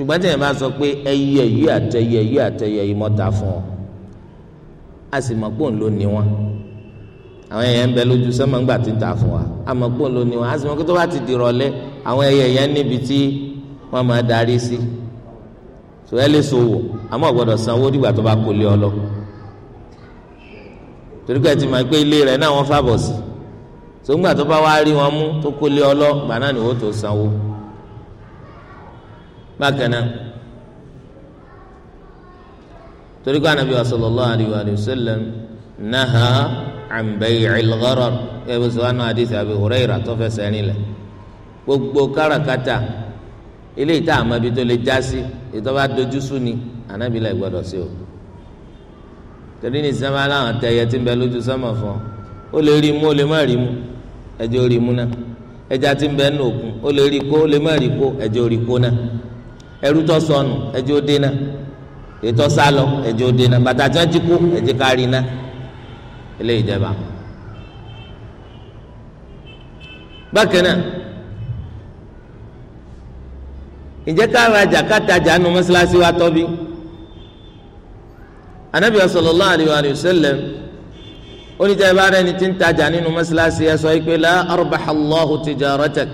ṣùgbọ́n tẹ̀yìn bá sọ pé ẹyẹ yìí àtẹyẹ yìí àtẹyẹ yìí mọ́ta fún ọ a sì mọ̀ pọ́n ló ní wọn àwọn ẹyẹ ń bẹ lójú sẹ́mọ̀ ńgbà tí ń ta fún wa a mọ̀ pọ́n ló ní wọn a sì mọ̀ pé tó bá ti dìrọ̀lẹ́ àwọn ẹyẹ yẹn níbi tí wọ́n máa darí sí tó ẹ lè sòwò àmọ́ gbọ́dọ̀ sanwó dìgbà tó bá kó lé ọ lọ torí pé ti mọ̀ pé ilé rẹ̀ náà wọ́n fàbọ̀ sí sóńgbà tó bá wá rí wọn mú tó kó lé ọ lọ gbà náà ni wọ́n tó sanwó bákan náà torí kó anabi sallallahu alayhi wa sallam naha an bay'il gharar ẹbí sọ wọn hadith Abi Hurairah tó fẹsẹ̀ nílẹ̀ gbogbo káràkátà ilé ìta àmọ́bi tó lè jásí ètò bá dojú sú ni anabi la gbọdọ̀ sí o torí ní sábà láwọn tẹyẹ tí ń bẹ lójú sọmọ fún ọ lè rí mú ó lè má rí mú ẹjẹ rí mú náà ẹja tí ń bẹ nínú òkun ó lè rí kó ó lè má rí kó ẹjẹ rí kó náà ẹrú tó sọnù ẹjẹ ó dé náà ètò sálọ ẹjẹ ó dé náà bàtà tí wọn ti kú ẹjẹ kárí náà eléyìí dẹba. bákan náà ǹjẹ́ ká rajà ká tajà nu mọ́ṣáláṣí wa tọ́ bí anabi sallallahu alayhi wa sallam oníjà ìbára ẹni tí ń tajà nínú mọ́ṣáláṣí ẹ sọ yìí pé la arbaḥ allahu tijaratak.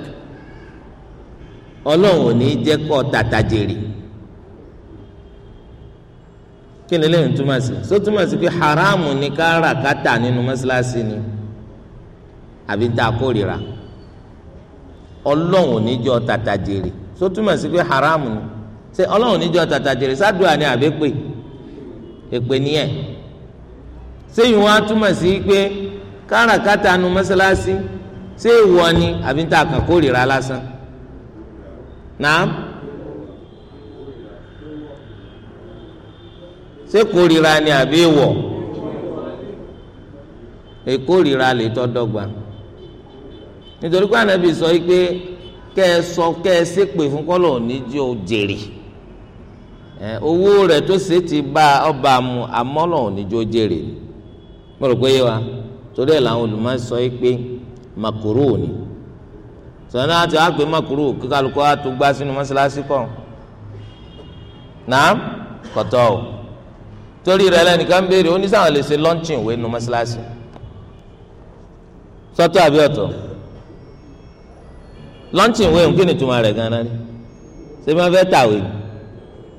ọlọ́run ò ní jẹ́ kọ́ tata jèrè kí ni lẹ́yìn túmọ̀ sí so túmọ̀ sí pé haramu ni ká rà ká tà nínú mọ́ṣáláṣí ni àbí kórìíra ọlọ́run ò ní jọ tata jèrè pé haramu ni ṣe ọlọ́run ò ní jọ ni àbí èpè nìyẹn sí pé mọ́ṣáláṣí nàám ṣé kórìíra ni àbí ìwọ lè tọ́ dọ́gba nítorí pé sọ yìí pé ẹ sọ kẹ́ ẹ ṣépè fún jèrè owó rẹ tó ṣe ti bá ọba mu amọ́lọ̀ oníjó jèrè mo rò torí làwọn sọ yìí pé ni. sọ̀nà àti àgbẹ̀ mọ̀kúrú kíkálukú àtúgbà sínú mọ́ṣáláṣí kan náà kọ̀tọ́ o torí rẹ lẹ́nìkan béèrè ó ní sáwọn lè ṣe lọ́ńchìn ìwé nu mọ́ṣáláṣí sọ́tọ̀ àbí ọ̀tọ̀ lọ́ńchìn ìwé òun kí ni ìtumọ̀ rẹ̀ gan-an ni ṣé máa fẹ́ tàwé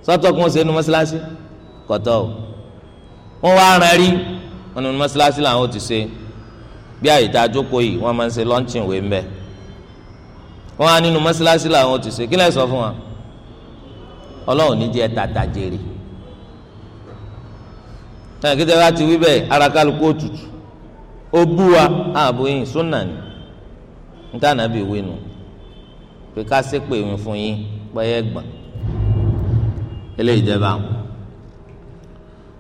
sọ́tọ̀ kún ṣe nu mọ́ṣáláṣí kọ̀tọ́ o wọ́n wá ara rí wọn nu mọ́ṣáláṣí làwọn ò ti ṣe bí àyè tá a jókòó yìí wọ́n máa ń ṣe lọ́ńchìn ìwé ń bẹ́ẹ̀ wọn á nínú mọ́ṣáláṣí làwọn ti ṣe kí lẹ́ sọ fún wa ọlọ́run ní jẹ́ tata jèrè táwọn kí tẹ́lá ti wí bẹ́ẹ̀ ara kálukú òtútù ó bú wa ààbò yìí súnà ni nítaànà bíi wínu pé ká sépè mi fún yín pẹ́yẹ́ gbọ̀n eléyìí jẹ́ báwọn.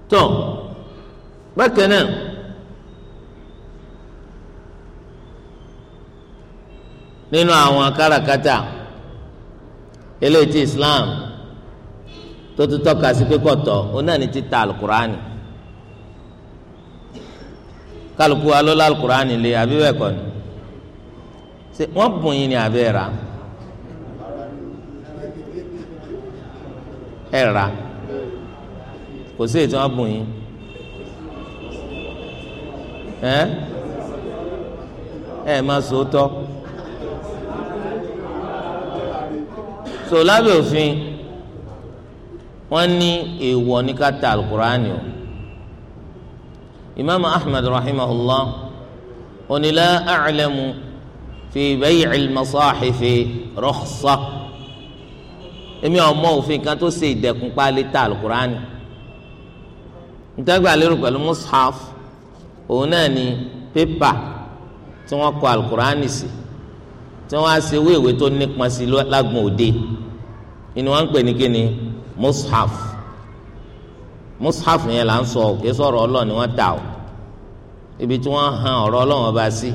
tó bákan náà. nínú àwọn káràkátà eléyìí ti Islam tó tún tọ́ka sí pé kọ̀tọ̀ òun náà ní títa alukurani kálukú alọ́lá alukurani lé àbí bẹ́ẹ̀ kọ́ ni ṣe wọ́n bùn yín ní abẹ́ ra ẹ̀ kò sí ètò wọ́n bùn yín ẹ̀ ẹ̀ máa sòótọ́. So so lábẹ́ òfin wọ́n ní èèwọ̀ ní ká ta alukur'ani o imaamu ahmed rahimahullah onílà a'lamu fi bay'i al-masahifi rukhsa èmi ọmọ òfin kan tó ṣe ìdẹ̀kùn páálí ta alukur'ani ntẹ́gbà lérò pẹ̀lú mushaf òun náà ni pépà tí wọ́n kọ alukur'ani sí tí wọ́n á ṣe wéèwé tó nípọn sí lágbọ̀n òde inú wa ń pè ní kíni mushaf mushaf yẹn là ń sọ òkè sọ̀rọ̀ ọlọ́ọ̀ ni wọ́n tà ó ibi tí wọ́n han ọ̀rọ̀ ọlọ́wọ́n bá sí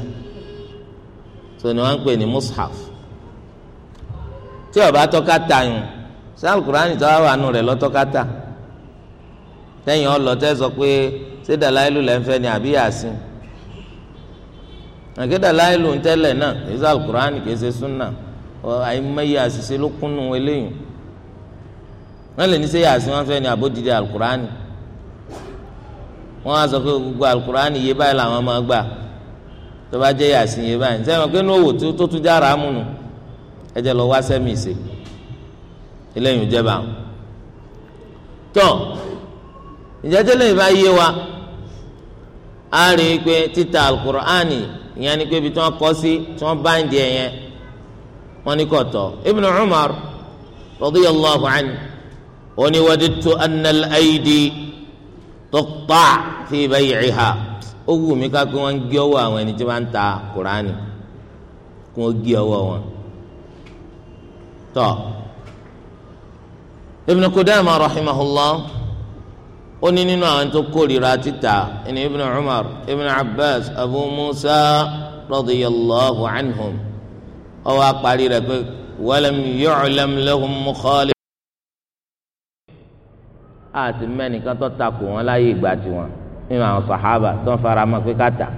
so ni wọ́n ń pè ní mushaf tí ọba tọ́ka ta yùn sí alukurani tó wà nù rẹ̀ lọ́tọ́ka ta tẹ́yìn ọlọ́tẹ́ sọ pé ṣé lẹ́ ń fẹ́ ni àbí yàsín àgédà ń tẹ́lẹ̀ náà kì í kì í ṣe súnà àìmọye àṣìṣe ló kúnnú eléyìí wọn lè ní sẹ yàsí wọn fẹ ní abódìdí alukurani wọn á sọ pé gbogbo alukurani yé báyìí làwọn máa gbà tó bá jẹ yàsí yé báyìí sẹ́wọ̀n pé ní owó tó tún já ràámù nù ẹ jẹ́ lọ wá sẹ́mi ìsè eléyìí ò jẹ́ bá wọn. tọ́ ìjẹ́jẹ́lẹ̀ ìbá yé wa a rí i pé títa alukur'ani ìyẹn ni pé ibi tí wọ́n kọ́ sí tí wọ́n bá ń di ẹ̀yẹn wọ́n ní kò tọ́ Ibn Umar radiyallahu anhu oni waditu anal aidi tọkpa fi bayiha ó wù mí ká kí wọn gé ọwọ́ àwọn ẹni tí wọn ta kurani kí wọn gé ọwọ́ wọn tọ Ibn Qudama rahimahullah ó ní nínú àwọn tó kórìíra títà ẹni Ibn Umar Ibn Abbas Abu Musa radiyallahu anhum ó wá parí rẹ̀ pé walam yu'lam lahum mukhali àti mẹ́nìkan tó takò wọn láyé ìgbà tiwọn nínú àwọn sàhábà tó ń fara mọ́ pé ká tà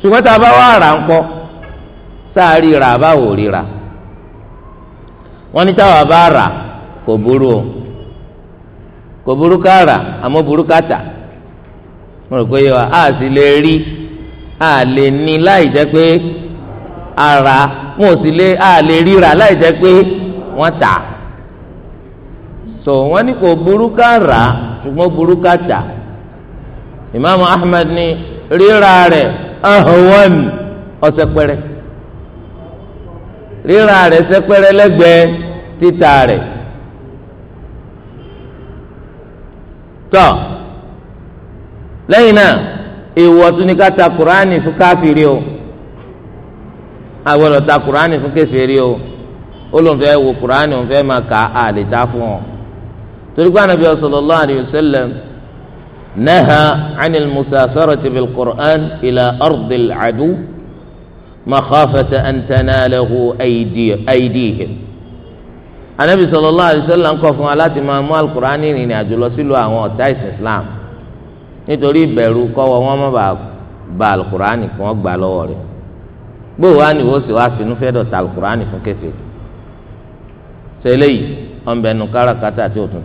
ṣùgbọ́n tá a bá wá rà ń kọ́ sáà ríra àbáwò ríra wọ́n ní táwa bá rà kò burú kò burú ká rà àmọ́ burú ká tà mo rò pé yọ a sì lè rí a lè ní láì jẹ́ pé a mo sì lè a lè ríra láì jẹ́ pé wọ́n tà á so wọ́n ní kò burúkú rà ṣùgbọ́n burúkú tà imaamu ahmed ní rírà rẹ̀ ahọ́wọ́n ọ̀sẹ̀ pẹ̀rẹ̀ rírà rẹ̀ sẹ́pẹ̀rẹ̀ lẹ́gbẹ̀ẹ́ títà rẹ̀ tọ́ lẹ́yìn náà èèwọ̀ tún ní ká ta kuraani fún káfíìrì o àgbọ̀dọ̀ ta kuraani fún kèfèrí o ó lóun fẹ́ wo kuraani òun fẹ́ máa kà á lè ta fún ọ torí pé anabi sallallahu alayhi wa sallam naha anil musafarati bil qur'an ila ardil cadu makhafata an tanalahu aydihim anabi sallallahu alayhi wa sallam kọ̀ fún wa láti máa mú alukur'an ìrìn àjò lọ sílùú àwọn ọ̀tá ìsìn islam nítorí ìbẹ̀rù kọ́wọ́ wọn má bàa ba alukur'an kí wọ́n gbà lọ́wọ́ rẹ̀ gbówó wa ni wọ́n sì wá finú fẹ́ dọ̀tà alukur'an fún kẹfẹ́ sẹ́lẹ̀ yìí. ọ̀nbẹ nu káràkátà tí ó tún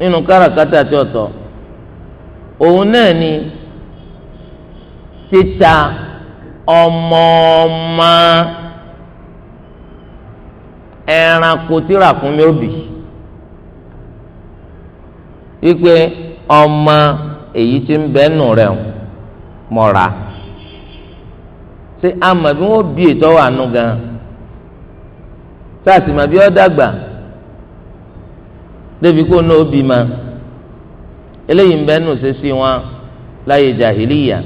nínú káràkátà tí ó tọ́ òun náà ni títa ọmọ ẹranko tíra fún ó bì wípé ọmọ èyí ti ń bẹ nù rẹ̀ mọ̀ra ṣé àmọ̀ bí wọ́n bí ètò wà nù gan sáàsì mà bí ọ dàgbà débi kó ná òbí ma eléyìí ń bẹ nù sísí wọn láyé jàhìlíyà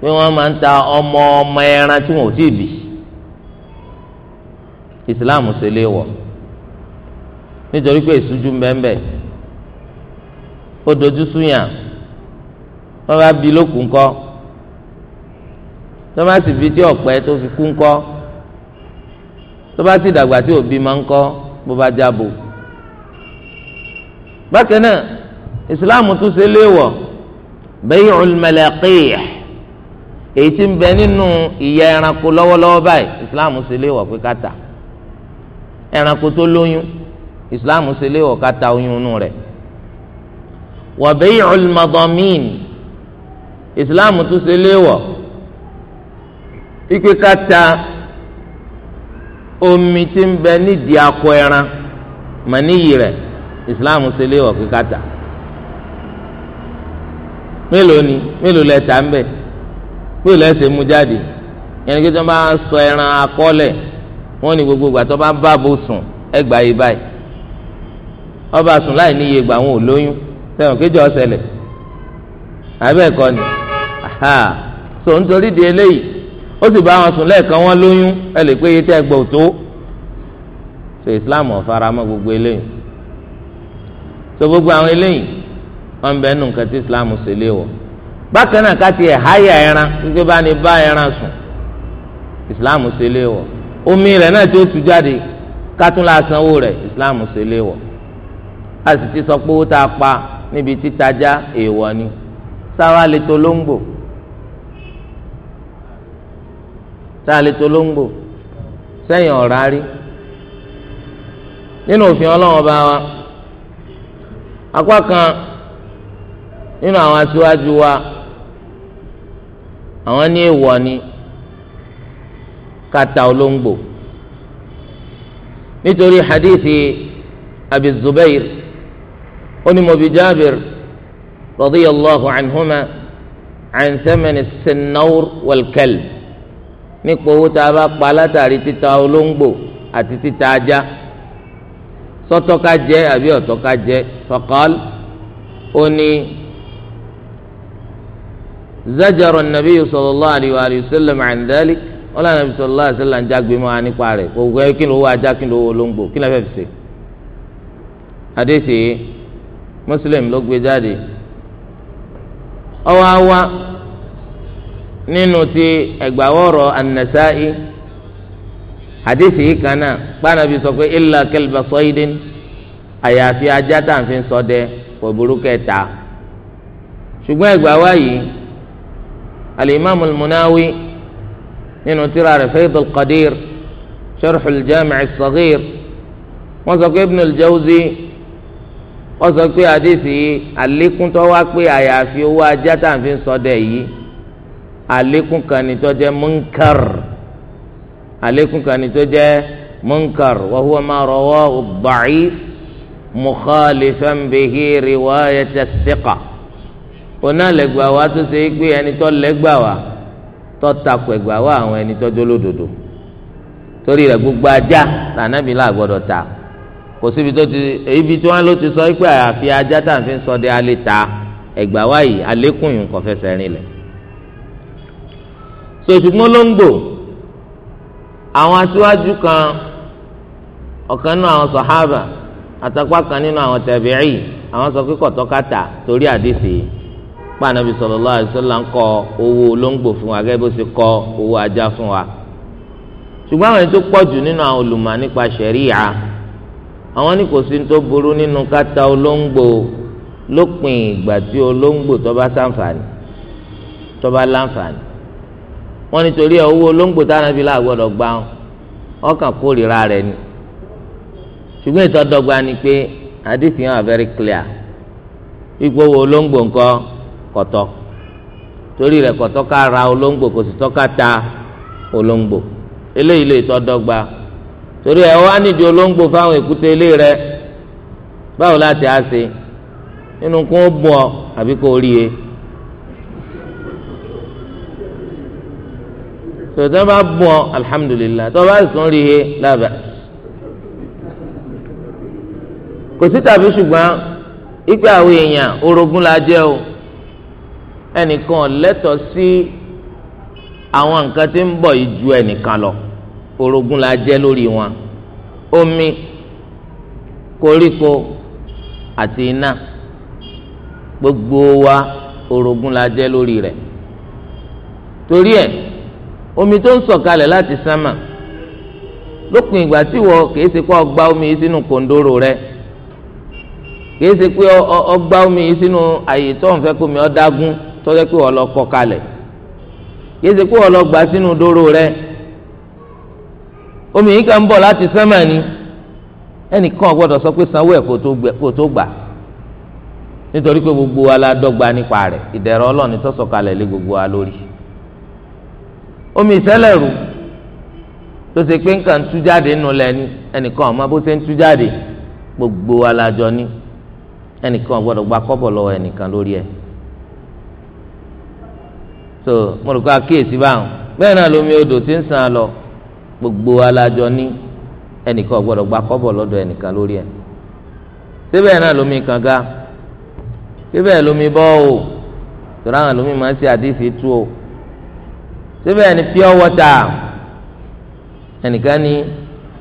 pé wọn máa ń ta ọmọ ọmọ ẹran tí wọn ò tíì bì ìsìláàmù ṣe lé wọ nítorí pé ìṣújú ńbẹ́ńbẹ́ ó dojú súnyà wọn bá bi lókun kọ́ tó bá sì bi tí ọ̀pẹ tó fi kú ńkọ́ tó bá sì dàgbà tí òbí máa ń kọ́ bó bá jábò. bákan náà ìsìláàmù tún ṣe léèwọ̀ bay'ul malaqih èyí tí ń bẹ nínú ìyá ẹranko lọ́wọ́lọ́wọ́ báyìí ìsìláàmù ṣe léèwọ̀ pé ká ẹranko tó lóyún ìsìláàmù ṣe léèwọ̀ ká oyún inú rẹ̀ wa bay'ul madamin ìsìláàmù tún ṣe léèwọ̀ ikú ká omi ti ń bẹ nídìí akọ ẹran mà níyì rẹ̀ islam ṣe léwọ̀ kíkàtà mélòó ni mélòó lẹ tà ń bẹ mélòó lẹ ṣe mú jáde yẹn kí tó bá sọ ẹran akọlẹ wọn ni gbogbo ìgbà tó bá bá bó sùn ẹgbàá yìí báyìí ọba sùn láì níye ìgbà wọn ò lóyún sẹwọn kéjọ ọsẹlẹ abẹ́ẹ̀kọ́ ni so nítorí di eléyìí ó sì bá wọn sùn lẹ́ẹ̀kan wọn lóyún ẹ lè pé iye tí ẹ gbọ́ tó so islam ọ̀faramọ́ gbogbo eléyìí so gbogbo àwọn eléyìí wọn bẹ nù nǹkan tí islam ṣe lé wọ bákan náà ká tiẹ̀ háyà ẹran gbígbé bá ní bá ẹran sùn islam ṣe lé wọ omi rẹ̀ náà tí ó tu jáde kátúnlá sanwó rẹ̀ islam ṣe lé wọ a sì ti sọ pé ó tá pa níbi títajà èèwọ̀ ni sáwá lè tó lóńgbò. tá a lè tolóńgbò sẹ́yìn ọ̀rá rí nínú òfin ọlọ́wọ́n bá wa apá kan nínú àwọn aṣíwájú wa àwọn ní èèwọ̀ ni kàtà olóńgbò nítorí hadithi abi zubair onímọ̀bi jaabir radiyallahu anhuma an nípa owó tá a bá pa látàrí títa olóńgbò àti títa ajá sọtọ́ka jẹ́ àbí ọ̀tọ́ka jẹ́ faqal ó ní zajara nabi sallallahu alayhi wa sallam an dhalik wọn lànà nabi sallallahu alayhi wa sallam jágbe mọ́ wa nípa rẹ̀ kò gbẹ́ kí ló wọ ajá kí ló wọ olóńgbò kí ló fẹ́ fi ṣe. àdéhìí Muslim ló gbé jáde ọwọ́ àwa nínú ti ẹgbàwọrọ anasai hadisi yìí kan náà gbanabi sọ pé illa kalba saydin àyàfi ajá tá à ń fi ṣọdẹ kò burú kẹta ṣùgbọ́n ẹgbàwá yìí alimami munawi nínú tírà rẹ̀ faidul qadir sharhul jami'i saghir wọ́n sọ pé ibn al-jawzi wọ́n sọ pé hadisi yìí àlékún tó wá owó ajá tá à ń àlékún kan ní tó jẹ́ munkar àlékún kan ní tó jẹ́ munkar wa huwa ma rawahu ad-da'if mukhalifan bihi riwayat as-siqa ona lẹgba wa tó ṣe é pé ẹni tó lẹgba wa tó takò ẹgba wa àwọn ẹni tó jólódodo torí rẹ̀ gbogbo ajá lànàbí là gbọ́dọ̀ ta kò síbi tó ti ibi tí wọn ló ti sọ pé àyàfi ajá tàǹfin sọdẹ alẹ ta ẹgba wa yìí àlékún yìí kò fẹsẹ̀ rìn lẹ̀ so ṣùgbọ́n lóńgbò àwọn aṣíwájú kan ọ̀kan nínú àwọn sàhábà àtàkpá kan nínú àwọn tàbíì àwọn sọ pé kọ̀tọ́ kàtà torí àdìsí pàànàbí sallallahu alaihi wasallam ń kọ owó lóńgbò fún wa gẹ́gẹ́ bó ṣe kọ owó ajá fún wa ṣùgbọ́n àwọn ètò pọ̀jù nínú àwọn olùmọ̀ nípa ṣẹ̀ríyà àwọn ní kò sí ní tó burú nínú kàtà olóńgbò lópin ìgbà tí olóńgbò tó láǹfààní wọn nítorí owó olóńgbò táwọn fi gbà wọn ọkàn kórìíra ni ṣùgbọ́n ìtọ́dọ́gba ni pé àdìsí yẹn very clear ipò owó olóńgbò ńkọ́ torí rẹ kọtọ ká ra olóńgbò kò sì ta olóńgbò eléyìí lè tọ́dọ́gba torí ẹ̀ wá nídìí olóńgbò fáwọn èkúté ilé báwo láti á àbí rí e? tòótọ́ bá bùn ọ alihamudulilayi tó bá sùn rí he lábẹ́ kò sí tàbí ṣùgbọ́n ìgbà àwọn èèyàn orogún la jẹ́ o ẹnìkan lẹ́tọ̀ọ́ sí àwọn nǹkan tí ń bọ̀ yìí ju ẹnìkan lọ orogún la jẹ́ lórí wọn omi koríko àti iná gbogbo wa orogún la jẹ́ lórí rẹ̀ torí ẹ̀. omi tó ń sọ̀kalẹ̀ láti sánmà lópin ìgbà tí wọ kìí omi yìí sínú kòndóró rẹ kìí ṣe pé omi yìí sínú àyè tó ń fẹ́ kó mi ọ̀dágún tó jẹ́ pé wọ́n lọ kalẹ̀ kìí ṣe lọ gbà sínú rẹ omi yìí ka ń bọ̀ láti sánmà ni ẹnìkan gbọ́dọ̀ sọ pé sanwó ẹ̀ kó tó gbà nítorí gbogbo wa nípa rẹ̀ ìdẹ̀rọ̀ tó omi ìṣẹ̀lẹ̀ rù tó ṣe pé nǹkan tú jáde nù lẹ́ni ẹnìkan ọmọ bó ṣe ń tú jáde gbogbo alájọ ni ẹnìkan gbọ́dọ̀ gba kọ́bọ̀ lọ́wọ́ ẹnìkan lórí ẹ̀ so mo rò pé àkíyèsí báwọn bẹ́ẹ̀ náà lomi odò ti ń sàn lọ gbogbo alájọ ni ẹnìkan gbọ́dọ̀ gba kọ́bọ̀ lọ́dọ̀ ẹnìkan lórí ẹ̀ síbẹ̀ náà lomi kànga síbẹ̀ lomi bọ́ọ̀ tó ráhàn lomi máa ń ṣe àdìsí tú o. síbẹ̀ ni pure water ẹnìkan ní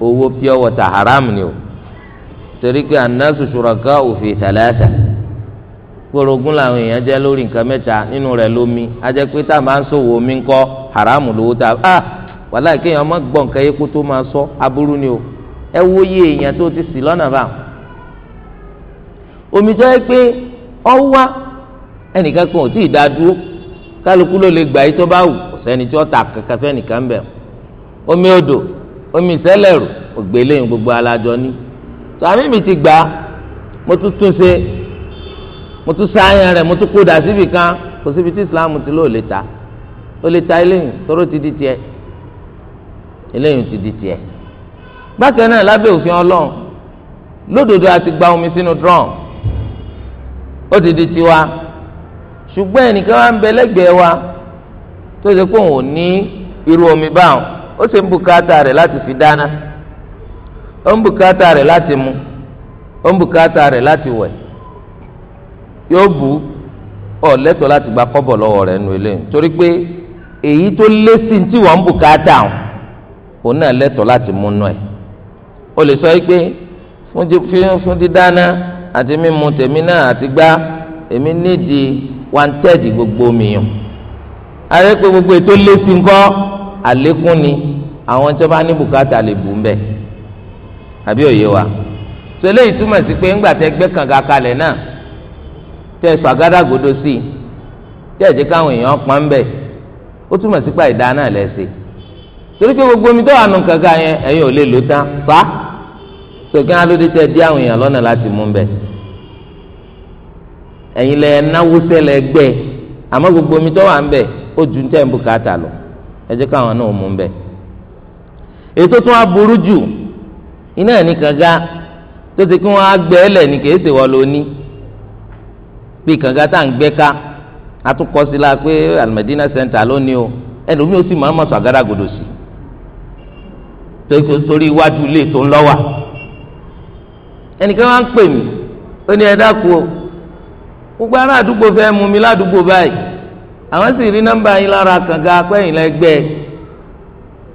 owó pure water haram ni o torí pé anasu ṣuraka fi thalatha gbórogún làwọn èèyàn jẹ́ lórí nǹkan mẹ́ta nínú rẹ̀ lómi ajẹ́ pé tá a máa ń ma omi ńkọ́ haram lówó a ah! kéèyàn má nǹkan kó tó máa sọ aburú ni o ẹ wo iye èèyàn tó ti lọ́nà bá omi tó yẹ pé ọ wá ẹnìkan kan ò tí ì dá dúró kálukú sẹ́ni tí wọ́n ta kankan fẹ́ nìkan bẹ̀ omi odò omi ìsẹ́lẹ̀rù ògbéléyìn gbogbo alájọ ní tó àmì mi ti gbà mo tún tún ṣe mo tún sáyẹn rẹ̀ mo tún kó dà síbi kan kò síbi tí Islam ti lóò lè ta ó lè ta eléyìn tóró ti di tiẹ̀ eléyìn ti di tiẹ̀ bákan náà lábẹ́ òfin ọlọ́run lódodo àti gba omi sínú drum ó ti di tiwa ṣùgbọ́n ẹnìkan wá ń bẹ lẹ́gbẹ̀ẹ́ wa tó ṣe pé òun ò ní irú omi báwọn ó ṣe ń bùkátà rẹ̀ láti fi dáná ó ń bùkátà rẹ̀ láti mu ó ń bùkátà rẹ̀ láti wẹ̀ yóò bu ọ lẹ́tọ̀ọ́ láti gba kọ́bọ̀ lọ́wọ́ rẹ̀ nù eléyìí torí pé èyí tó lé sí tí wọ́n ń bùkátà òun náà lẹ́tọ̀ọ́ láti mú nù ẹ̀ o lè sọ pé fún dídáná àti mímu tèmi náà àti gbá èmi nídìí one third gbogbo mi àrẹ́pẹ́ gbogbo ètò lẹ́sí ńkọ́ àlékún ni àwọn tó bá ní bùkátà lè bù ń bẹ̀ àbí òye wa sọlẹ́ ìtumọ̀ sí pé ńgbà tẹ́ gbẹ́ kànga kalẹ̀ náà tẹ́ fàgádàgodo sí i tẹ́ ẹ̀jẹ̀ káwọn èèyàn pọ́n ń bẹ̀ ó túmọ̀ sí náà lẹ́sẹ̀ torí pé gbogbo omi tó wà nù kànga yẹn fa sọ̀kẹ́ alóde tẹ́ di àwọn èèyàn lọ́nà láti mú bẹ̀ mbe. náwó sẹ́lẹ̀ àmọ́ gbogbo omi ó ju ní tẹ́ǹbù káàtà lọ ẹ jẹ́ káwọn náà mú un bẹ́ẹ̀. ètò tó wá burú jù iná ẹ̀ ní kànga tó ti kí wọ́n á gbẹ́ ẹ̀ lẹ̀ ní kì í ṣèwọ́ lóní bí kànga tá à ń gbẹ́ ká atukọ sí la pé alimẹdina center lónìí o ẹlòmí o sì máa ma sọ agadagodo sí torí iwájú ilé tó ń lọ wa ẹnìkan máa ń pè mí ó ní ẹ dákú o gbogbo ará àdúgbò fẹ́ mú mi ládùúgbò báyìí àwọn sì rí nọ́mbà yín lára kànga pẹ́yìn lẹ́gbẹ́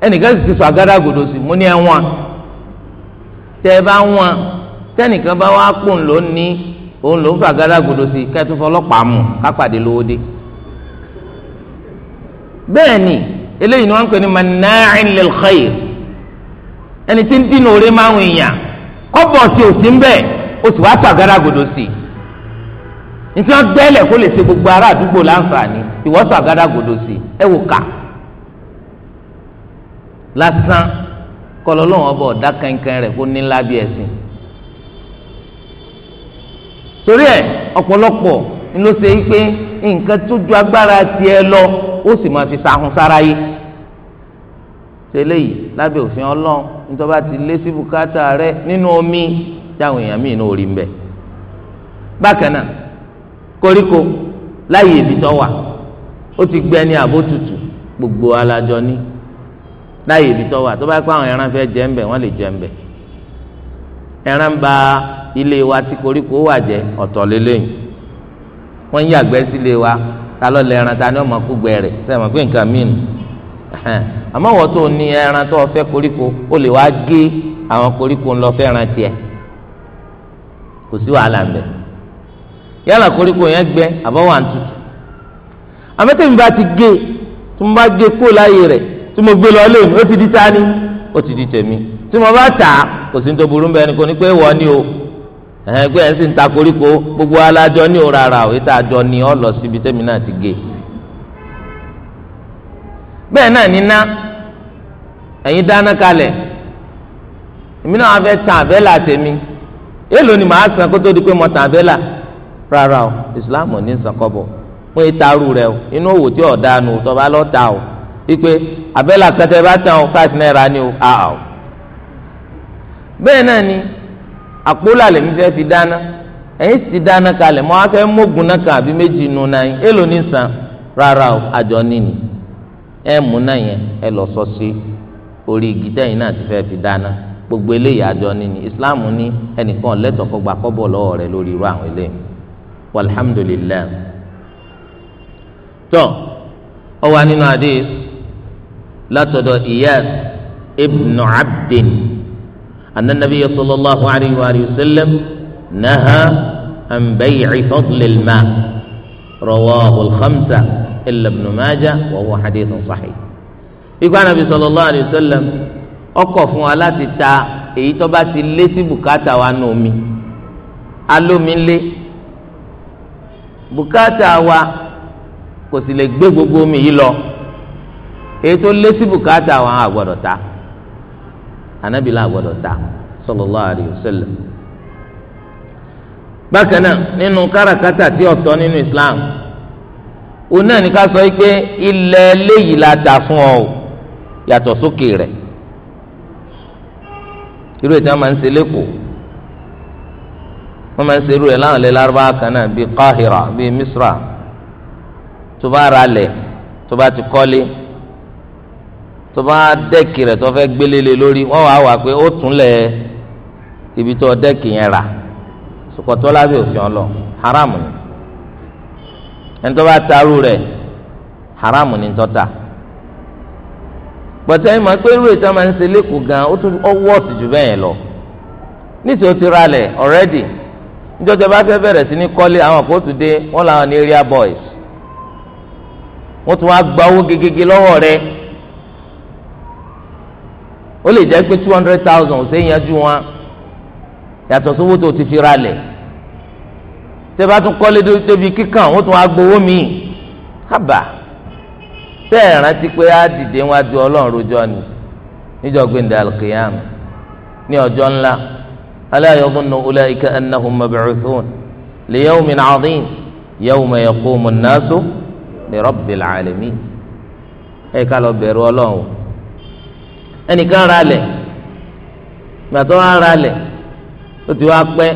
ẹnìkan sì ti sọ àgádágodo sí mú ní ẹ̀wọ̀n tẹ́ ẹ bá wọ́n tẹ́nìkan bá wá pò ńlò ní òun ló ń fà àgádágodo sí kẹ́tù fọlọ́pàá mú kápàdé lówó dé bẹ́ẹ̀ ni eléyìí ni wọ́n ń pè ní mana'in lil ẹni tí ń dín òre máa ń wìyàn kọ́bọ̀ tí ò ń bẹ̀ ó sì wá fà àgádágodo sí nítorí wọ́n gbẹ́lẹ̀ kó lè ṣe gbogbo ará àdúgbò láǹfààní ìwọ́sọ̀ àgádágodo sí ẹ wò ká lásán kọlọ́lọ́wọ́n bọ̀ ọ̀dá kankan rẹ̀ kó nílá bí ẹ̀sìn torí ẹ ọ̀pọ̀lọpọ̀ ló ṣe é pé nǹkan tó ju agbára tiẹ̀ lọ ó sì máa fi sahun sára yìí tẹ́lẹ̀ yìí lábẹ́ òfin Ọlọ́run nítorí ti lé sí bukata rẹ nínú omi táwọn èèyàn míì náà rí ń koriko bákan náà koríko láyé ibi tó wà ó ti gbẹ ní àbótutù gbogbo alájọ ní láyé ibi tó wà tó bá pa àwọn ẹran fẹ́ jẹ ńbẹ wọ́n lè jẹ ńbẹ ẹran ba ilé wa tí koríko wà jẹ ọ̀tọ̀ lélẹ́yìn wọ́n yàgbẹ́ sílé wa ta ló lẹ ẹran ta ni ọmọ kú gbẹ rẹ̀ sẹ́yìn mọ̀ pé nǹkan míì nù àmọ́ wọ́n tó ní ẹran tó fẹ́ koríko ó lè wá gé àwọn koríko ńlọ fẹ́ tiẹ̀ kò sí wàhálà ńbẹ yálà koríko yẹn gbẹ àbọ̀wọ̀ àǹtutù àmọ́tẹ́mi bá ti gé tí mo bá gé kó láàyè rẹ̀ mo gbé lọ lé mi ti di ni ó ti di tèmi tí mo bá tà á kò sí ní tó burú bẹ́ẹ̀ ni kò ní pé ni o ẹ̀hẹ́n pé ẹ̀ gbogbo alájọ ní o rara o tá ni ọ lọ síbi tẹ́mi náà ti gé bẹ́ẹ̀ náà ní ná ẹ̀yin dáná kalẹ̀ èmi náà fẹ́ tan èèlò ni màá san kó tó di pé mo wọ́n yìí taru rẹ̀ o inú òwò tí ọ̀ dáa nù lọ ta o wípé abẹ́là kẹtẹ bá ni o àá o. bẹ́ẹ̀ náà ni àpólà lèmi fẹ́ fi dáná ẹ̀yìn ti dáná kalẹ̀ mọ́ afẹ́ mógun náà kan àbí méjì nù náà yín èlò ní sàn rárá o àjọ ẹ̀ mú náà yẹn lọ sọ sí orí igi tẹ́yìn gbogbo eléyìí àjọ Islam ní ẹnìkan lẹ́tọ̀ọ́ gbà kọ́bọ̀ lọ́wọ́ lórí irú àwọn eléyìí tọ́ ọ wà nínú hadith látọ̀dọ̀ Iyas ibn Abdin anna nabiyya sallallahu alayhi wa sallam naha an bay'i fadlil ma rawahu al-khamsa illa ibn Majah wa huwa hadithun sahih. ikú anabi sallallahu alayhi wa sallam ọkọ̀ fún wa láti ta èyí tó bá ti lé sí bùkátà wa nù omi alómi lé bùkátà wa kò sì lè gbé gbogbo omi yìí lọ èyí tó lé sí bùkátà àwọn àgbọ̀dọ̀ ta anábìlà àgbọ̀dọ̀ ta sallallahu alaihi wasallam. bákan náà nínú káràkátà tí ọ̀tọ̀ nínú Islam òun náà ní ká sọ pé ilẹ̀ eléyìí la ta fún ọ yàtọ̀ sókè rẹ̀ irú ìtàn máa ń ṣe lẹ́kọ̀ọ́ wọ́n máa ń ṣe irú ẹ̀ láwọn ilẹ̀ lárúbáwá kan náà bíi Qahira bíi Misra tó bá ra lẹ̀ tó bá ti kọ́lé tó bá dẹ́kì rẹ̀ tó fẹ́ gbélé lé lórí wọ́n wàá wà pé ó tún lẹ̀ ibi tó dẹ́kì yẹn rà sòkòtò lábẹ́ òfin ọlọ haram ni ẹni tó bá taru rẹ̀ haram ni tó ta pọ̀tẹ́ ìmọ̀ pé irú ìta máa ń ṣe lẹ́kọ̀ọ́ gan ó tún ọwọ́ ọ̀sì bẹ́ẹ̀ lọ nítorí ó ti ra lẹ̀ already níjọ́ tó bá fẹ́ bẹ̀rẹ̀ sí ní kọ́lé àwọn kóòtù dé wọ́n làwọn ní area boys wọ́n tún wá gba owó gegege lọ́wọ́ rẹ̀ ó lè jẹ́ pé two hundred thousand ò sẹ́yìn yanjú wọn yàtọ̀ sówó tó ti fi ra lẹ̀ tẹ́ bá tún kọ́lé débi kíkàn wọ́n tún wá gbowó míì hábà tẹ́ ẹ̀ rántí pé á dìde wá ju ọlọ́run rojọ́ ni níjọ́ gbẹ̀ndẹ̀ alkiyam ní ọjọ́ ńlá ala yadhunnu ulaika annahum mab'uthun li yawmin 'azim yawma yaqumu an li rabbil alamin ẹ ká lọ bẹ̀rù Ọlọ́run o ẹnìkan ra lẹ̀ gbàtọ́ wa ra lẹ̀ o ti wá pẹ́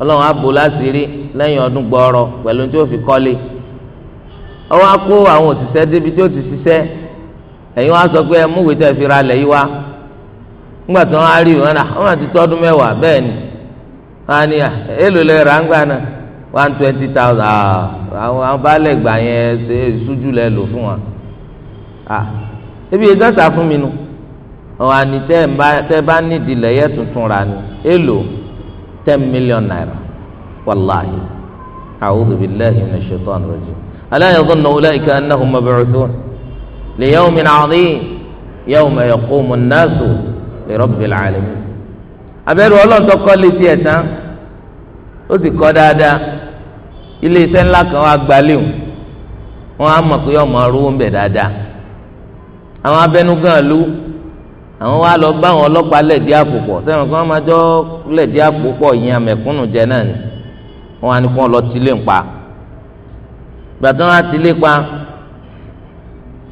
Ọlọ́run á bò láṣìírí lẹ́yìn tí o fi kọ́lé ọwọ́ á àwọn òṣìṣẹ́ débi tí ti pé fi ra yìí ah, ni ah, rà ń gbà one twenty thousand ah, àwọn abálẹ̀ gbà yẹn ṣe ìṣújú lẹ lò fún wa ah, ebi yẹn dáta fún mi nu àwọn àní tẹ ẹ bá nídìí lẹ́yẹ tuntun ra ni èlò ten million naira wàláhi a'udhu billahi minash shaitanir rajim ala yadhunnu ulaika annahum mab'uthun li yawmin 'adhim yawma yaqumu an-nasu li rabbil 'alamin abẹ́rù ọlọ́ọ̀tọ́ kọ́ létí tán ó sì kọ́ dáadáa ilé iṣẹ́ ńlá kan wá gbalẹ̀ o wọ́n á mọ̀ pé ọmọ arúgbó ń bẹ̀ dáadáa àwọn abẹnugan lu àwọn wa lọ bá àwọn ọlọ́pàá lẹ̀dí àpò pọ̀ sẹ́wọ̀n kí wọ́n máa jọ lẹ̀dí àpò pọ̀ yín amẹ̀kúnnù jẹ náà ni wọ́n á ní kí wọ́n lọ tilé ń pa gbàtàn á tilé pa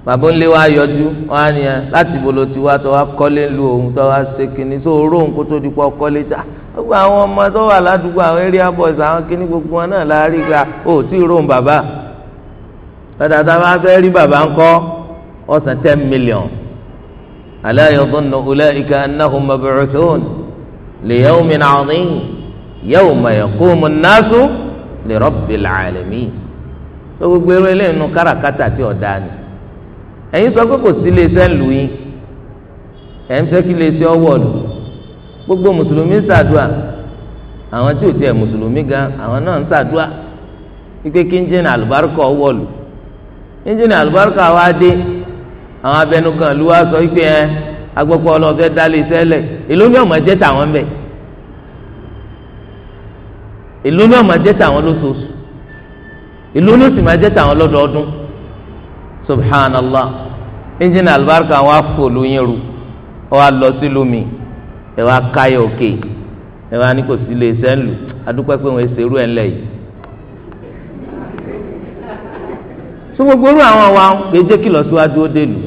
bàbá ńlẹ wa yọjú wọn á nìyẹn láti bolo tiwa tó wa kọ́lé lu òun tó wa ṣe kìnnì tó rò ń kó tó di pọ̀ kọ́lé tá gbogbo àwọn ọmọ tó wà ládùúgbò àwọn area boys àwọn kíní gbogbo wọn náà la rí gba ah, ó tí ì ròhùn bàbá bàtà tá a bá fẹ́ rí bàbá ńkọ́ ọ̀sán ten million ala yadhunnu ulaika annahum mab'uthun li yawmin 'adhim yawma yaqumu an-nasu li rabbil 'alamin tó gbogbo eré eléyìí nu káràkátà tí ọ̀dà ni ẹ̀yin sọ pé kò sí iléeṣẹ́ ń yín ẹ̀ ń fẹ́ kí iléeṣẹ́ gbogbo mùsùlùmí ń ṣàdúà àwọn tí ò tiẹ̀ mùsùlùmí gan àwọn náà ń ṣàdúà wípé kí ńjìnì àlùbáríkà wọ̀lù ńjìnì àlùbáríkà wa dé àwọn abẹnugan ìlú wa sọ wípé ẹ agbọ́pọ̀ ọlọ́fẹ́ dálé sẹ́lẹ̀ ìlú ní ọ̀mọ̀ jẹ́ tàwọn bẹ̀ ìlú ní ọ̀mọ̀ jẹ́ tàwọn lóṣooṣù ìlú ní òsì máa jẹ́ tàwọn lọ́dọọdún subhanallah ńjìnì àlùbáríkà wa fò lóyìn ru ọ wa ẹ wá káyọ òkè ẹ wá ní kò sí ilé iṣẹ́ ńlù adúpẹ́ pé wọn ṣerú ẹ ńlẹ yìí. tó gbogbo orú àwọn wa kéje kìlọ̀ síwájú ó dé lù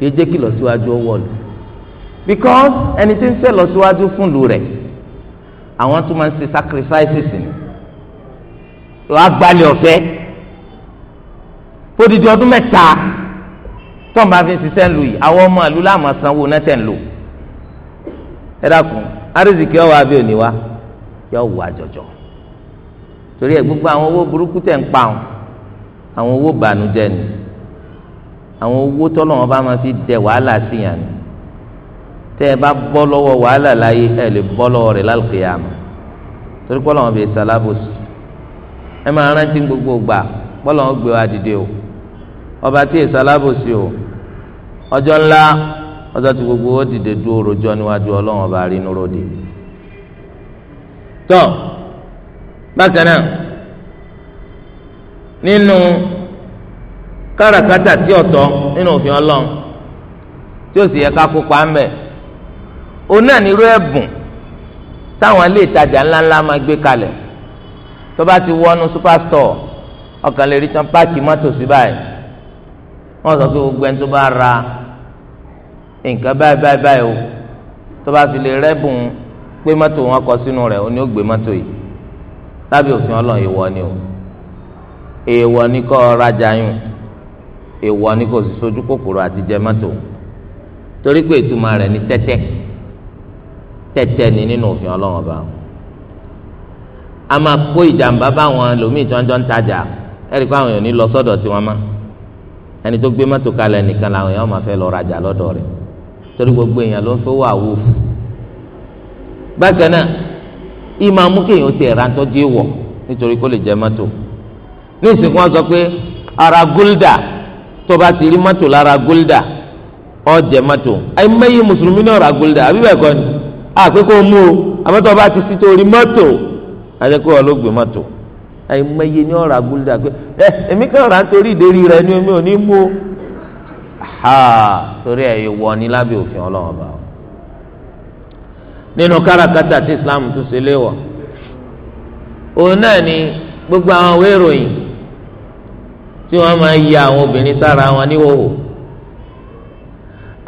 kéje kìlọ̀ síwájú ó wọ̀ lù because ẹni tí ń fẹ́ lọ síwájú fún lù rẹ̀ àwọn tó máa ń ṣe sacrifices ni wọ́n á gbalẹ̀ ọ̀fẹ́ fódìdí ọdún mẹ́ta tó ń bá fi ṣiṣẹ́ ń lù yìí àwọn ọmọ àlùlá àmọ̀ sanwó náà tẹ̀ ń lò ẹ dákun arizikì ọwọ abẹ òní wa yọ wọ àjọjọ torí ẹ gbogbo àwọn owó burúkú tẹ̀ ń pa ọ́n àwọn owó bànújẹ́ ni àwọn owó tọ́lọ̀ wọn bá máa fi dẹ wàhálà sí yàn ni tẹ́ ẹ bá bọ́ lọ́wọ́ wàhálà láyé ẹ lè bọ́ lọ́wọ́ rẹ̀ lálùkìyàmù torí pọ́lọ́ wọn bẹ̀ sálábòsì ẹ máa rántí gbogbo gbà pọ́lọ́ wọn gbé wa dìde o ọba tí èsì alábòsì o ọjọ́ ńlá ọjọ́ tí gbogbo ó dìde dúró rojọ́ níwájú ọlọ́run ọba rínú ròde. tọ́ bákan náà nínú káràkátà tí ọ̀tọ̀ nínú òfin ọlọ́run tí ó sì yẹ ká kópa ń bẹ̀ òun náà nírú ẹ̀bùn táwọn ilé ìtajà ńláńlá máa gbé kalẹ̀ tó bá ti wọnú superstore ọkàn lè rí tán páàkì mọ́tò sí báyìí wọ́n sọ pé gbogbo ẹni tó bá ra nǹkan báyìí báyìí báyìí o tó bá fi lè rẹ́bùn pé mọ́tò wọn kọ sínú rẹ̀ ó ní ó gbé mọ́tò yìí lábẹ́ òfin ọlọ́run ìwọ ni o èèwọ̀ ni kó rajà yùn èèwọ̀ ni kó sì sojú kòkòrò àti jẹ mọ́tò torí pé ìtumọ̀ rẹ̀ ni tẹ́tẹ́ tẹ́tẹ́ ni nínú òfin ọlọ́run ọba a máa kó ìjàmbá báwọn lòmíì tí wọ́n jọ ń tajà ẹ̀rí pé àwọn èèyàn ní lọ sọ́dọ̀ tiwọn mọ́ ẹni tó gbé mọ́tò kalẹ̀ nìkan làwọn èèyàn máa fẹ́ lọ rajà lọ́dọ̀ rẹ̀ torí gbogbo èèyàn ló ń fẹ́ wà wò bákan náà ìmọ̀ amú kéèyàn ti ẹ̀rá tó dé wọ̀ nítorí kó lè jẹ mọ́tò ní ìsìnkú wọn sọ pé ara gúldà tó bá ti rí mọ́tò lára gúldà ó jẹ mọ́tò ayé mẹ́yìn mùsùlùmí náà ra gúldà àbí bẹ́ẹ̀ kọ́ ni àpé kó mú o àmọ́ tó bá ti sí tó rí mọ́tò àdékò wọn ló gbé mọ́tò ayé mẹ́yìn ni ó ra gúldà pé ẹ èmi kàn rà nítorí ìdérí rẹ ni mi ò ní mú o ha torí ẹ̀ yóò wọ ní lábẹ́ òfin ọba nínú káràkátà tí islam tún ṣe léwọ̀ òun náà ni gbogbo àwọn ìwé ìròyìn tí máa ya àwọn obìnrin sára wọn níhòòhò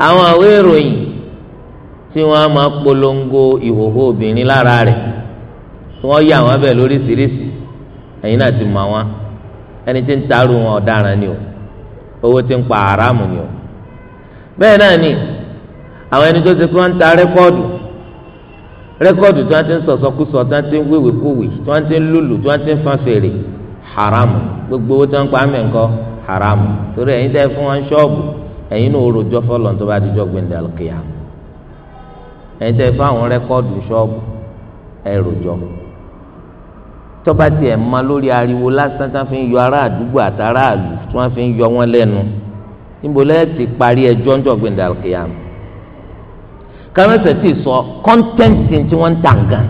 àwọn ìwé ìròyìn tí máa polongo ìhòòhò obìnrin lára rẹ̀ tí wọ́n ya àwọn abẹ lóríṣiríṣi ẹ̀yin náà ti mọ̀ àwọn ẹni tí taru wọn ni o owó tí ń pa haramu ni o bẹ́ẹ̀ náà ni àwọn ẹni tó ti kí wọ́n ń ta rẹ́kọ́ọ̀dù rẹ́kọ́ọ̀dù tí wọ́n ti ń sọ̀sọ́kúsọ tí wọ́n ti ń wéwèé kówè tí wọ́n ti ń lùlù tí wọ́n ti ń fa fèrè haramu gbogbo owó tí wọ́n ń pa mẹ́ ńkọ́ haramu torí ẹ̀yin tẹ́ fún wọn ṣọ́ọ̀bù ẹ̀yin náà orò jọ́ fọlọ́n tó bá ti jọ́ gbẹ̀ndẹ̀ àlùkìyà ẹ̀yin tẹ́ fún àwọn rẹ́kọ́ọ̀dù ṣọ́ọ̀bù ẹ̀rò jọ́ tọ́ba tiẹ̀ ma lórí ariwo lásán tán fi ń yọ ará àdúgbò àtàrà àlù tí wọ́n fi ń yọ wọ́n lẹ́nu níbo lẹ́yìn ti parí ẹjọ́ ń jọ̀gbìn dàlùkìyàmù kárẹ́sẹ̀ sì sọ kọ́ńtẹ́ǹtì tí wọ́n ń tàn gan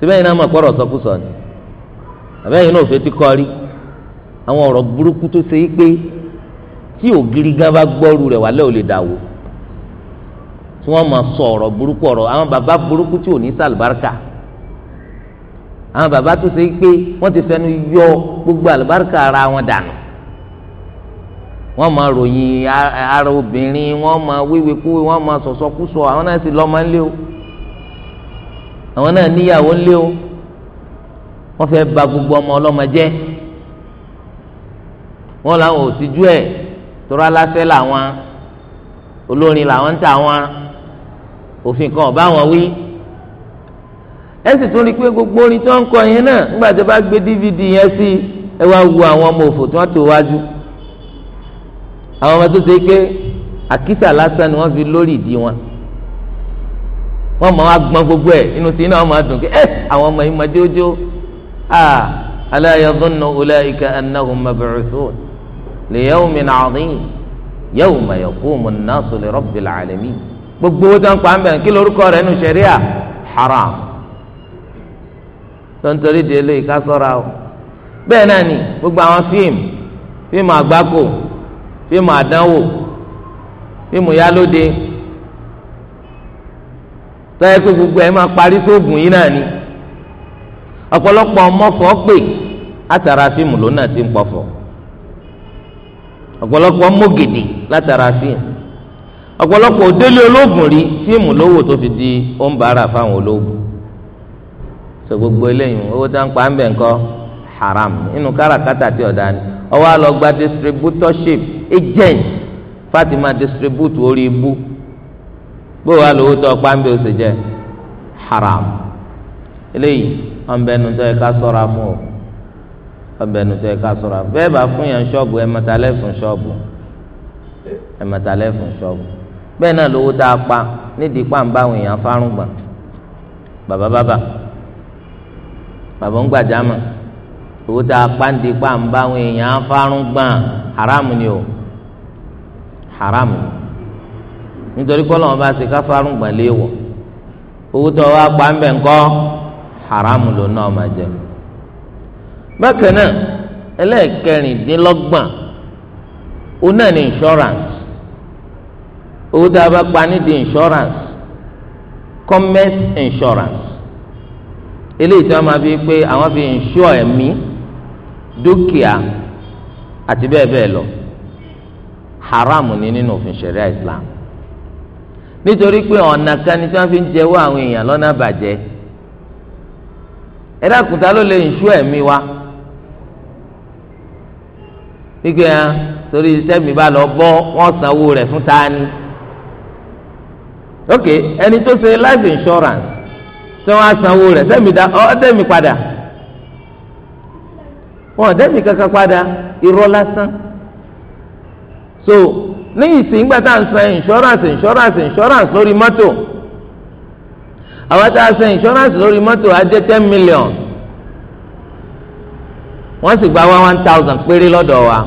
síbẹ̀ yìí náà mọ̀ pọ̀rọ̀ sọkúsọ ni àbẹ́yìn náà ò fetí kọ́rí àwọn ọ̀rọ̀ burúkú tó ṣe é pé tí ògiri gan bá gbọ́rù rẹ̀ wálé ò lè dàwó tí wọ́n máa sọ ọ̀rọ̀ burúkú ọ̀rọ̀ àwọn bàbá burúkú tí ò ní sàlùbáríkà àwọn bàbá tó ṣe pé wọ́n ti fẹnu yọ gbogbo àlùbáríkà ara wọn dànù wọ́n máa ròyìn ara obìnrin wọ́n máa wíwí kúwí wọ́n máa sọ̀sọ́kúsọ àwọn náà sì lọ́mọ ńlẹ́ o àwọn náà níyàwó ńlẹ́ o wọ́n fẹ́ bà gbogbo ọmọ ọlọ́mọ jẹ́ wọ́n làwọn ò tijú ẹ̀ tọ́ra aláṣẹ làwọn olórin làwọn ń tà wọn òfin kan ọ̀bá wọn wí ẹ sì tún rí i pé gbogbo orin tí wọ́n ń kọ yẹn náà nígbà tí wọ́n bá gbé dvd yẹn sí ẹ wá wo àwọn ọmọ òfò tí wọ́n tó wájú àwọn ọmọ tó ṣe pé àkísà lásán ni wọ́n fi lórí ìdí wọn wọ́n máa gbọ́n gbogbo ẹ̀ inú tí iná wọn máa dùn kí ẹ eh, àwọn ọmọ yìí máa jójó ah ala yadhunnu ulaika annahum mab'uthun li yawmin 'adhim yawma yaqumu an-nasu li rabbil 'alamin gbogbo owó tó ń pa ń bẹ̀rẹ̀ kí lórúkọ rẹ̀ nù tontori di eléyìí ká ṣọ́ra o bẹ́ẹ̀ náà ni gbogbo àwọn fíìmù fíìmù àgbákò fíìmù àdánwò fíìmù yálóde tọ́yẹ pé gbogbo ẹ̀ máa parí sóògùn yìí náà ni ọ̀pọ̀lọpọ̀ ọmọfọ́ pè látara fíìmù ló náà ti ń pọ̀fọ̀ ọ̀pọ̀lọpọ̀ mọ́gèdè látara fíìmù ọ̀pọ̀lọpọ̀ òdélé olóògùn rí fíìmù lówó tó fi di ó ń bára fáwọn olóògùn so gbogbo eléyìí owó tá ń pa ń haram nínú káràkátà tí ọ̀dà ni ọwọ́ àlọ́ gba distributorship agent fatima distribute orí ibu bó wàá lówó tó ọpá ń bẹ haram eléyìí wọn bẹ nu tó yẹ ká o wọn bẹ nu tó yẹ ká ṣọ́ra fún bá fún yàn náà lówó bàbá ń gbàjámọ̀ owó tá a pàǹdé pàǹbá àwọn èèyàn afárún gbọ̀n haram ni o haram ni nítorí kọ́ lọ́wọ́ bá ṣe ká fárún gbọ̀n léèwọ̀ owó tó wá pa ń bẹ̀ ńkọ́ haram ló náà máa jẹ. bákan náà ẹlẹ́ẹ̀kẹrìndínlọ́gbọ̀n òun náà ní insurance owó tá a bá pa nídìí insurance commerce insurance eléyìí tí wọ́n máa fi pé àwọn fi insure emi dúkìá àti bẹ́ẹ̀ bẹ́ẹ̀ lọ haram ni nínú òfin ṣẹ̀ríà Islam nítorí pé ọ̀nà kan ni tí wọ́n fi ń jẹ́wọ́ àwọn èèyàn lọ́nà bàjẹ́ ẹ ló wa gbígbé hàn ah, torí iṣẹ́ mi bá lọ bọ́ wọ́n sanwó rẹ̀ fún ta ok ẹni tó ṣe life insurance tí wọ́n á rẹ rẹ̀ sẹ́mi da ọ dẹ́mi padà wọ́n dẹ́mi kankan padà irọ́ lásán so ní ìsìn ìgbà tá à ń san insurance insurance insurance lórí mọ́tò àwọn tá a san insurance lórí mọ́tò á jẹ́ ten million wọ́n sì gba one one thousand péré lọ́dọ̀ wa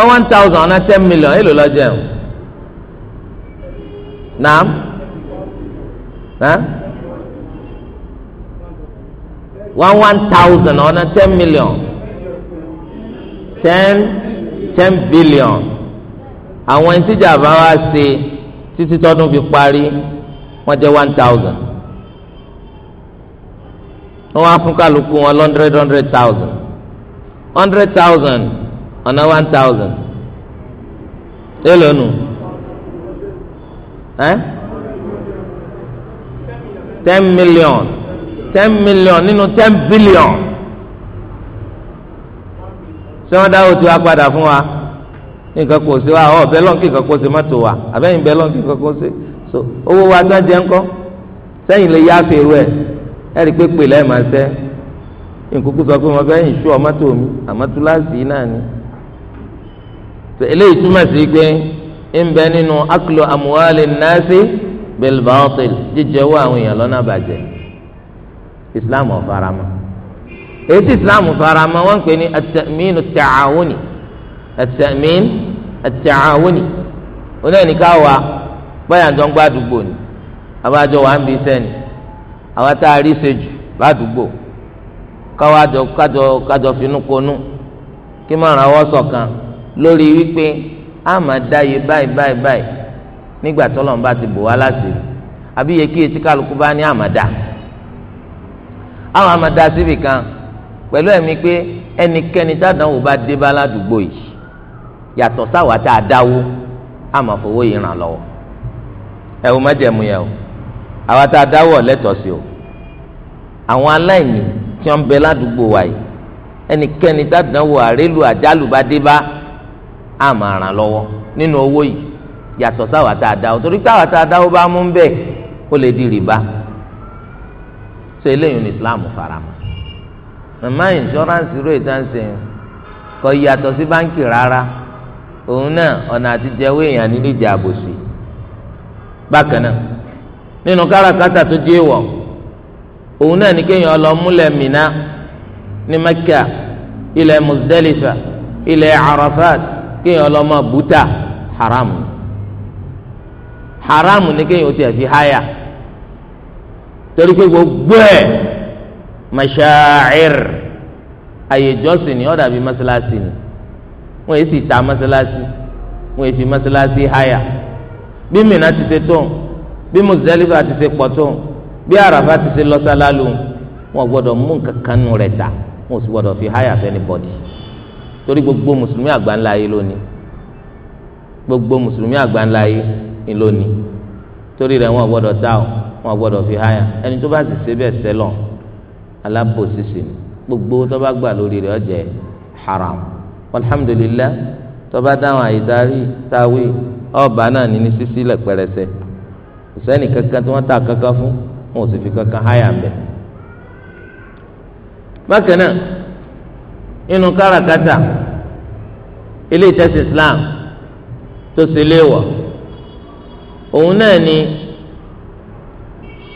one one thousand ọ̀nà ten million èlò lọ ẹ̀ naam naam. one one thousand ọ̀nà ten million ten ten billion àwọn ìtìjà bá wá ṣe títí tọdún fi parí wọ́n jẹ́ one thousand wọ́n wá fún kálukú wọn hundred hundred thousand hundred thousand ọ̀nà one thousand elonu ẹ ten million ten million nínú ten billion ṣé wọ́n dáwọ́ tí wàá padà fún wa nǹkan kò sí wa ọ̀ bẹ́ẹ̀ lọ́nkì nǹkan kò sí mọ́tò wa àbẹ́yìn bẹ́ẹ̀ lọ́nkì nǹkan kò sí so owó wa tán jẹ́ ńkọ́ sẹ́yìn lè yá fèrú ẹ̀ ẹ̀rí pé pè lẹ́ẹ̀ máa sẹ́ nkùkù sọ pé mo fẹ́ yìn sú ọmọ tó mi àmọ́ túláàsì náà ni eléyìí túmọ̀ sí pé ń bẹ nínú aklo amuwalin nasi bilbatil jíjẹ owó àwọn èèyàn lọ́nà bàjẹ́ islam ọ̀farama èyí tí islam ọ̀farama wọ́n ń pè ní atẹ̀mínú tẹ̀áwónì atẹ̀mín tẹ̀áwónì onáyẹnì ká wa báyà ń gbá àdúgbò ni abájọ wa ń bí sẹ́ni àwa tá a rí ṣe jù ládùúgbò káwájọ kájọ kájọ finú konú kí má ra ọwọ́ a máa dá iye báyìí báyìí báyìí nígbà ti bò wá láti àbí iye kí àwọn amada síbì kan pẹ̀lú ẹ̀mí pé ẹnikẹ́ni tádànwò bá dé bá ládùúgbò yìí yàtọ̀ sáwà tá a dáwó àmọ́ fowó yìí ràn lọ́wọ́ ẹ o mẹ́jẹ̀mú yẹn o àwa tá a dáwó lẹ́tọ̀ọ́ sí o àwọn aláìní tí wọ́n ń bẹ ládùúgbò wa yìí ẹnikẹ́ni tádànwò àrélù àjálù bá dé bá àmọ́ ràn lọ́wọ́ nínú owó yìí yàtọ̀ sáwà tá a dáwó torí táwà tá a dáwó bá mú bẹ́ẹ̀ ó lè di rìbá so eléyìí ní islam farama màmá insurance rẹ̀ ìtànsẹ̀ kò yàtọ̀ sí báńkì rárá òun náà ọ̀nà àti jẹ́wọ́ èèyàn nínú ìjà àbòsí bákan náà nínú káràkátà tó jẹ́ wọ̀ òun náà ní kéèyàn lọ múlẹ̀ Mínà ní Mẹ́kà ilẹ̀ Muzdalifa ilẹ̀ Arafat kéèyàn lọ mọ bùtà haram haram ní kéèyàn ó tiẹ̀ fi háyà torí pé gbogbo ẹ̀ mashaa'ir àyè jọ́sìn ni ó dàbí mọ́sálásí ni wọ́n èsì ta mọ́sálásí wọ́n èsì mọ́sálásí háyà bí Mínà ti ṣe tó bí Muzdalifa ti ṣe pọ̀ tó bí Àràfà ti ṣe lọ́sálálù wọ́n gbọ́dọ̀ mú nǹkankan nù rẹ̀ ta wọ́n sì gbọ́dọ̀ fi háyà fẹ́ni bọ́dì torí gbogbo mùsùlùmí àgbáńlá yìí lónìí gbogbo mùsùlùmí àgbáńlá yìí lónìí torí rẹ̀ wọ́n gbọ́dọ̀ ta ọ́ wọn gbọ́dọ̀ fi háyà ẹni tó bá sì ṣe bẹ́ẹ̀ sẹ́lọ̀ alábòsíṣì ni gbogbo tó bá gbà lórí rẹ̀ ọ̀jẹ̀ haram alhamdulillah tó bá dáhùn àyíkárí táwí ọba náà ní ní sísí lẹ̀ pẹrẹsẹ kò sẹ́ni kankan tí wọ́n ta kankan fún wọn ò sì fi kankan háyà ń bákan náà inú káràkátà ilé ìtẹ́sí Islam tó ṣe léèwọ̀ òun náà ni.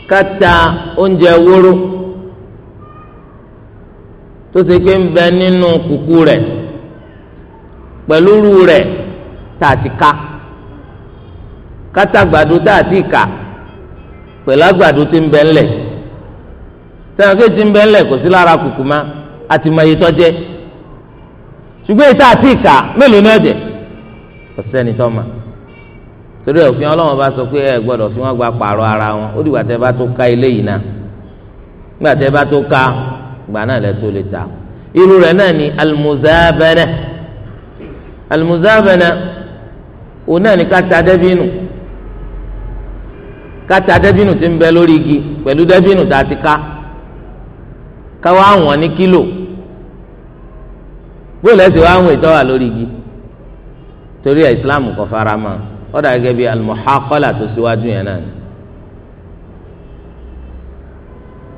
kata oúnjẹ wóró tó ṣe pé ń bẹ nínú kùkù rẹ̀ pẹ̀lú rú rẹ̀ tá a ti ka kata àgbàdo tá a ti kà pẹ̀lú àgbàdo ti ń bẹ ńlẹ̀ sẹ́wọ̀n kejì ń bẹ ńlẹ̀ kò sí lára kùkù ma àti mọ iye tó jẹ́ ṣùgbọ́n èyí tá a ti kà mélòó ní ọ̀jẹ̀ kò sẹ́ni tó máa. torí òfin ọlọ́wọ́n bá sọ pé ẹ gbọ́dọ̀ fi wọ́n gba pààrọ̀ ara wọn ó dìgbà tẹ́ bá tó ka eléyìí náà gbà tẹ́ bá tó ka gbà náà lẹ́ tó lè ta irú rẹ̀ náà ni almuzabana almuzabana òun náà ni ká ta dẹ́bínù ká ta ń bẹ lórí igi pẹ̀lú dẹ́bínù tá a ti ká ká wá ní kílò bóòlù ẹ̀sìn wá wọ̀n ìtọ́wà lórí igi torí ẹ̀ ìsìláàmù kò fara mọ́ ọ ọ̀dà gẹ́gẹ́ bíi al-muhaqala tó síwájú yẹn náà ni.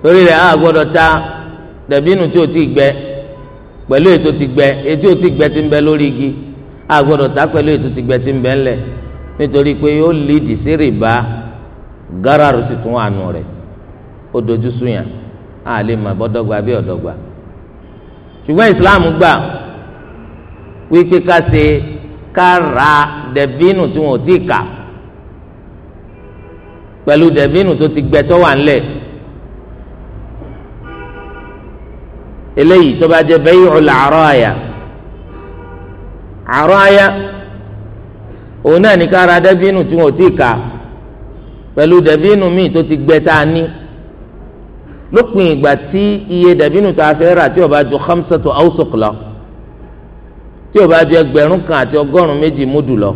torí rẹ̀ a gbọ́dọ̀ ta dẹ̀bínú tí o ti gbẹ pẹ̀lú ètò ti gbẹ ètò o ti gbẹ ti ń bẹ lórí igi a gbọ́dọ̀ ta pẹ̀lú ètò ti gbẹ ti ń bẹ ńlẹ̀ nítorí pé yóò lídì sí rìbá gáràrú sì tún wà nù rẹ̀ ó dojú súnyà a lè mọ̀ bọ́dọ́gba bí ọ̀dọ́gba ṣùgbọ́n ìsìláàmù gbà wípé ká ṣe ká ra dẹ̀bínù tí wọn ò tí ì kà pẹ̀lú dẹ̀bínù tó ti gbẹ tó wà ńlẹ̀ eléyìí tó bá jẹ bay'ul araya araya òun náà ní ká ra dẹ̀bínù tí wọn ò kà pẹ̀lú dẹ̀bínù míì tó ti gbẹ tá a ní lópin ìgbà tí iye dẹ̀bínù tó a fẹ́ rà tí ó bá ju khamsatu awsuq lọ tí o bá di ẹgbẹ̀rún kan àti ọgọ́rùn méjì múdù lọ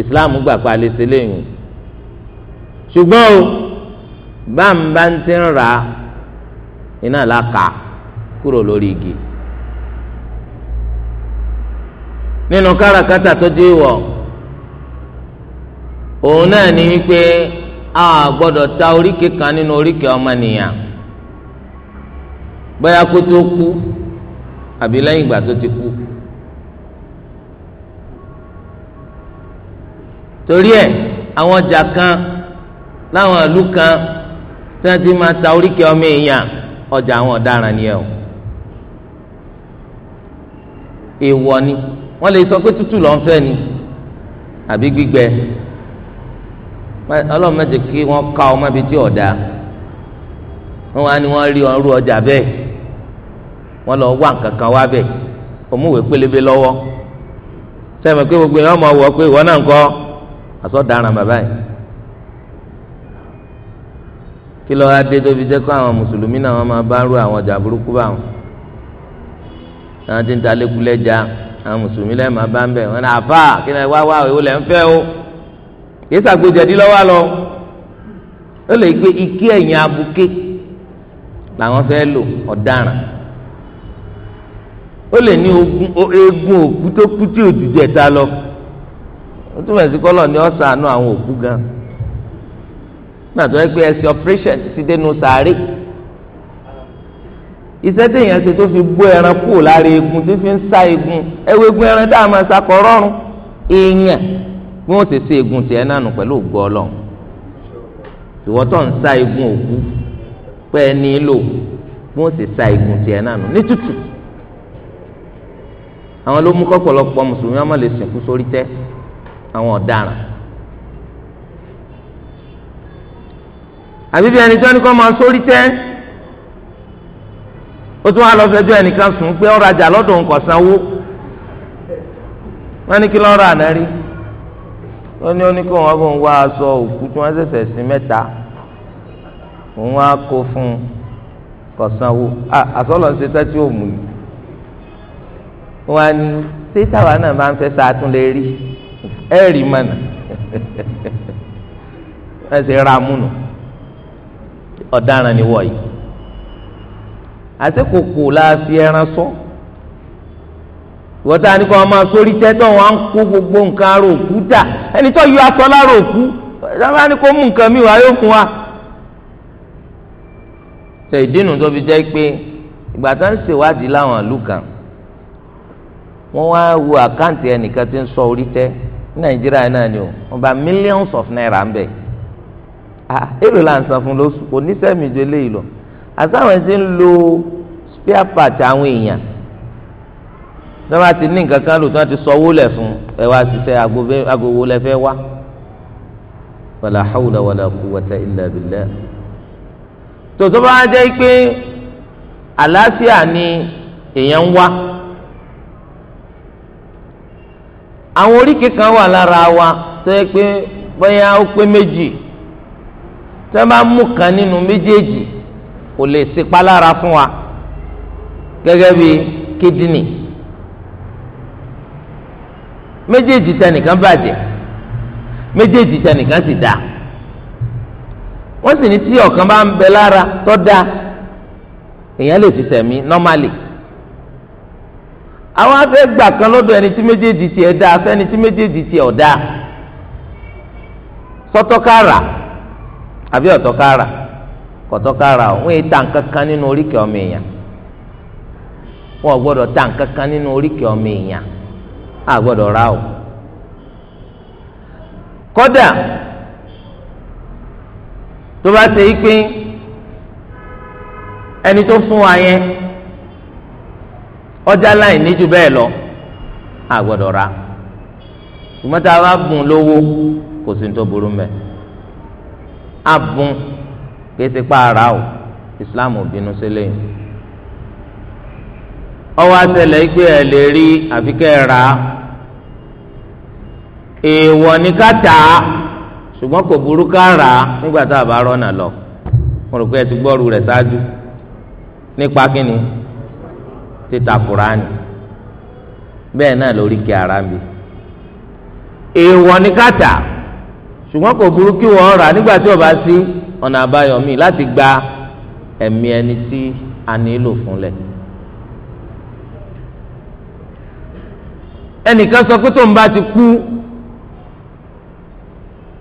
ìsìláàmù gbà pa àlèsè lẹ́yìn ṣùgbọ́n o báńbá ń ti ń rà iná la kà kúrò lórí igi nínú káràkátà tó dé wọ òun náà ní wípé a gbọ́dọ̀ ta oríkèé kan nínú oríkèé ọmọnìyàn bóyá kó tó kú àbí lẹ́yìn ìgbà tó ti kú. torí ẹ̀ àwọn ọjà kan láwọn ìlú kan tí wọ́n ti máa ta oríkèé ọmọ èèyàn ọjà àwọn ọ̀daràn ni ẹ̀ o. èèwọ̀ ni wọ́n lè sọ pé tútù lọ́n fẹ́ ni àbí gbígbẹ ọlọ́run mẹ́jẹ̀ kí wọ́n ká ọmọ ibi tí ọ̀dà wọ́n wá ní wọ́n rí ọrú ọjà bẹ́ẹ̀ wọn lọ wá nǹkan kan wá bẹ̀ òmùwé pélébé lọ́wọ́ sẹ́mi pé gbogbo yẹn ọmọ wọ pé ìwọ náà ń kọ́ àsọ̀daràn bàbá yìí kí lọ́ọ́ adé tó fi jẹ́ kó àwọn mùsùlùmí náà wọ́n máa bá rú àwọn ọjà burúkú bá wọn àwọn tí ń ta lẹ́kulẹ́jà àwọn mùsùlùmí lẹ́ẹ̀ máa bá ń bẹ̀ wọn náà fà kí náà wá wá ìwọ lẹ́ ń fẹ́ o kìí sàgbéjẹ̀dí lọ́wọ́ lọ ó lè gbé ike ẹ̀yìn abuké làwọn fẹ́ lò ọ̀daràn ó lè ní eegun òkú tó kú tí ò dìde ẹ̀ta lọ ó túmọ̀ sí kọ́lọ̀ ní ọ̀sánú àwọn òkú gan nígbà tó yẹ pé ẹsẹ̀ operation ti dénú sàárè iṣẹ́ téèyàn ṣe tó fi bó ẹran kúrò lára eegun tó fi ń sá eegun ẹwọ eegun ẹran tá a máa rọrùn èèyàn bí wọ́n ti ṣe eegun tiẹ̀ náà nù pẹ̀lú ògbọ́ ọlọ́run ìwọ́n tó ń sá eegun òkú pẹ́ẹ́ ní lò bí wọ́n ti ṣá eegun tiẹ̀ náà nù ní tútù àwọn ló mú kọ́pọ̀lọpọ̀ mùsùlùmí ọmọ lè sìnkú sórí tẹ́ àwọn ọ̀daràn. àbíbi ẹni tó ẹni kọ́ máa sórí tẹ́ ó tún wá lọ fẹjọ́ ẹnìkan sùn pé ọ̀rọ̀ ajá lọ́dọ̀ nǹkan sanwó wọ́n ní kí lọ́ọ́ rà náà rí wọ́n ní oníkó wọn wá aṣọ òkú tí wọ́n ṣẹ̀ṣẹ̀ sí mẹ́ta òun á kó fún un kọ̀sanwó ah, àsọ̀lọ̀ ń ṣe tẹ́tí òmùlẹ̀ wọn á ní ṣé táwa náà máa ń fẹ́ sàtún lè rí ẹ rí mọ̀nà ẹ sì ra múnu ọ̀daràn ni wọ̀nyí àti kòkò la fi ẹran sọ wọ́n tá a ní kó ọmọ sórí tẹ́tọ̀ wọn á ń kó gbogbo nǹkan aró òkú dà ẹni tó yọ aṣọ láró òkú dábàá ní kó mú nǹkan mi wá yóò fún wa ṣe ìdí nu tó fi jẹ́ pé ìgbà tó ń ṣèwádìí láwọn ìlú kan wọ́n wá wo àkáǹtì ẹnìkan tí ń sọ orí tẹ́ ní nàìjíríà náà ni o wọ́n bá millions of naira ń bẹ̀ ah èrò là ń san fún lóṣù kò ní sẹ́mi ju eléyìí lọ àtàwọn ẹni tí ń lo spare part àwọn èèyàn tí wọ́n bá ti ní nǹkan kan lò tí wọ́n ti sọ owó lẹ̀ fún ẹ wá ṣiṣẹ́ agbowó lẹ fẹ́ wá wàlà hawla wàlà quwwata illa billah tòtò bá jẹ́ pé àlàáfíà ni èèyàn ń wá. àwọn oríkèé kan wà lára wa tó yẹ pé bóyá ó pé méjì tó bá mú kan nínú méjèèjì kò lè sepa lára fún wa gẹ́gẹ́ bí kídìnì méjèèjì tẹnìkan bàjẹ́ méjèèjì tẹnìkan sì dáa wọ́n sì ní tí ọ̀kan bá ń bẹ lára tó dáa èèyàn lè fi tẹ̀mí nọ́málì. àwọn afẹ́ gbà kan lọ́dọ̀ ẹni tí méjèèjì tiẹ̀ dáa fẹ́ni tí méjèèjì tiẹ̀ ò dáa sọ́tọ́kàrà àbí ọ̀tọ́kàrà kọ̀tọ́kàrà wọ́n yìí ta nǹkan kan nínú oríkèé ọmọ èèyàn wọ́n gbọ́dọ̀ ta nǹkan kan nínú oríkèé ọmọ èèyàn á gbọ́dọ̀ rà o kódà tó bá ṣe é pé ẹni tó fún wa yẹn. ọjà láì níjú bẹ́ẹ̀ lọ a gbọ́dọ̀ ra ṣùgbọ́n tá a bá bùn lówó kò sí ní tó burú mẹ́ a bùn pa ara o Islam ò bínú sílẹ̀ yìí ọwọ́ àtẹlẹ́ ra èèwọ̀ ní ká tà kò burú ká rà á títa kuraani bẹ́ẹ̀ náà lórí kí ara mi èèwọ̀ ní kàtà ṣùgbọ́n kò burú kí wọ́n rà nígbà tí o bá sí ọ̀nà àbáyọ mi láti gba ẹ̀mí ẹni tí a nílò fúnlẹ̀. ẹnìkan sọ pé tó ń bá ti kú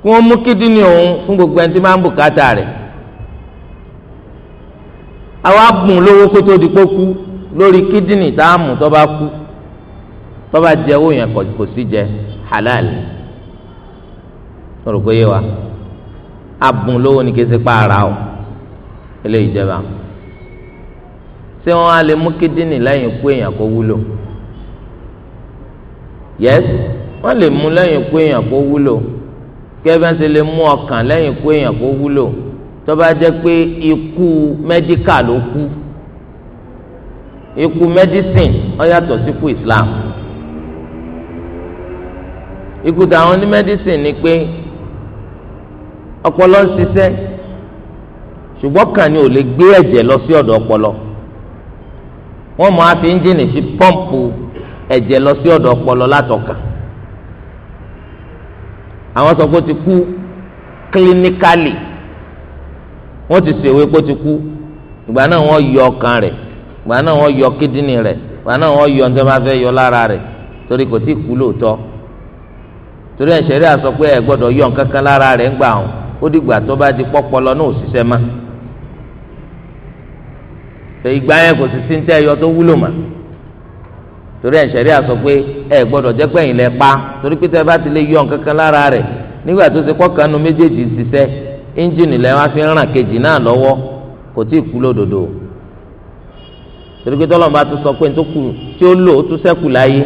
kí wọ́n mú kídínì òun fún gbogbo ẹni tí máa ń bùkátà rẹ̀ àwa bùn lówó kó tó di pé kú lórí kidini tá a mú tó bá kú tó jẹ owó yẹn kò sí jẹ halal lórí kò yé wa abùn lówó ni kì pa ara o eléyìí jẹba ṣé wọn á lè mú kídìní lẹ́yìn ikú èèyàn kó wúlò yẹs wọn lè mú lẹ́yìn ikú èèyàn kó wúlò kẹfẹ́ ṣe lè mú ọkàn lẹ́yìn ikú èèyàn kó wúlò tó jẹ pé ikú mẹ́díkà ló kú ikú medicine ó yàtọ̀ sí ikú islam ikú tàwọn ní medicine ni pé ọpọlọ ń ṣiṣẹ́ ṣùgbọ́n kàn ní ò lè gbé ẹ̀jẹ̀ lọ sí ọ̀dọ̀ ọpọlọ wọ́n mọ̀ á fi ẹ́ńjìnì sí pọ́ǹpù ẹ̀jẹ̀ lọ sí ọ̀dọ̀ ọpọlọ látọ̀kà àwọn sọ pé ó ti kú clinically wọ́n ti ṣèwé pé ó ti kú ìgbà náà wọ́n yọ ọkàn rẹ̀ gbà náà wọ́n yọ kídìní rẹ gbà náà wọ́n yọ nítorí wọ́n yọ lára rẹ torí kò tí kú lóòótọ́ torí ẹ̀ṣẹ̀ rẹ̀ sọ pé ẹ gbọdọ yọ nkankan lára rẹ ń gbà hàn ó dìgbà tó bá di náà ò ìgbà kò sì sí torí sọ lẹ pa torí pé ti lè yọ nǹkan lára nígbà tó ti méjèèjì fi ń ràn torí pé tọ́lọ́mù bá tún sọ pé tó kù tí ó lò ó tún sẹ́kù láyé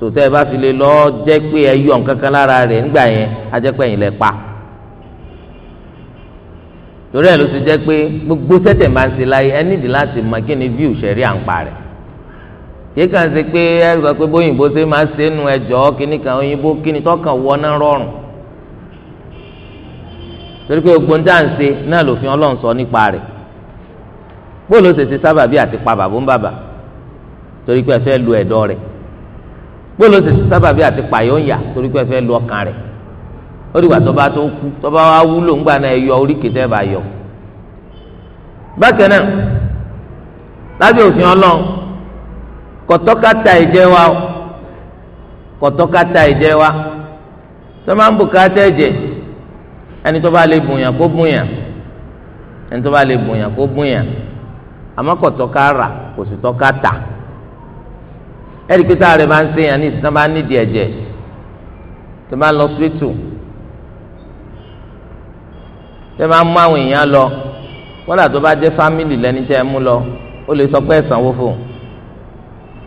sòtẹ́ ẹ bá fi lè lọ jẹ́ pé ẹ yọ nǹkan lára rẹ̀ nígbà yẹn á jẹ́ pé ẹ̀yin lẹ pa torí ẹ̀ ló ti jẹ́ pé gbogbo sẹ́tẹ̀ máa ń ṣe láyé ẹ nídìí láti mọ kí ni fíù ṣẹ̀rí à ń pa rẹ̀ yìí kàn ṣe pé ẹ sọ pé bóyìnbó ṣe máa ń ṣe nu ẹjọ́ kíní kan òyìnbó kíní tọkàn wọ náà rọrùn torí pé gbogbo ń dá ṣe náà lòfin Ọlọ́run sọ nípa rẹ̀ bóòlù ṣèṣe sábà bí àti pa bàbá ń bàbà torí pé ẹ fẹ́ lu ẹ̀dọ̀ rẹ̀ bóòlù ṣèṣe sábà bí àti pa yóò ń yà torí pé ẹ fẹ́ lu ọkàn rẹ̀ ó dìgbà tó bá tó kú tó bá wá wúlò ńgbà náà yọ oríkèé tẹ́ bá yọ. bákan náà lábẹ́ òfin ọlọ́run kọ̀tọ́kátà ìjẹ́ wa kọ̀tọ́kátà ìjẹ́ wa tó máa ń bùkátà ẹ̀jẹ̀ ẹni tó bá lè bùnyàn kó bùnyàn ẹni tó bá lè bùnyàn kó bùnyàn àmọ́ kò ra rà kò sì tọ́ka tà ẹ̀rí pé táàrẹ̀ bá ń ṣe yàn ní ìsìn náà bá nídìí ẹ̀jẹ̀ tó bá lọ síwítù tó bá mú àwọn èèyàn lọ kódà tó bá jẹ́ fámìlì lẹ́ni tẹ́ ẹ mú lọ ó lè sọ pé ẹ̀sánwó fún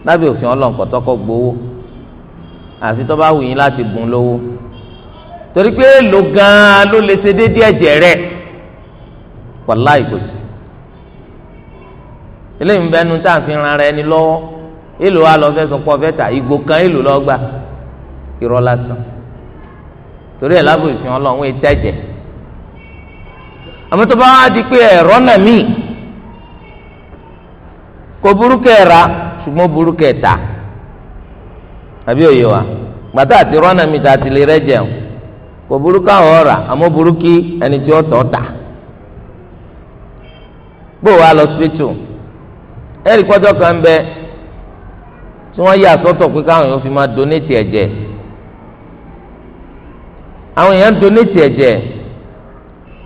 lábẹ́ òfin ọlọ́nkọ̀tọ́kọ̀ gbowó àfi tó bá wù yín láti bùn lówó torí pé èèlò gan-an ló lè ṣe déédéé ẹ̀jẹ̀ rẹ̀ wàláì kò sí eléyìí ń bẹnu tá fi ran ara ẹni lọ́wọ́ èlò wa lọ fẹ́ sọ pé ọfẹ́ ta ìgò kan èlò lọ gbà lásán torí ẹ̀ lábò ọlọ́run ẹ̀ àmọ́ tó bá wá di pé ẹ̀rọ náà míì kò burúkú ẹ̀ ra ṣùgbọ́n burúkú ẹ̀ ta àbí òye wa gbàtà àti rọ́nà mi ta ti lè rẹ́ jẹun kò burúkú àwọn ọ̀rà àmọ́ burúkú ẹni ẹ̀rí kọ́jọ́ kan bẹ tí wọ́n yà sọ́tọ̀ pé káwọn èèyàn fi máa donate ẹ̀jẹ̀ àwọn èèyàn donate ẹ̀jẹ̀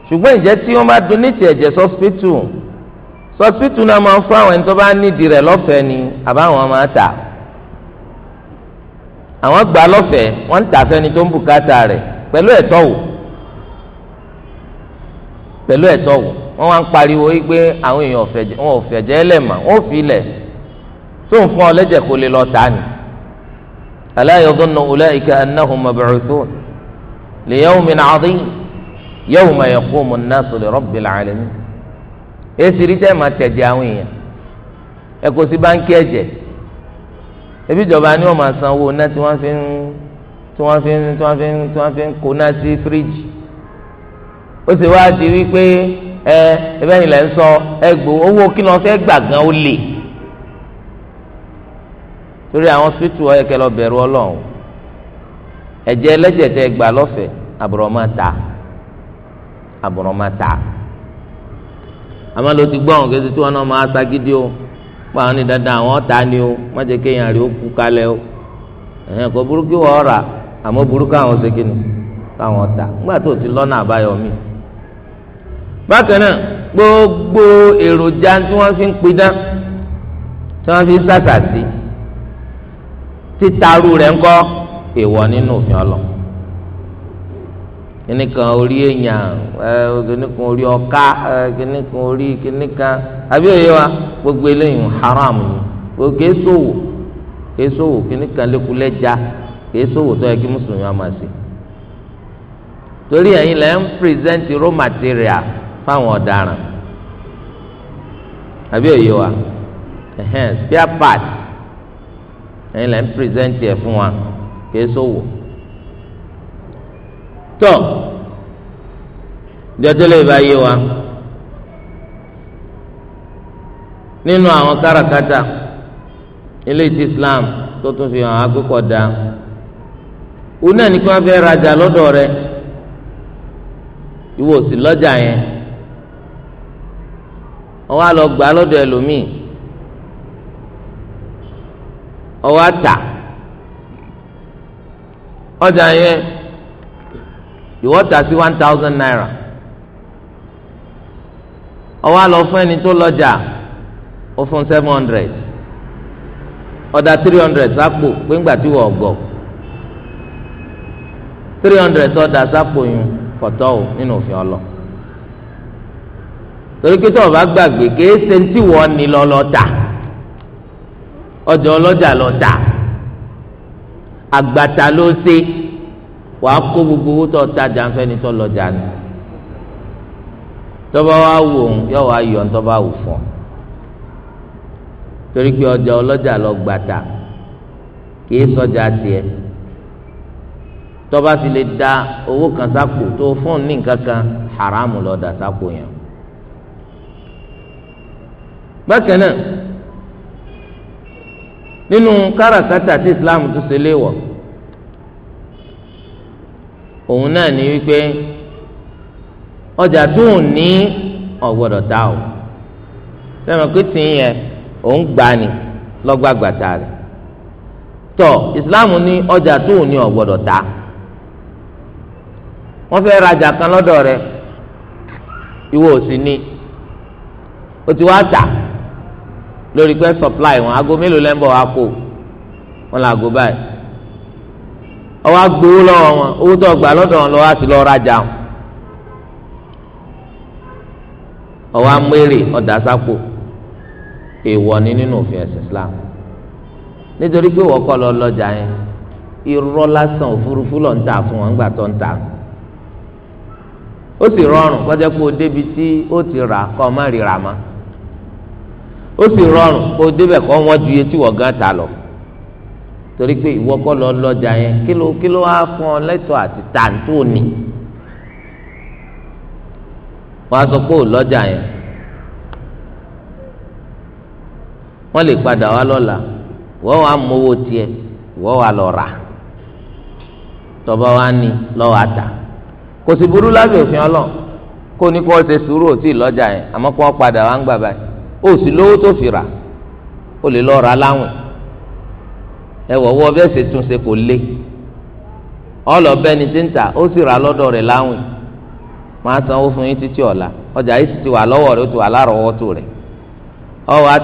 ṣùgbọ́n ìjẹ́ tí wọ́n bá donate ẹ̀jẹ̀ sọ́spítù sọ́spítù náà máa ń fún àwọn ẹni tó bá nídìí rẹ̀ lọ́fẹ̀ẹ́ ni àbáwọn máa tà àwọn gbà lọ́fẹ̀ẹ́ wọ́n ń tà fẹ́ni tó ń bùkátà rẹ̀ pẹ̀lú ẹ̀tọ́ wò pẹ̀lú ẹ̀tọ́ wò wọ́n wá ń pariwo yìí pé àwọn èèyàn wọn ò fẹ̀jẹ̀ lẹ̀ mà wọ́n ò fi lẹ̀ tó ń fún ọ lẹ́jẹ̀ kó lè lọ tà ní. ala yadhunnu ulaika annahum mab'uthun li yawmin 'adhim yawma yaqumu an-nasu li rabbil 'alamin. èsì rí sẹ́ẹ̀ máa tẹ̀jẹ̀ àwọn èèyàn ẹ kò sí báńkì ẹ̀jẹ̀ ebi ìjọba ni wọ́n máa san owó náà tí wọ́n fi ń tí wọ́n fi ń tí wọ́n fi ń kó sí fíríjì ó sì wá di wípé. ẹ ẹbẹ yìí lẹ ń sọ ẹ gbó owó kí lọ fẹ́ gbà gan ó lè torí àwọn hospital ọ̀yẹ̀kẹ́ lọ bẹ̀rù ọlọ́run ẹ̀jẹ̀ ẹlẹ́jẹ̀ tẹ gbà lọ́fẹ̀ẹ́ àbùrọ̀ máa ta àbùrọ̀ máa ta ti gbọ́ àwọn kejì tí náà máa o pa àwọn ní dandan àwọn ọ̀tá ni o má jẹ́ kéèyàn rí ó kú kalẹ̀ o ẹ̀hìn kò burúkú wọ́n rà àmọ́ burúkú àwọn ṣe kí ni káwọn tó ti lọ́nà àbáyọ bákan náà gbogbo èròjà tí wọ́n fi ń pidán tí wọ́n fi ń sàṣàṣì títaru rẹ̀ ńkọ́ èèwọ̀ nínú òfin ọlọ kìnìkan orí èèyàn kìnìkan orí ọ̀ka kìnìkan orí kini kan òye wa gbogbo eléyìí haram ni òkè sòwò kìí sòwò kìnìkan lékulẹ́ja kìí sòwò tó yẹ kí mùsùlùmí wa máa ṣe torí ẹ̀yin lẹ́ ń pírẹsẹ́ǹtì raw material fáwọn ọ̀daràn àbí òye wa spare part ẹ̀yin lẹ́nu pírẹsẹ́ǹtì ẹ̀ fún wa kìí sówò tó jọtẹ́lẹ̀ bá wa nínú àwọn káràkátà ilé ti Islam tó tún fi hàn agbẹ́kọ̀ dá òun náà ní kí wọ́n fẹ́ rajà lọ́dọ̀ lọ́jà yẹn. ọwọ́ àlọ́ gbà lọ́dọ̀ ẹlòmíì ọwọ́ àtà ọjà yẹn ìwọ tà sí one thousand naira ọwọ́ àlọ́ fún ẹni tó lọ́jà ó fún seven hundred ọ̀dà three hundred sápò pé ńgbà tí wọ́n three hundred ọ̀dà sápò yun fọ̀tọ́ o nínú òfin ọlọ́ọ̀. torí pé tó o bá gbàgbé kéé ṣe ń tí wọ́n ní lọ lọ tà ọlọ́jà lọ àgbàtà ló ṣe wàá kó gbogbo owó tó tajà fẹ́ni tó lọ́jà ni tọ́ba wa wò ó yọ wá yọ tọ́ba wò fún ọ torí pé ọjà ọlọ́jà lọ gbàtà kìí sọjà tiẹ̀ tọ́ba sì lè da owó kan sápò tó fún ní nǹkan kan haramu lọ́ọ́ da sápò yẹn. bákan nínú káràkátà tí islam tún ṣe léèwọ̀ òun náà ní wípé ọjà tó ní ọ̀gbọ́dọ̀ ta o sẹ́wọ̀n pé tì í yẹn òun gbà ní lọ́gbàgbàtà rẹ̀ tọ́ ìsìláàmù ní ọjà tó ní ọ̀gbọ́dọ̀ ta wọ́n fẹ́ rajà kan lọ́dọ̀ rẹ̀ ìwọ ò sì ní o ti wá tà. lórí pé supply wọn aago mélòó lẹ́ńbọ̀ wá kó wọn là aago báyìí ọwọ́ agbowó lọ́wọ́ wọn owó tó gbà lọ́dọ̀ wọn lọ́wọ́ àti lọ́ọ́ rajà wọn ọwọ́ amúlé ọ̀dà sápò èèwọ̀ ni nínú òfin ẹ̀sìn Islam nítorí pé wọ́n kọ́ lọ lọ́jà yẹn irọ́ lásán òfurufú lọ́n tà fún wọn nígbà tó ń tà ó sì rọrùn kọjá kó o débi tí ó ti rà kọ́ ọ má rí rà mọ́ ó sì rọrùn kó o débẹ̀ kọ́ wọ́n ju iye tí wọ́n gan ta lọ torí pé ìwọ kọ́ lọ lọ́jà yẹn kí ló kí ló wá fún ọ lẹ́tọ̀ọ́ àti tàǹtò ni wọ́n á sọ pé ò lọ́jà yẹn wọ́n lè padà wá lọ́la ìwọ wàá mowó tiẹ̀ ìwọ wàá lọ rà tọba wa ni lọ́wọ́ àtà kò sì burú lábẹ́ òfin ọlọ́ kó ní kó o ṣe sùúrù ò lọ́jà yẹn àmọ́ kó o padà wá ń gbà báyìí. o sì lówó tó fi rà o lè lọ rà láwìn ẹ wọ̀wọ́ bẹ́ẹ̀ ṣe tún kò lé ọlọ́bẹ̀ni tí ń tà ó sì rà lọ́dọ̀ rẹ̀ láwìn máa sanwó fún yín títí ọ̀la ọjà yìí ti wà lọ́wọ́ rẹ̀ ó ti wà lárọ̀ọ́wọ́tò rẹ ọwọ́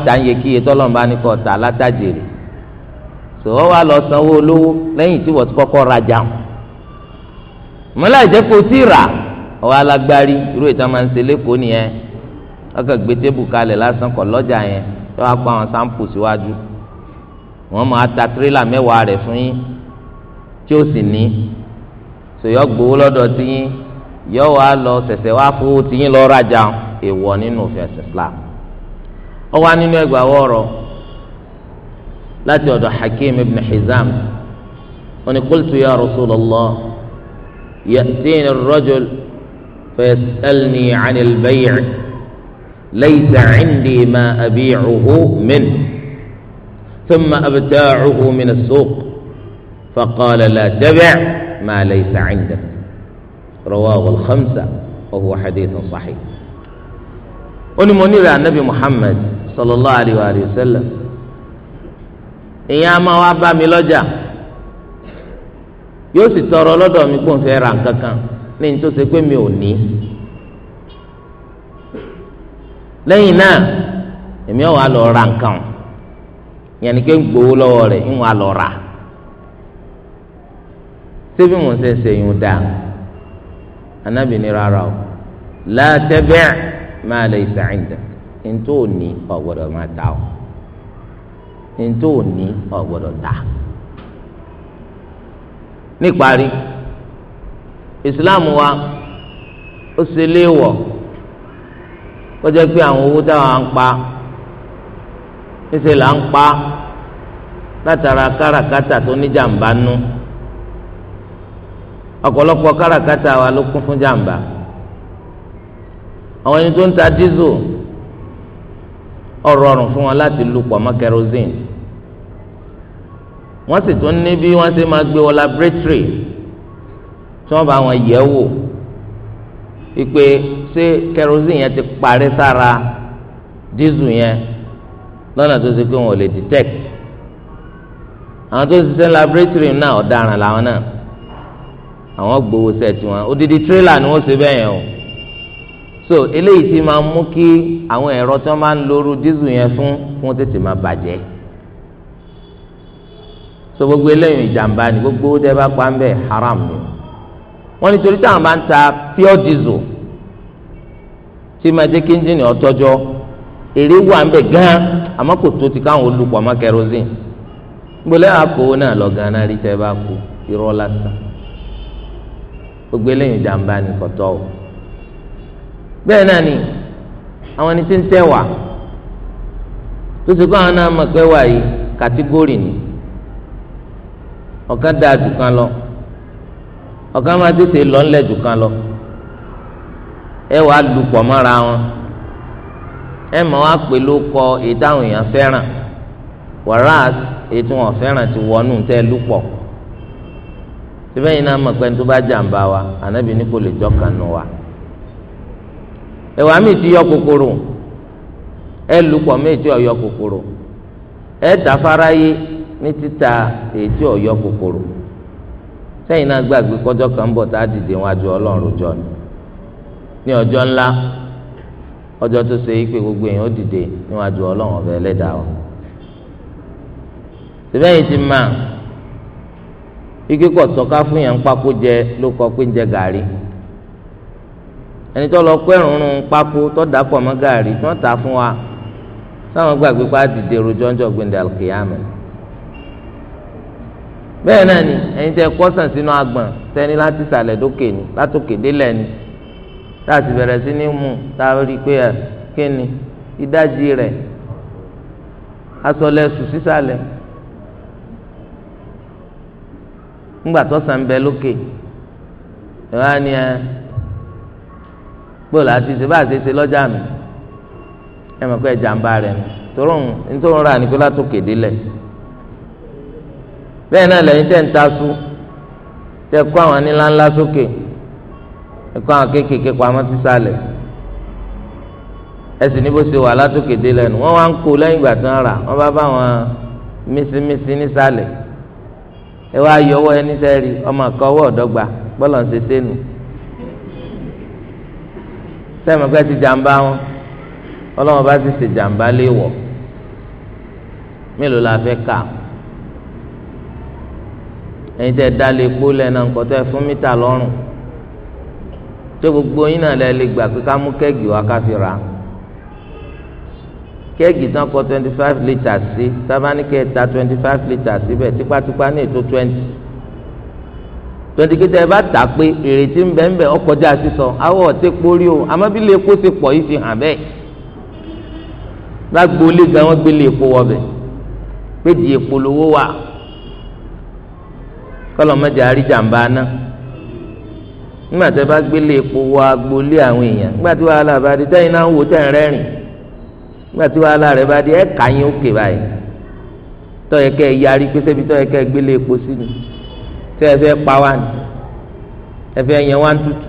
tọ́lọ́mùbá kò tà látàjèrè wa lọ sanwó olówó lẹ́yìn tí wọ́n ti kọ́kọ́ mọ́lá rà ọwọ́ alágbárí irú wọn kàn gbé tébù kalẹ̀ lásán kọ̀ lọ́jà yẹn tó wá pa àwọn sáǹpù síwájú wọn máa ta tírélà mẹ́wàá rẹ̀ fún yín tí ó sì ní sòyọ́ gbowó lọ́dọ̀ tí yín yọ wá lọ sẹ̀sẹ̀ wá fowó tí yín lọ rajà èèwọ̀ nínú òfin Islam ó wá nínú ẹgbàá wọ̀rọ̀ láti ọ̀dọ̀ Hakim ibn Hizam ó ní ya Rasulullah ya'tini ar-rajul fa yas'alni 'ani al ليس عندي ما أبيعه من ثم أبتاعه من السوق فقال لا تبع ما ليس عندك رواه الخمسة وهو حديث صحيح ونمني النبي محمد صلى الله عليه وآله وسلم ìyẹn a máa wá bá mi lọ́jà yóò sì tọrọ lọ́dọ̀ mi kó n fẹ́ ra nǹkan kan ní ní pé mi ò ní. lẹ́yìn náà èmi ọ̀ wà lọ ra nǹkan o yẹn ni kí n gbowó lọ́wọ́ rẹ̀ ń wá lọ rà síbi mo ṣe ṣe yín anábì ní rárá o la tabi' ma laysa 'indak ntó ní ọ̀gbọ́dọ̀ máa ta o ntó ní ọ̀gbọ́dọ̀ ta níparí Islam wa ó ṣe ó jẹ́ pé àwọn owó táwọn à ń pa níṣẹ́ là ń pa látara káràkátà tó ní jàǹbá nú ọ̀pọ̀lọpọ̀ káràkátà wa ló kún fún jàǹbá àwọn ẹni tó ń ta dísù ọ̀rọ̀ ọ̀rùn fún wọn láti lu pọ̀ mọ́ kerosene wọ́n sì tún ní bí wọ́n ṣe máa gbé wọn laboratory tí wọ́n bá wọn yẹ̀ wò wípé ṣé kerosene yẹn ti parí sára dísù yẹn lọ́nà tó ṣe pé wọn ò lè detect àwọn tó ń ṣiṣẹ́ laboratory náà ọ̀daràn làwọn náà àwọn gbowó sẹ́ẹ̀tì wọn odidi tírélà ni wọ́n ṣe bẹ́ẹ̀ yẹn o so eléyìí ti máa mú kí àwọn ẹ̀rọ tí wọ́n máa ń lóru dísù yẹn fún fún tètè máa bàjẹ́ so gbogbo eléyìí ìjàmbá ni gbogbo dẹ́ bá pa ń bẹ̀ haram ni wọ́n nítorí táwọn bá ń ta pure diesel tí ma jẹ́ kí ẹ́ńjìnì ọ̀tọ́jọ́ èrè wà ń bẹ̀ àmọ́ kò tó ti káwọn olùpọ̀ gbọ́dọ̀ náà lọ gan rí tẹ́ bá kú irọ́ lásán gbogbo eléyìí jàǹbá ni kọ̀tọ́ àwọn ẹni tí ń tó ti kọ́ àwọn náà mọ̀ pé wà yìí kàtígórì lọ máa tètè ẹ wàá lu pọ̀ mọ́ra wọn ẹ mọ̀ wá pé ló kọ ètò àwọn èèyàn fẹ́ràn wàrà ètò wọn fẹ́ràn ti wọnú tẹ́ lu pọ̀ síbẹ̀ yìí náà mọ̀ pé tó bá jàǹbá wa ànábì ní kò lè jọ́kàn nù wa ẹ̀wà mi ti yọ kòkòrò ẹ lu pọ̀ mi ti yọ kòkòrò ẹ tàfárá yé ní títa ètò ọ̀yọ́ kòkòrò sẹ́yìn náà gbàgbé kọjọ́ kan bọ̀ tá a dìde wọn àjọ ọlọ́run jọ ni ní ọjọ́ ńlá ọjọ́ tó ṣe ipe gbogbo èèyàn ó dìde níwájú ọlọ́run ọ̀bẹ ẹlẹ́dàá o síbẹ̀ yìí ti máa ike sọ́ká fún yẹn ń pákó jẹ ló kọ́ pé ń jẹ gàrí ẹni tó lọ kó ẹ̀rùn ń pákó tó dà pọ̀ mọ́ fún wa táwọn gbàgbé pa dìde rojọ́ ńjọ́ gbẹ̀ndẹ̀ bẹ́ẹ̀ náà ni ẹni tẹ kọ́sàn sínú agbọ̀n láti sàlẹ̀ dókè ni látòkè délẹ̀ ni. tá a sì bẹ̀rẹ̀ sí ní mú tá a rí i pé ẹ kí ni ìdajì rẹ̀ asọlẹ̀ sùn sísàlẹ̀ ńgbà tó sàn bẹ lókè ìwà ni ẹ gbọ́dọ̀ àti ìṣe bá àṣẹ lọ́jà mi ẹ mọ̀ pé ìjàmbá rẹ̀ ni tóró nítorí ra ni pé látòkè délẹ̀ bẹ́ẹ̀ náà lẹ́yìn tẹ̀ ń ta tẹ̀ kó àwọn nílá sókè. So ẹ̀kọ́ àwọn kéékèèké pamọ́ sísàlẹ̀ ẹsìn níbo ṣe wà látòkè dé lẹ́nu wọ́n wá ń kó lẹ́yìn ìgbà tán rà wọ́n bá bá wọn mísímísí nísàlẹ̀ ẹ wá yọwọ́ ẹni sẹ́ẹ̀rì ọmọ àkọ́wọ́ ọ̀dọ́gba bọ́lọ̀ ń ṣe sẹ́nu sẹ́mọ̀pẹ́ ti jàǹbá wọn ọlọ́wọ́n bá ti ṣe jàǹbá léwọ̀ mélòó la fẹ́ kà ẹ̀yin tẹ́ dálé epo lẹ́nu nǹkan tẹ́ fún mítà lọ́rùn tó gbogbo yín náà lè lè gbà pé ká mú kẹ́ẹ̀gì wá ká fi rà á kẹ́ẹ̀gì tán kọ twenty five litres sí tábánikẹ́ ta twenty five litres síbẹ̀ tipátipá ní ètò twenty twenty kìtà ẹ bá tà pé ìrètí ń bẹ ń bẹ ọkọjá sísọ awọ ọtí kórí o àmọ́ bí lè kó ṣe pọ̀ yìí fi hàn bẹ́ẹ̀ lágbo lé gan wọn gbé lè kó wọbẹ̀ pé di èpolówó wà kọlọmọdé àríjàmbá náà nígbà tí a bá gbélé epo wọ agboolé àwọn èèyàn nígbà tí wàhálà bá di tẹ́yìn náà ń wò tẹ́ ń rẹ́rìn nígbà tí wàhálà rẹ̀ bá di ẹ̀ kà yín òkè báyìí tọ́yẹ kẹ́ ẹ yarí pé sẹ́bi tọ́yẹ kẹ́ ẹ gbélé epo sí ni tẹ́ ẹ fẹ́ pa wá ni ẹ fẹ́ yẹn wá ń tutù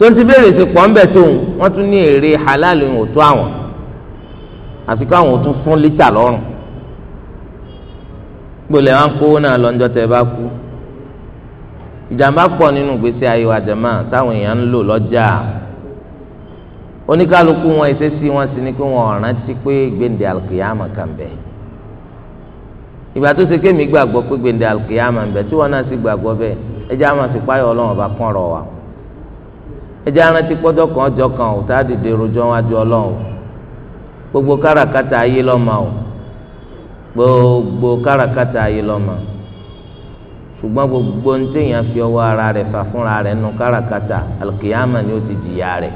tó ń ti béèrè sí pọ̀ ń bẹ̀ tóun wọ́n tún ní èrè halal ń òtún àwọn àfi káwọn ò tún fún lítà lọ́rùn gbọ́dọ̀ wọn kó náà lọ́njọ́ tẹ́ ìjàmbá pọ̀ nínú ìgbésí ayé wa jẹ̀mọ́ táwọn èèyàn ń lò lọ́jà oníkálukú wọn ìṣesí wọn sì ni pé wọn rántí pé gbèǹde alkiyama kan bẹ ìgbà tó ṣe kémi gbàgbọ́ pé gbèǹde alkiyama ń bẹ tí wọn náà sì gbàgbọ́ bẹ́ẹ̀ ẹjẹ́ àwọn àti páyọ̀ ọlọ́run ọba kàn rọ̀ wá ẹjẹ́ arántí pọ́jọ́ kan ọjọ́ kan ò tá dìde rojọ́ wájú ọlọ́run gbogbo káràkátà ayé lọ́mọ gbogbo káràkátà ayé lọ́mọ ṣùgbọ́n gbogbo ní téèyàn fi ọwọ́ ara rẹ̀ fà fúnra rẹ̀ nù káràkátà alùkìyàmà ni ó ti jìyà rẹ̀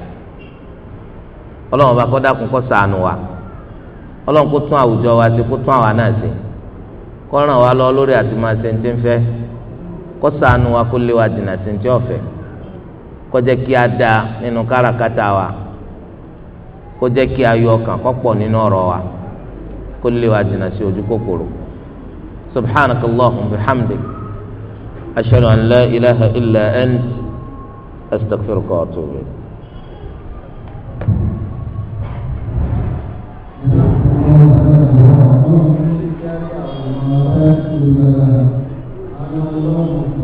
ọlọ́run bá kọ́ kọ́ wa ọlọ́run kó tún àwùjọ wa ṣe kó tún àwa náà ṣe kó ràn wá lọ lórí àti máa ṣe fẹ́ wa kó lé wa dìnnà sí a dáa nínú wa jẹ́ kí a yọ wa kó lé wa dìnnà sí ojú kòkòrò أشهد أن لا إله إلا أنت أستغفرك وأتوب إليك Thank you.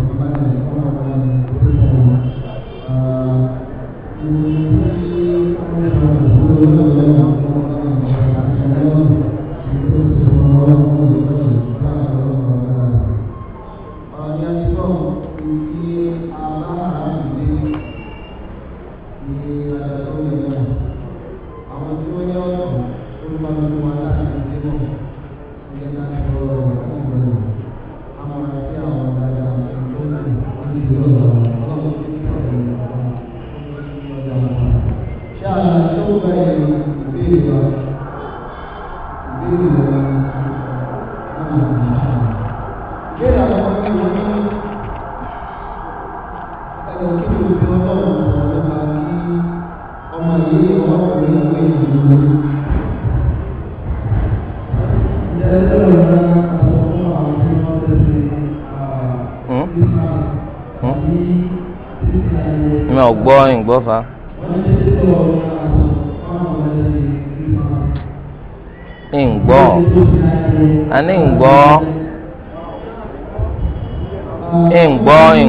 àní ń gbọ́ ń gbọ́ ń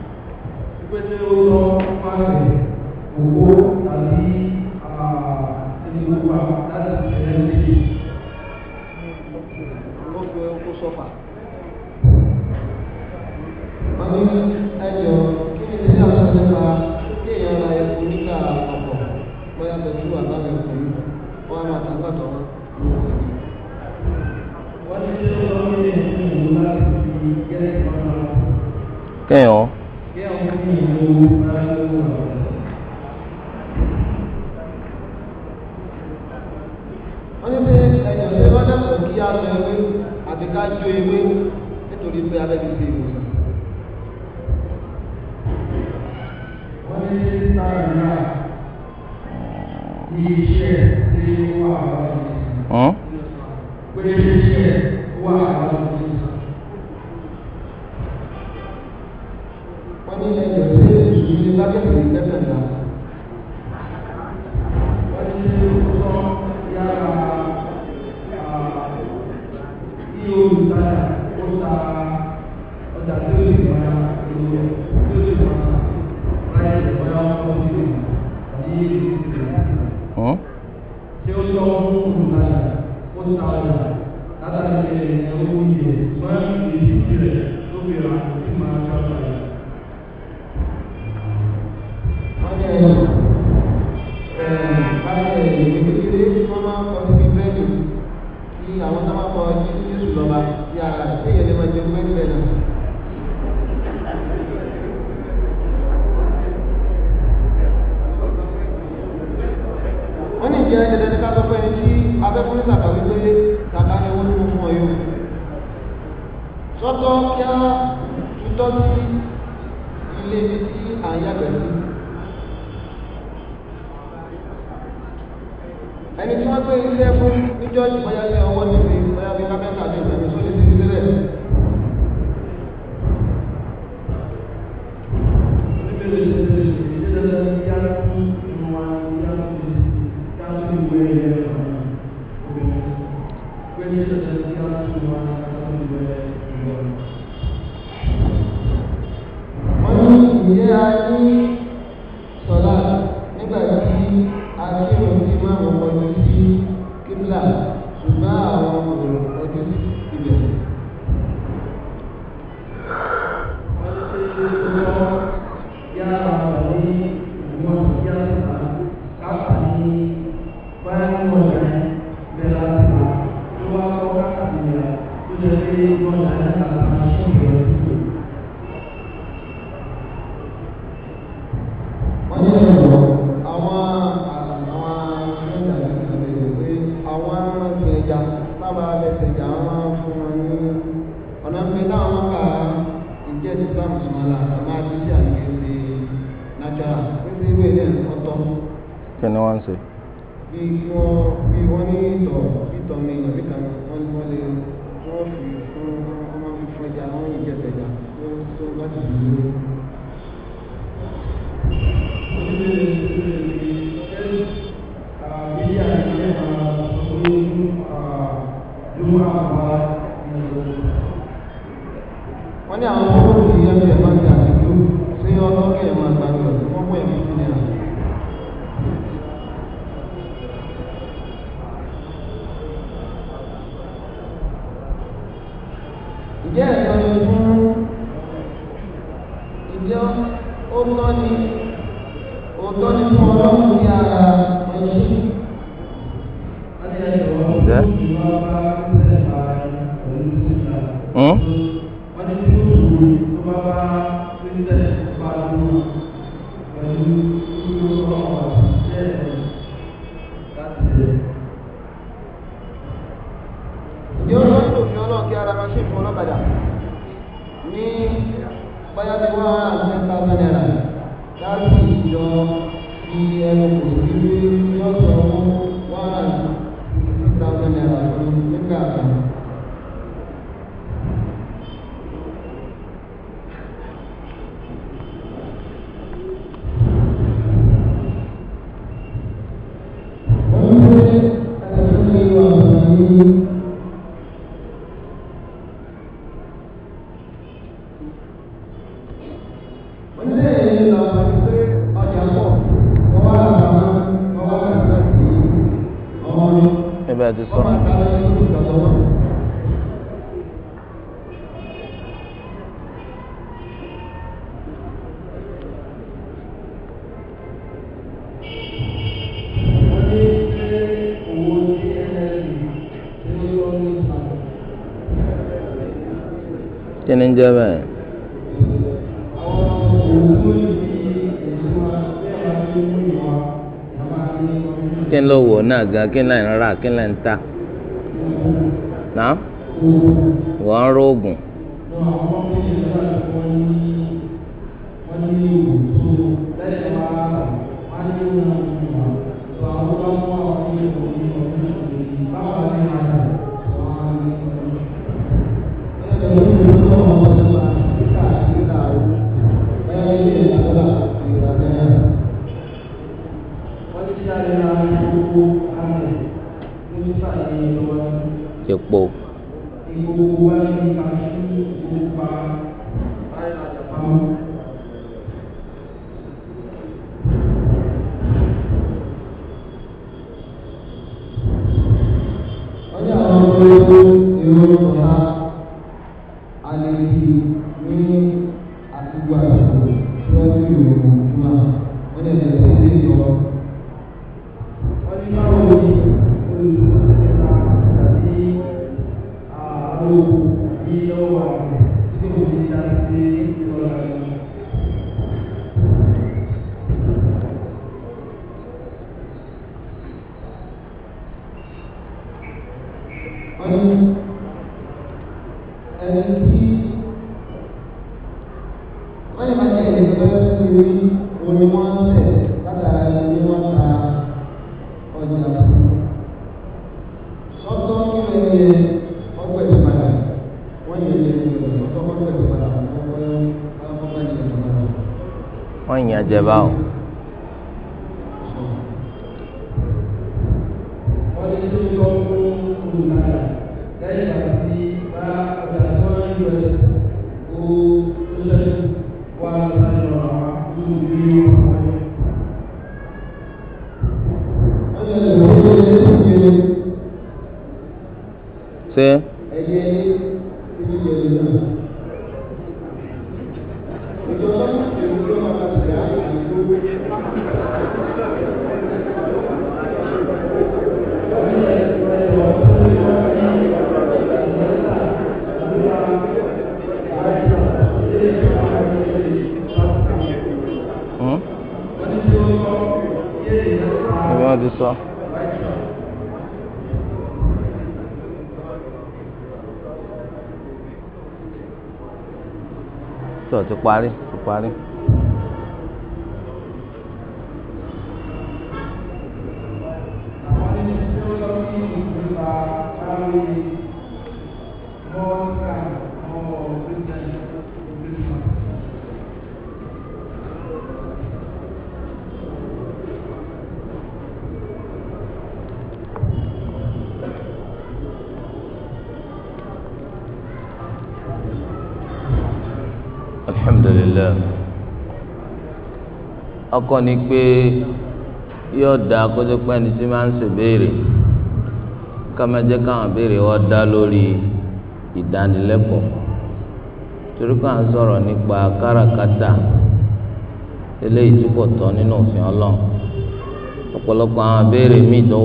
pẹ́lẹ́ ó lọ pààrẹ̀ òwò tàbí ẹni gbogbo àwọn ń jẹ́ bẹ́ẹ̀. kí n ló wò náà gan kí n lè ń rà kí n lè ń ta. wọ́n ń rògùn. quả đi ọkọ ni pé yóò dá kótó pé ẹni tí máa ń ṣèbéèrè kámẹ́jẹ́ káwọn béèrè wọ́n dá lórí ìdánilẹ́kọ̀ọ́ torí pé à ń sọ̀rọ̀ nípa káràkátà eléyìí tí kò tọ́ nínú òfin ọlọ́run ọ̀pọ̀lọpọ̀ àwọn béèrè míì tó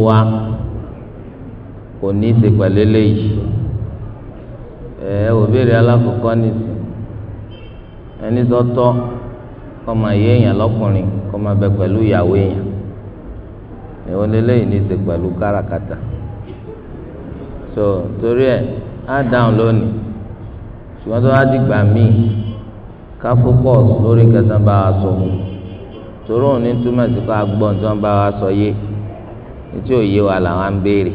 kọ́mọ ayé èèyàn lọ́kùnrin kọ́mọ abẹ pẹ̀lú ìyàwó èèyàn ìwọ lélẹ́yìn ní í ṣe pẹ̀lú káràkátà so torí ẹ̀ á dáhùn lónìí ṣùgbọ́n tó bá dìgbà míì ká fókọ̀sì lórí kẹsàn-án bá wa sọ torí òun ní túmọ̀ sí ká gbọ́n tí wọ́n bá wa sọ yé etí òye wa làwọn ń béèrè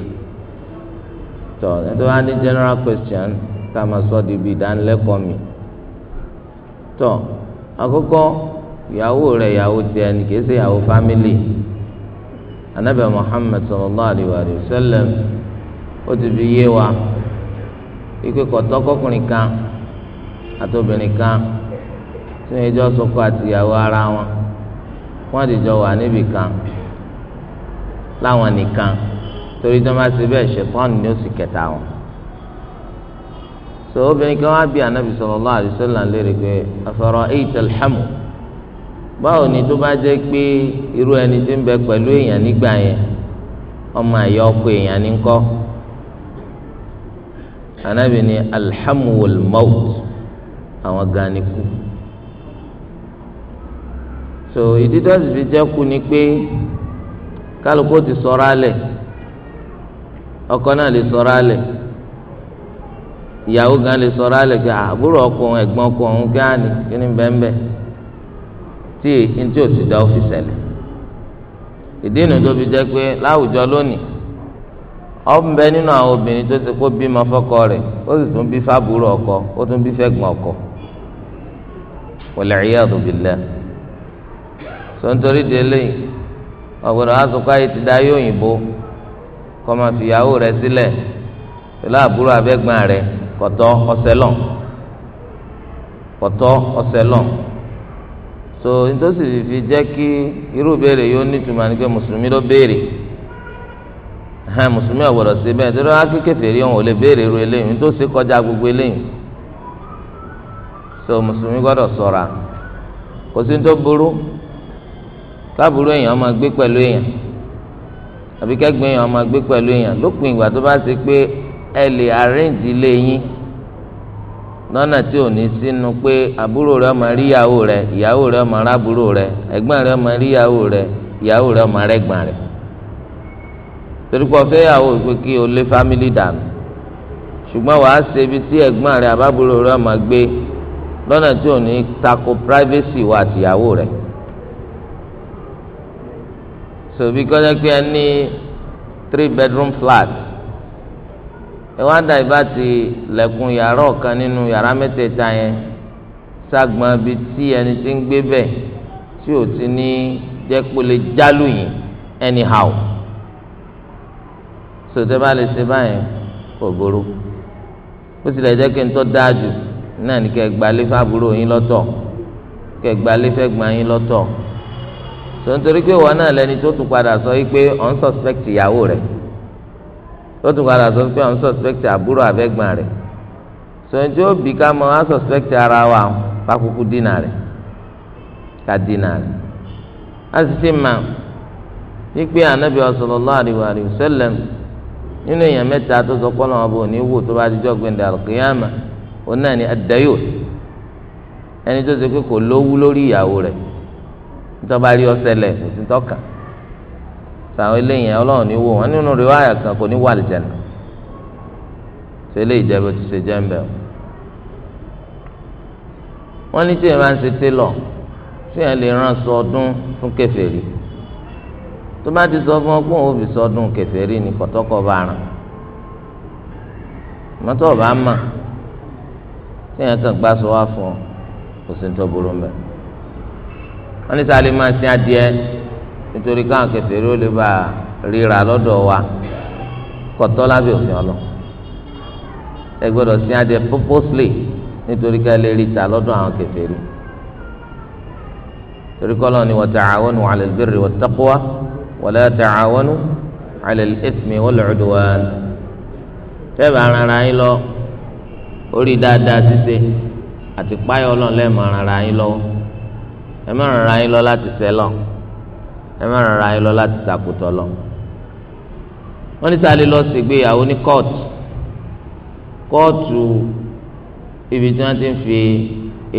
tó ẹ tó bá ní general question ká máa sọ di ibi ìdánilẹ́kọ̀ọ́ mi tó àkọ́kọ́ ìyàwó rẹ̀ ìyàwó tiẹ̀ ni kìí ṣe ìyàwó fámìlì anabi muhammed sallallahu alayhi wa sallam ó ti fi yé wa ikú kọtọ kọkùnrin kan àti obìnrin kan tí wọn jọ sọkọ àtìyàwó ara wọn wọn ti jọ wà níbì kan láwọn nìkan torí tí wọn bá ti bẹ́ẹ̀ ṣe pọ́n ní oṣù kẹta wọn so obìnrin kan wá bí anabi sallallahu alayhi wa sallam léèrè pé afọrọ eid alhamu. báwo ni tó bá jẹ́ pé irú ẹni tí ń bẹ pẹ̀lú èèyàn nígbà yẹn ọmọ àyà ọkọ èèyàn ní kọ́ anabi ni alhamul maut àwọn gan ni kú so ìdídọ́ sì fi jẹ́ kú ni pé kálukú ti sọ̀rọ̀ alẹ̀ ọkọ náà lè sọ̀rọ̀ alẹ̀ ìyàwó gan lè sọ̀rọ̀ alẹ̀ kí àbúrò ẹ̀gbọ́n ọ̀hún ni kí ni bẹ́ẹ̀ bẹ́ẹ̀. tí ntí òtún dá òfin ṣẹlẹ̀ ìdí inú tó fi jẹ́ pé láwùjọ lónìí ọ̀nbẹ nínú àwọn obìnrin tó ti kó bímọ fọ́kọ rẹ̀ ó sì tún bí fábùrú ọkọ ó tún bí fẹ́gbọ̀n ọkọ wal-iyadu billah sọ́ńtórí délé ọ̀gbọ̀dọ̀ asọ́kọ́ ayé ti dá yóò yìnbó kọ́ máa fìyàwó rẹ̀ sílẹ̀ pẹ̀lú àbúrò abẹ́gbọ̀n rẹ̀ kọ̀tọ́ ọ̀sẹ̀ lọ́n kọ̀tọ́ ọ̀sẹ̀ lọ́n. so nítòsí fi jẹ́ kí irú béèrè yóò nítumọ̀ ni pé mùsùlùmí ló béèrè hàn mùsùlùmí ọ̀wọ̀dọ̀ sí bẹ́ẹ̀ tó dáa kékeré fèrè òun ò lè béèrè irú eléyìí nítòsí kọjá gbogbo eléyìí so mùsùlùmí gbọ́dọ̀ ṣọ́ra kò sí tó burú káàbùrú èèyàn máa gbé pẹ̀lú èèyàn àbí kẹ́gbẹ́ èèyàn máa gbé pẹ̀lú èèyàn lópin ìgbà tó bá pé ẹ lè arrange ilé yín lọ́nà tí ò ní sínú pé àbúrò rẹ ọmọ rí ìyàwó rẹ ìyàwó rẹ ọmọ arábúrò rẹ ẹ̀gbọ́n rẹ ọmọ rí ìyàwó rẹ ìyàwó rẹ ọmọ rẹ́gbọ́n rẹ. torí pé ọ̀fẹ́ ìyàwó pé kí o lé fámìlì dànù ṣùgbọ́n wàá ṣe ibi tí ẹ̀gbọ́n rẹ àbábúrò rẹ ọmọ gbé lọ́nà tí ò ní tako privacy wa àtìyàwó rẹ. sòbí kọ́jà pé ẹ ní three bedroom flat ẹ wá dà ìbá ti lẹ̀kùn yàrá ọ̀kan nínú yàrá mẹ́tẹ̀ẹ̀ta yẹn ságbọn bíi tí ẹni tí ń gbé bẹ̀ tí ò ti ní jẹ́ pé lè jálù yìí anyhow sọtẹ́ bá lè ṣe báyẹn kò burú ó tilẹ̀ jẹ́ kí n tọ́ dáa jù náà ní kẹ́ gbalé fábúrò yín lọ́tọ̀ kẹ́ gbalé fẹ́gbọ́n yín lọ́tọ̀ sọ nítorí pé wọn náà lẹni tó tún padà sọ yìí pé ọ̀n ìyàwó rẹ̀ ó tún padà sọ pé àwọn sọ̀spẹ́kìtì àbúrò àbẹ́gbọ́n rẹ̀ sọ̀njẹ́ òbí ká mọ àwọn sọ̀spẹ́kìtì ara wa fákúkú dínà rẹ̀ ká dínà rẹ̀ a sì ti mà wípé ànábì sallallahu alaihi wa sallam nínú èèyàn mẹ́ta tó sọ pé ọlọ́wọ́n bò ní wò tó bá dijọ́ gbẹ̀ndẹ̀ àlùkìyàmà òun náà ni àdáyò ẹni tó ṣe pé kò lówú lórí ìyàwó nítorí rí sàwọn eléyìí ọlọ́run ní wò wọ́n nínú riwaya kan kò ní wà lìjẹ̀nà tẹ́lẹ̀ ìjẹ́bù ti ṣe jẹ́ńbẹ̀ o. wọ́n ní tí èèyàn máa ń ṣe télọ̀ tí èèyàn lè rán aṣọ ọdún fún kèfèrí tó bá ti sọ fún ọgbọ́n òbí sọdún kèfèrí ní kọ̀tọ́kọ̀ bá rán mọ́tò ọ̀bá mà tí èèyàn kan gbá sọ wá fún ọ kò sí ní tó burú mẹ́. wọ́n ní sáà lè máa ṣe adìẹ nítorí káwọn kèfèrí ó lè bá ríra lọ́dọ̀ wa kọ̀tọ́ lábẹ́ òfin ọlọ ẹ gbọ́dọ̀ sí adé purposely nítorí ká lè rí ta lọ́dọ̀ àwọn kèfèrí torí kọ́ lọ́ni wa ta'awanu 'ala al-birri wat-taqwa wa la ta'awanu 'ala al-ithmi wal-'udwan tẹ́ẹ̀bà ara yín lọ orí dáadáa ṣíṣe àti páyọ̀ ọlọ́ọ̀lẹ́ẹ̀mọ̀ ara yín lọ́wọ́ ẹ má yín lọ láti sẹ́lọ̀ ẹ má ràn ra yín lọ láti sàkótọ lọ wọn ní sáà lè lọ ṣègbéyàwó ní kóòtù kóòtù ibi tí wọn ti ń fi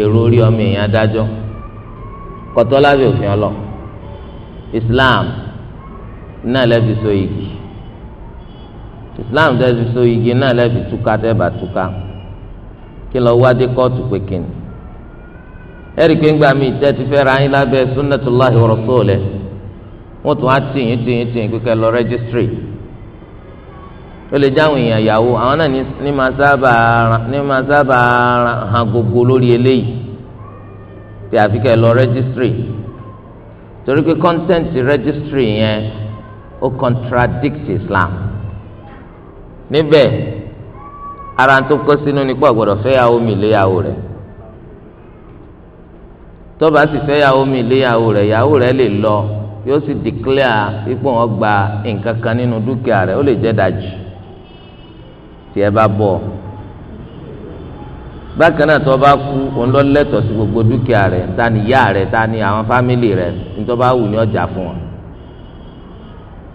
èrò orí ọmọ èèyàn dájọ́ kọtọ lábẹ́ òfin ọlọ Islam náà lẹbi so igi Islam lẹbi so igi náà lẹbi túká tẹbà túká kí lọ wádé kóòtù pé kíni ẹ̀rí pé ńgbà míì tẹ́ ti fẹ́ ra yín lábẹ́ sunnatullahi wa wọ́n tún á tìyín tìyín tìyín kíkẹ́ lọ rẹ́gísítírì ó lè jáwọn èèyàn ìyàwó àwọn náà ní máa sábà ní máa sábà hàn gbogbo lórí eléyìí tí àfi kẹ́ lọ rẹ́gísítírì torí pé kọ́ńtẹ́ǹtì rẹ́gísítírì yẹn ó contradict Islam níbẹ̀ ara tó kọ́ sínú nípa gbọ́dọ̀ fẹ́yàwó mi léyàwó rẹ̀ tó bá sì fẹ́yàwó mi léyàwó rẹ̀ yàwó rẹ̀ lè lọ yóò sì dìklẹ́à pípọ̀ wọn gba nǹkan kan nínú dúkìá rẹ̀ ó lè jẹ́ dájú tí ẹ bá bọ̀ bákan náà tó bá kú òun lọ lẹ́tọ̀ọ́ sí gbogbo dúkìá rẹ̀ ta ni ìyá rẹ̀ ta ni àwọn fámìlì rẹ̀ nítorí bá wù ní ọjà fún wọn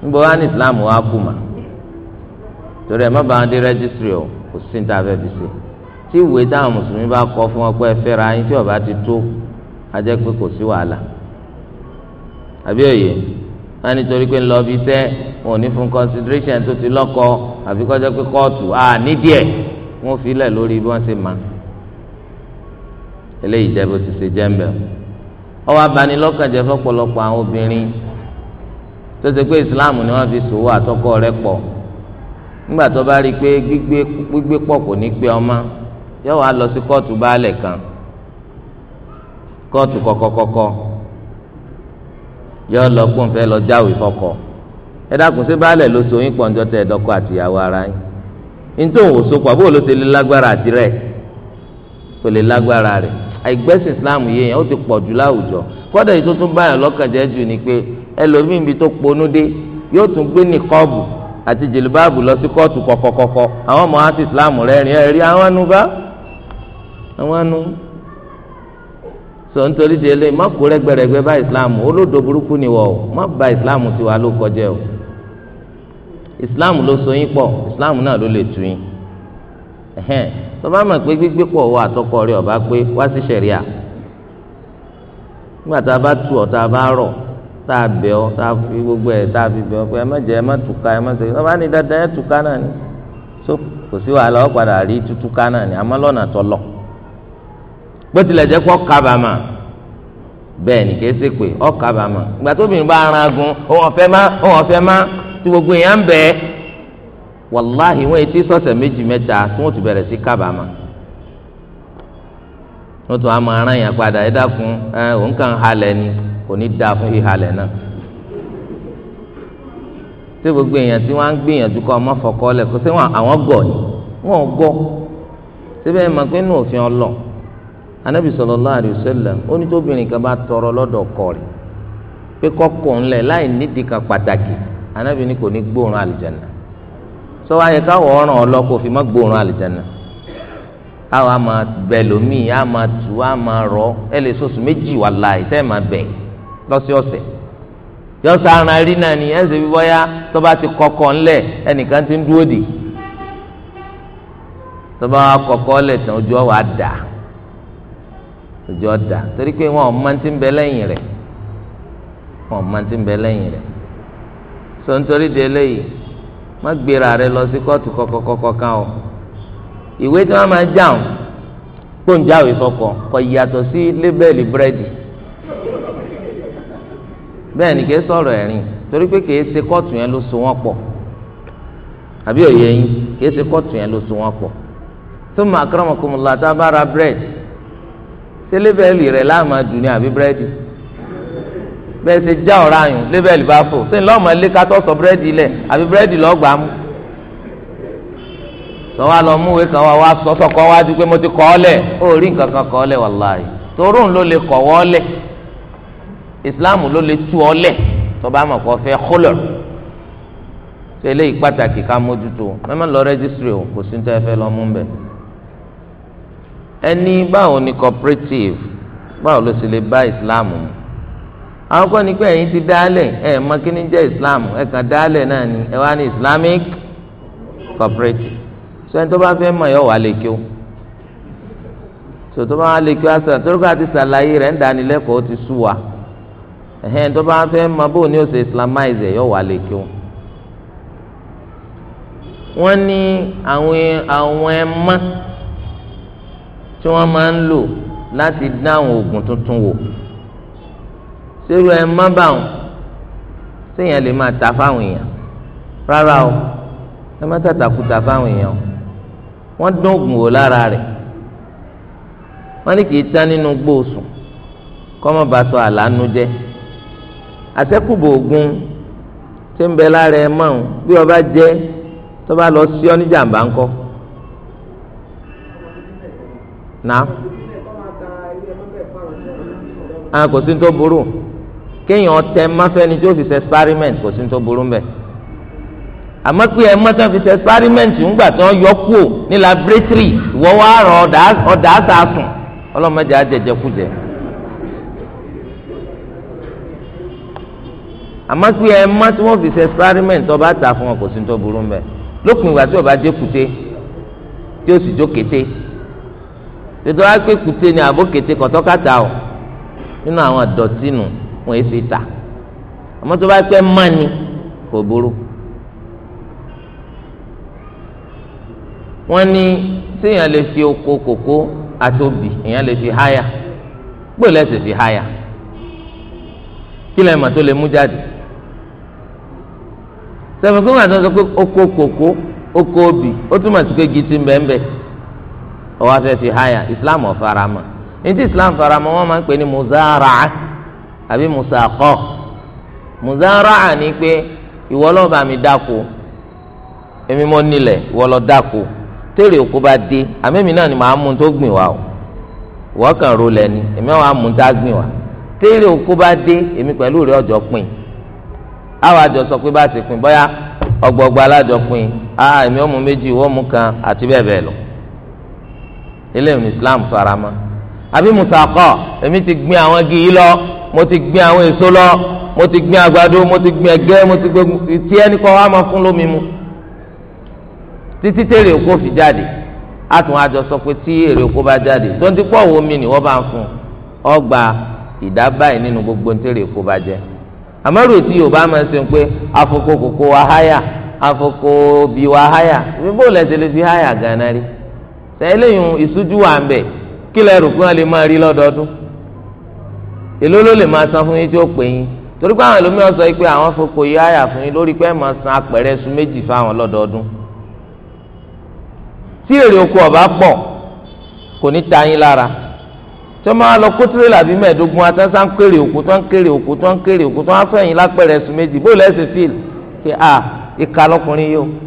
níbo wá ní Islam wá kù mà torí ẹ má bàa dé rẹ́gísítírì o kò sí níta fẹ́ fi ṣe tí ìwé táwọn mùsùlùmí bá kọ fún wọn fẹ́ra yín tí ọba ti tó a jẹ́ pé kò sí wàhálà àbí òye wọn nítorí pé ńlọ bí sẹ wọn ò ní fún consideration tó ti lọ́kọ àfi kọjá pé kóòtù à nídìí ẹ wọn fi lẹ lórí bí wọn ṣe máa eléyìí jẹ bó ti ṣe jẹ mbẹ ọwọ abanilọ́kànjẹ́ fọ́pọ̀lọpọ̀ àwọn obìnrin tó ṣe pé ìsìláàmù ni wọn fi ṣòwò àtọkọ rẹ̀ pọ̀ nígbà tó bá rí i pé gbígbé gbígbé pọ̀ kò ní pé ọmọ yóò wá lọ sí kóòtù baálẹ̀ kan kóòtù kọkọkọkọ yọ lọ gbọ́n fẹ́ lọ jáwèé fọkọ ẹ dákun sí baálẹ̀ ló so yín pọ̀njọ́ tẹ ẹ̀dọ́kọ àtìyàwó ara yín nítorí òun ò so pọ̀ àbúrò ló ti lé lágbára àti rẹ̀ kò lè lágbára rẹ̀ àìgbẹ́sìn Islam yìí yẹn ó ti pọ̀ jù láwùjọ kọ́dà yìí tó tún báyàn lọ́kàn jẹ́ jù ni pé ẹlòmíín bi tó ponú dé yóò tún gbé ní kọ́ọ̀bù àti jìlìbáàbù lọ sí kóòtù kọ̀kọ̀kọ̀kọ̀ àwọn ọmọ àti Islam rẹ̀ rìn ẹ̀rí àwọn anú bá àwọn anú sọ nítorí délé má kó rẹ́gbẹ̀rẹ́gbẹ́ bá islam olódò burúkú ni wọ́ má bà islam tiwa ló kọjá o islam ló so yín pọ̀ islam náà ló lè tú yín ẹ̀hẹ́n tọ́ba mọ̀ pé gbígbé pọ̀ wọ àtọkọ rẹ̀ ọba pé wá sí sẹ̀ríà nígbà tá a bá tu ọ̀ tá a bá rọ̀ tá a bẹ̀ ọ́ tá a fi gbogbo ẹ̀ tá a fi bẹ̀ ọ́ pé ẹ má jẹ́ ẹ má túká ẹ má sẹ́yìn tọ́ba ní dandan ẹ túká náà ni so kò sí wàhálà ọ̀ padà rí tútúká náà ni àmọ́ lọ́nà tọ́lọ̀ bó tilẹ̀ jẹ́ kó kábàámà bẹ́ẹ̀ ọ kabama ìgbà tó bìnrin bá ara gun òun ọ̀fẹ́ ma òun ọ̀fẹ́ tí gbogbo èèyàn ń bẹ̀ wàláhì wọ́n etí sọ̀sẹ̀ méjì mẹ́ta tí wọ́n ti bẹ̀rẹ̀ sí wọ́n tún padà dákun ni kò ní fún náà tí gbogbo èèyàn tí wọ́n á gbìyànjú kọ́ ọmọ fọkọ́ lẹ̀ kó sẹ́wọ̀n ni wọ́n síbẹ̀ anabi sallallahu alayhi wa sallam ó ní tóbìnrin kan bá tọrọ lọ́dọ̀ ọkọ rẹ̀ pé kọkọ ńlẹ láì nídìí kan pàtàkì anabi ní kò ní gbóòórùn àlùjáná sọ wá yẹ káwọ ọràn ọlọpọ fi má gbóòórùn àlùjáná káwọ àmà bẹlòmíì àmà tù àmà rọ ẹ lè sọsù méjì wà láì tẹ́ ẹ má bẹ̀ lọ́sọ̀ọ̀sẹ̀ yọ̀ọ́sà ara rí náà ni ẹ̀ ń ṣe bíbọ́yá tó bá ti kọkọ ńlẹ̀ ẹnìkan ti ń dúró dì tó kọkọ ńlẹ̀ tán ojú ọ̀ wà òjò ọ̀dà torí pé wọn ò mọ ti ń bẹ lẹ́yìn rẹ̀ wọn ò mọ ti ń bẹ lẹ́yìn rẹ̀ sọ nítorí de eléyìí má gbéra rẹ lọ sí kóòtù kọkọkọkọ kan o ìwé tí wọn máa jáwọn kóńjáwé fọkọ kò yàtọ̀ sí lébẹ́ẹ̀lì búrẹ́dì bẹ́ẹ̀ ni kìí sọ̀rọ̀ ẹ̀rín torí pé kìí ṣe kóòtù yẹn ló so wọn pọ̀ àbí òye yín kìí ṣe kóòtù yẹn ló so wọn pọ̀ tó máa kọ́rọ́mọkùnmùlá tá a bá ra búrẹ́dì ṣé lébẹ́ẹ̀lì rẹ̀ láàmú adùn ní àbí búrẹ́dì bẹ́ẹ̀ ṣe já ọ̀rá yùn lébẹ́ẹ̀lì bá fò ṣé lọ́ọ̀mọ ilé ká tọ́sọ búrẹ́dì lẹ̀ àbí búrẹ́dì lọ́ọ́ gbà mú. sọ wa lọ mú ìwé kan wá wá sọ́sọ́ kọ́ wájú pé mo ti kọ́ ọ́ lẹ̀ ó rí nǹkan kan kọ́ ọ́ Islam ló lè tú ọ lẹ̀ tó bá mọ̀ kọ́ fẹ́ kólọ̀ ṣe eléyìí pàtàkì ká mójútó mẹ́mọ́ lọ rẹ́jísírì o kò sí ní tẹ́ fẹ́ lọ mú bẹ́ẹ̀. ẹni báwo ni cooperative báwo ló ṣe lè bá islam mu àwọn kan ní ti dálẹ̀ ẹ̀ mọ̀ kí ni islam kàn náà ni islamic cooperative so ẹni tó bá fẹ́ mọ̀ yọ wà lè kí o so bá wà lè kí o àṣà tó ti ṣàlàyé rẹ̀ ń dánilẹ́kọ̀ọ́ ti sú wa ẹ̀hẹ́n tó bá fẹ́ mọ̀ ni o ṣe islamize yọ wà lè kí tí wọ́n máa ń lò láti dá àwọn oògùn tuntun wò sírú ẹ má bà wọn séèyàn lè máa ta fáwọn èèyàn rárá o ẹ má tàtàkùtà fáwọn èèyàn wọ́n dán oògùn wò lára rẹ̀ wọ́n ní kì í tán nínú gbóòsùn kọ́mọ bá sọ àlánú jẹ́ àtẹ́kùbọ̀ oògùn tí ń bẹ lára ẹ mọ́ bí ọba jẹ́ tó bá lọ sí ọ níjàmbá ńkọ́ náà a ah, kò sí tó burú kéèyàn tẹ máfẹ́ni tó fi ṣe experiment kò sí tó burú mbẹ àmọ́ pé ẹ mọ́tò fi ṣe experiment ńgbà tí wọ́n yọ kúò ní laboratory ìwọ́ wa rọ ọ̀dà àṣà sùn ọlọ́mọdé àjẹjẹ kújẹ. àmọ́ pé ẹ má tí wọ́n fi ṣe experiment tó bá ta fún wọn kò sí tó burú mbẹ lópin ìgbà tí ó bá jẹ́ kùté tí ó sì jó kété. tètè wá pé kùtè ní àbókété kọ̀tọ́kàtà o nínú àwọn àdọ̀tí nù wọn èé fi tà àmọ́ tó bá pẹ́ ni kò burú. wọ́n ní séèyàn lè fi oko kòkó àti obì èèyàn lè fi háyà gbọ́dọ̀ lẹ́sẹ̀ fi háyà kí mà tó lè mú jáde kí oko kòkó oko obì ó túmọ̀ sí pé gidi ń bẹ́ẹ̀ bẹ́ẹ̀. ọwọ́ afẹ́ fi háyà islam ọ̀farama ètí islam farama wọ́n máa ń pè ní muzara'a àbí musaqọ́ muzara'a ni pé ìwọ lọ́ọ́ bá mi dáko èmi mọ́ nílẹ̀ ìwọ dáko tèrè òkú bá dé àmẹ́mi náà ni màá mú tó gbìn wá o Wọ́n kàn ro lẹ́ni èmi àwọn amúntá gbìn wá tèrè òkú bá dé èmi pẹ̀lú rẹ̀ ọ̀jọ̀ pin àwọn àjọ sọ pé bá a ti pin bọ́yá ọgbọọgba alájọ pin ah èmi ọmọ méjì ìwọ mú kan àti bẹ́ẹ̀ bẹ́ẹ̀ lọ. eléyìí ní islam fara mọ́ àbí musakọ èmi ti gbin àwọn igi yìí lọ mo ti gbin àwọn èso lọ mo ti gbin àgbàdo mo ti gbin ẹ̀gẹ́ mo ti gbin tí ẹnì kan wá máa fún lómi mu títí tèrè oko fi jáde a tún àjọ sọ pé tí èrè oko bá jáde tó ń ti pọ̀ wo mi ni wọ́n bá ń fún ọgbà ìdá báyìí nínú gbogbo ń tèrè oko bá jẹ́ àmọ́rò tí yorùbá máa ń ṣe pé afoko kòkó wa háyà afoko bí wa háyà bí bó lẹ́sẹ̀ lè fi háyà gan-an rí sẹ́yìnlẹ́yìn ìṣújú wà ń bẹ̀ kí lẹ́ rò pé wọ́n lè máa rí lọ́dọọdún èló ló lè máa san fún yín tí ó pè yín torí pé àwọn ẹlòmíràn sọ pé àwọn fòkò yí àyà fún yín lórí pé ẹ máa san apẹ̀rẹ̀ ẹṣu méjì fáwọn lọ́dọọdún tí èrè oko ọ̀bá pọ̀ kò ní ta yín lára tí wọ́n máa lọ kó tirẹ̀là bíi mẹ́ẹ̀ẹ́dógún atẹ́sán ń kéré òkú tó kéré òkú tó kéré òkú tó ń lápẹ̀rẹ̀ ẹṣu méjì bóòlù ẹ̀sìn fíìl pé à ìka lọkùnrin yìí o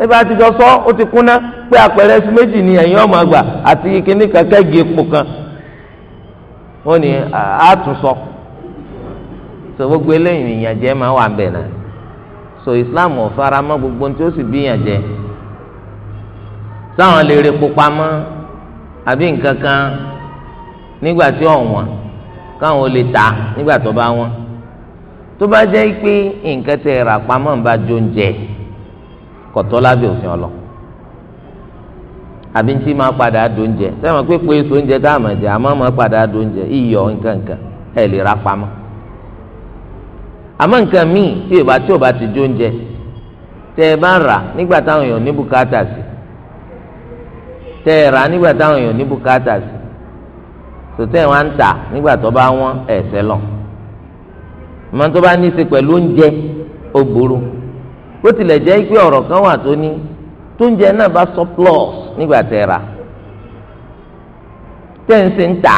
níbi àtijọ́ sọ ó ti kúnná pé àpẹẹrẹ sí méjì ni ẹ̀yin ọmọ àgbà àti kíní kẹ̀kẹ́ gé epo kan wọ́n ní àtúnsọ so gbogbo eléyìí ìyànjẹ máa wà bẹ̀ náà so Islam ò fara mọ́ gbogbo tí ó sì bí ìyànjẹ sáwọn lè re pupa mọ́ àbí nǹkan kan nígbà tí ọ̀wọ́n káwọn lè ta nígbà tó bá wọn tó bá jẹ́ pé nǹkan tẹ̀ rà pamọ́ ń bá jó ń jẹ Kọtọlabi lábẹ́ òfin ọlọ àbí ntí máa padà dóúnjẹ sẹ́wọ̀n pé pé èso oúnjẹ tá a máa jẹ àmọ́ máa padà dóúnjẹ iyọ nkankan ẹ̀ lè ra nkankan àmọ́ nǹkan míì tí ìbá tí ò bá ti dóúnjẹ tẹ́ ẹ bá rà nígbà táwọn èèyàn ní bùkátà sí tẹ́ ẹ rà nígbà táwọn èèyàn ní bùkátà sí tòtẹ́ bó tilẹ̀ jẹ́ pé ọ̀rọ̀ kan wà tó ní tó ń jẹ náà bá surplus nígbà tẹ́ ra tẹ́ǹsì ń tà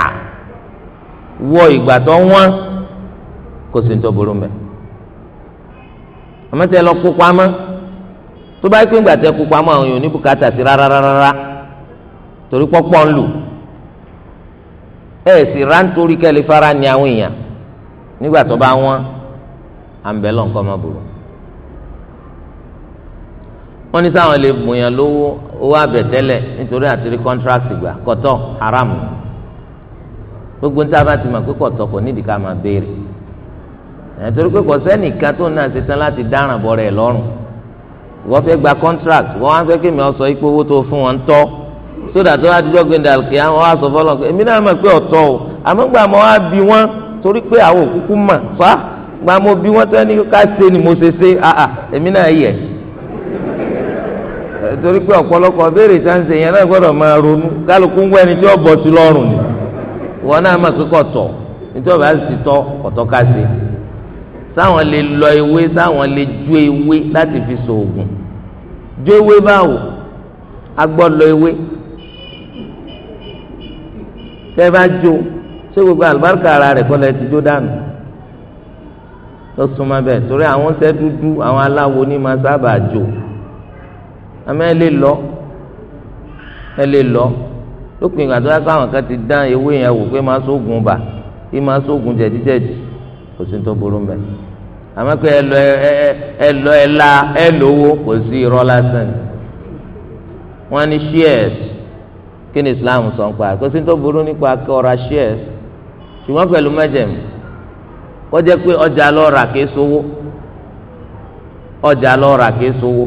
wọ ìgbà tó wọ́n kò sí ní tó burú mẹ́ àmọ́tẹ́ lọ kó pamọ́ tó bá pín gbàtẹ́ kó pamọ́ àwọn èèyàn ní bùkátà sí rárárárá torí pọ́pọ́ ń lù ẹ̀ sì rá nítorí kẹ́lifára ni àwọn èèyàn nígbà tó bá wọ́n à ń bẹ̀ lọ́nkọ́ má burú wọ́n ní sáwọn lè bùnyàn lówó owó àbẹ̀tẹ́lẹ̀ nítorí àtìrí kọ́ńtrákì gbà kọ́tọ́ haram gbogbo ní sábà ti mọ̀ pé kọ̀tọ̀ kò nídìí ká máa béèrè nítorí pé kọ̀sẹ́ nìkan tó náà ṣe tán láti dáràn bọ̀rẹ̀ ẹ̀ lọ́rùn wọ́n fẹ́ gba contract wọ́n wá fẹ́ kí mi sọ ipò owó tó fún wọn ń tọ́ sódà tó wá dídọ́ gbẹ̀ndà kí wọ́n wá sọ fọlọ́ èmi náà mọ̀ pé ọ̀tọ̀ o àmọ́ gbà mọ́ wá bí wọ́n torí pé àwọn òkúkú mọ̀ fá gbà mọ́ bí wọ́n tẹ́ ní ká ṣe ni mo ṣe ṣe àà èmi náà yẹ̀ torí pé ọ̀pọ̀lọpọ̀ béèrè tá à ń ṣe yẹn náà gbọ́dọ̀ máa ronú kálukú ń wẹ́ni tí ó bọ̀ sí lọ́rùn ni wọn náà má kíkọ̀ tọ̀ nítorí ọ̀bá sì tọ́ ọ̀tọ́ ká ṣe sáwọn lè lọ ewé sáwọn lè ju ewé láti fi ṣoògùn ju ewé báwo agbọ́ lọ ewé tẹ́ bá jó ṣé gbogbo àlùbáríkà ara rẹ̀ kọ́ lẹ́ ti jó dànù lọ́sùnmọ́ bẹ́ẹ̀ torí àwọn ṣẹ́ dúdú àwọn aláwo ní ma sábà jó àmọ́ ẹ lè lọ ẹ lè lọ lópin ìgbà tó yá káwọn kan ti dán ewé yẹn wò pé máa sóògùn bà kí máa sóògùn jẹ̀díjẹ̀dí kò sí tó burú mbẹ àmọ́ pé ẹ lọ ẹ lọ ẹ la ẹ lówó kò sí irọ́ lásán wọn ní shares kí ni Islam sọ ń pa kò sí tó burú nípa ọ̀rọ̀ shares ṣùgbọ́n pẹ̀lú mẹ́jẹ̀mú kọjá pé ọjà lọ́ọ́ rà kìí sówó ọjà lọ́ọ́ rà kìí sówó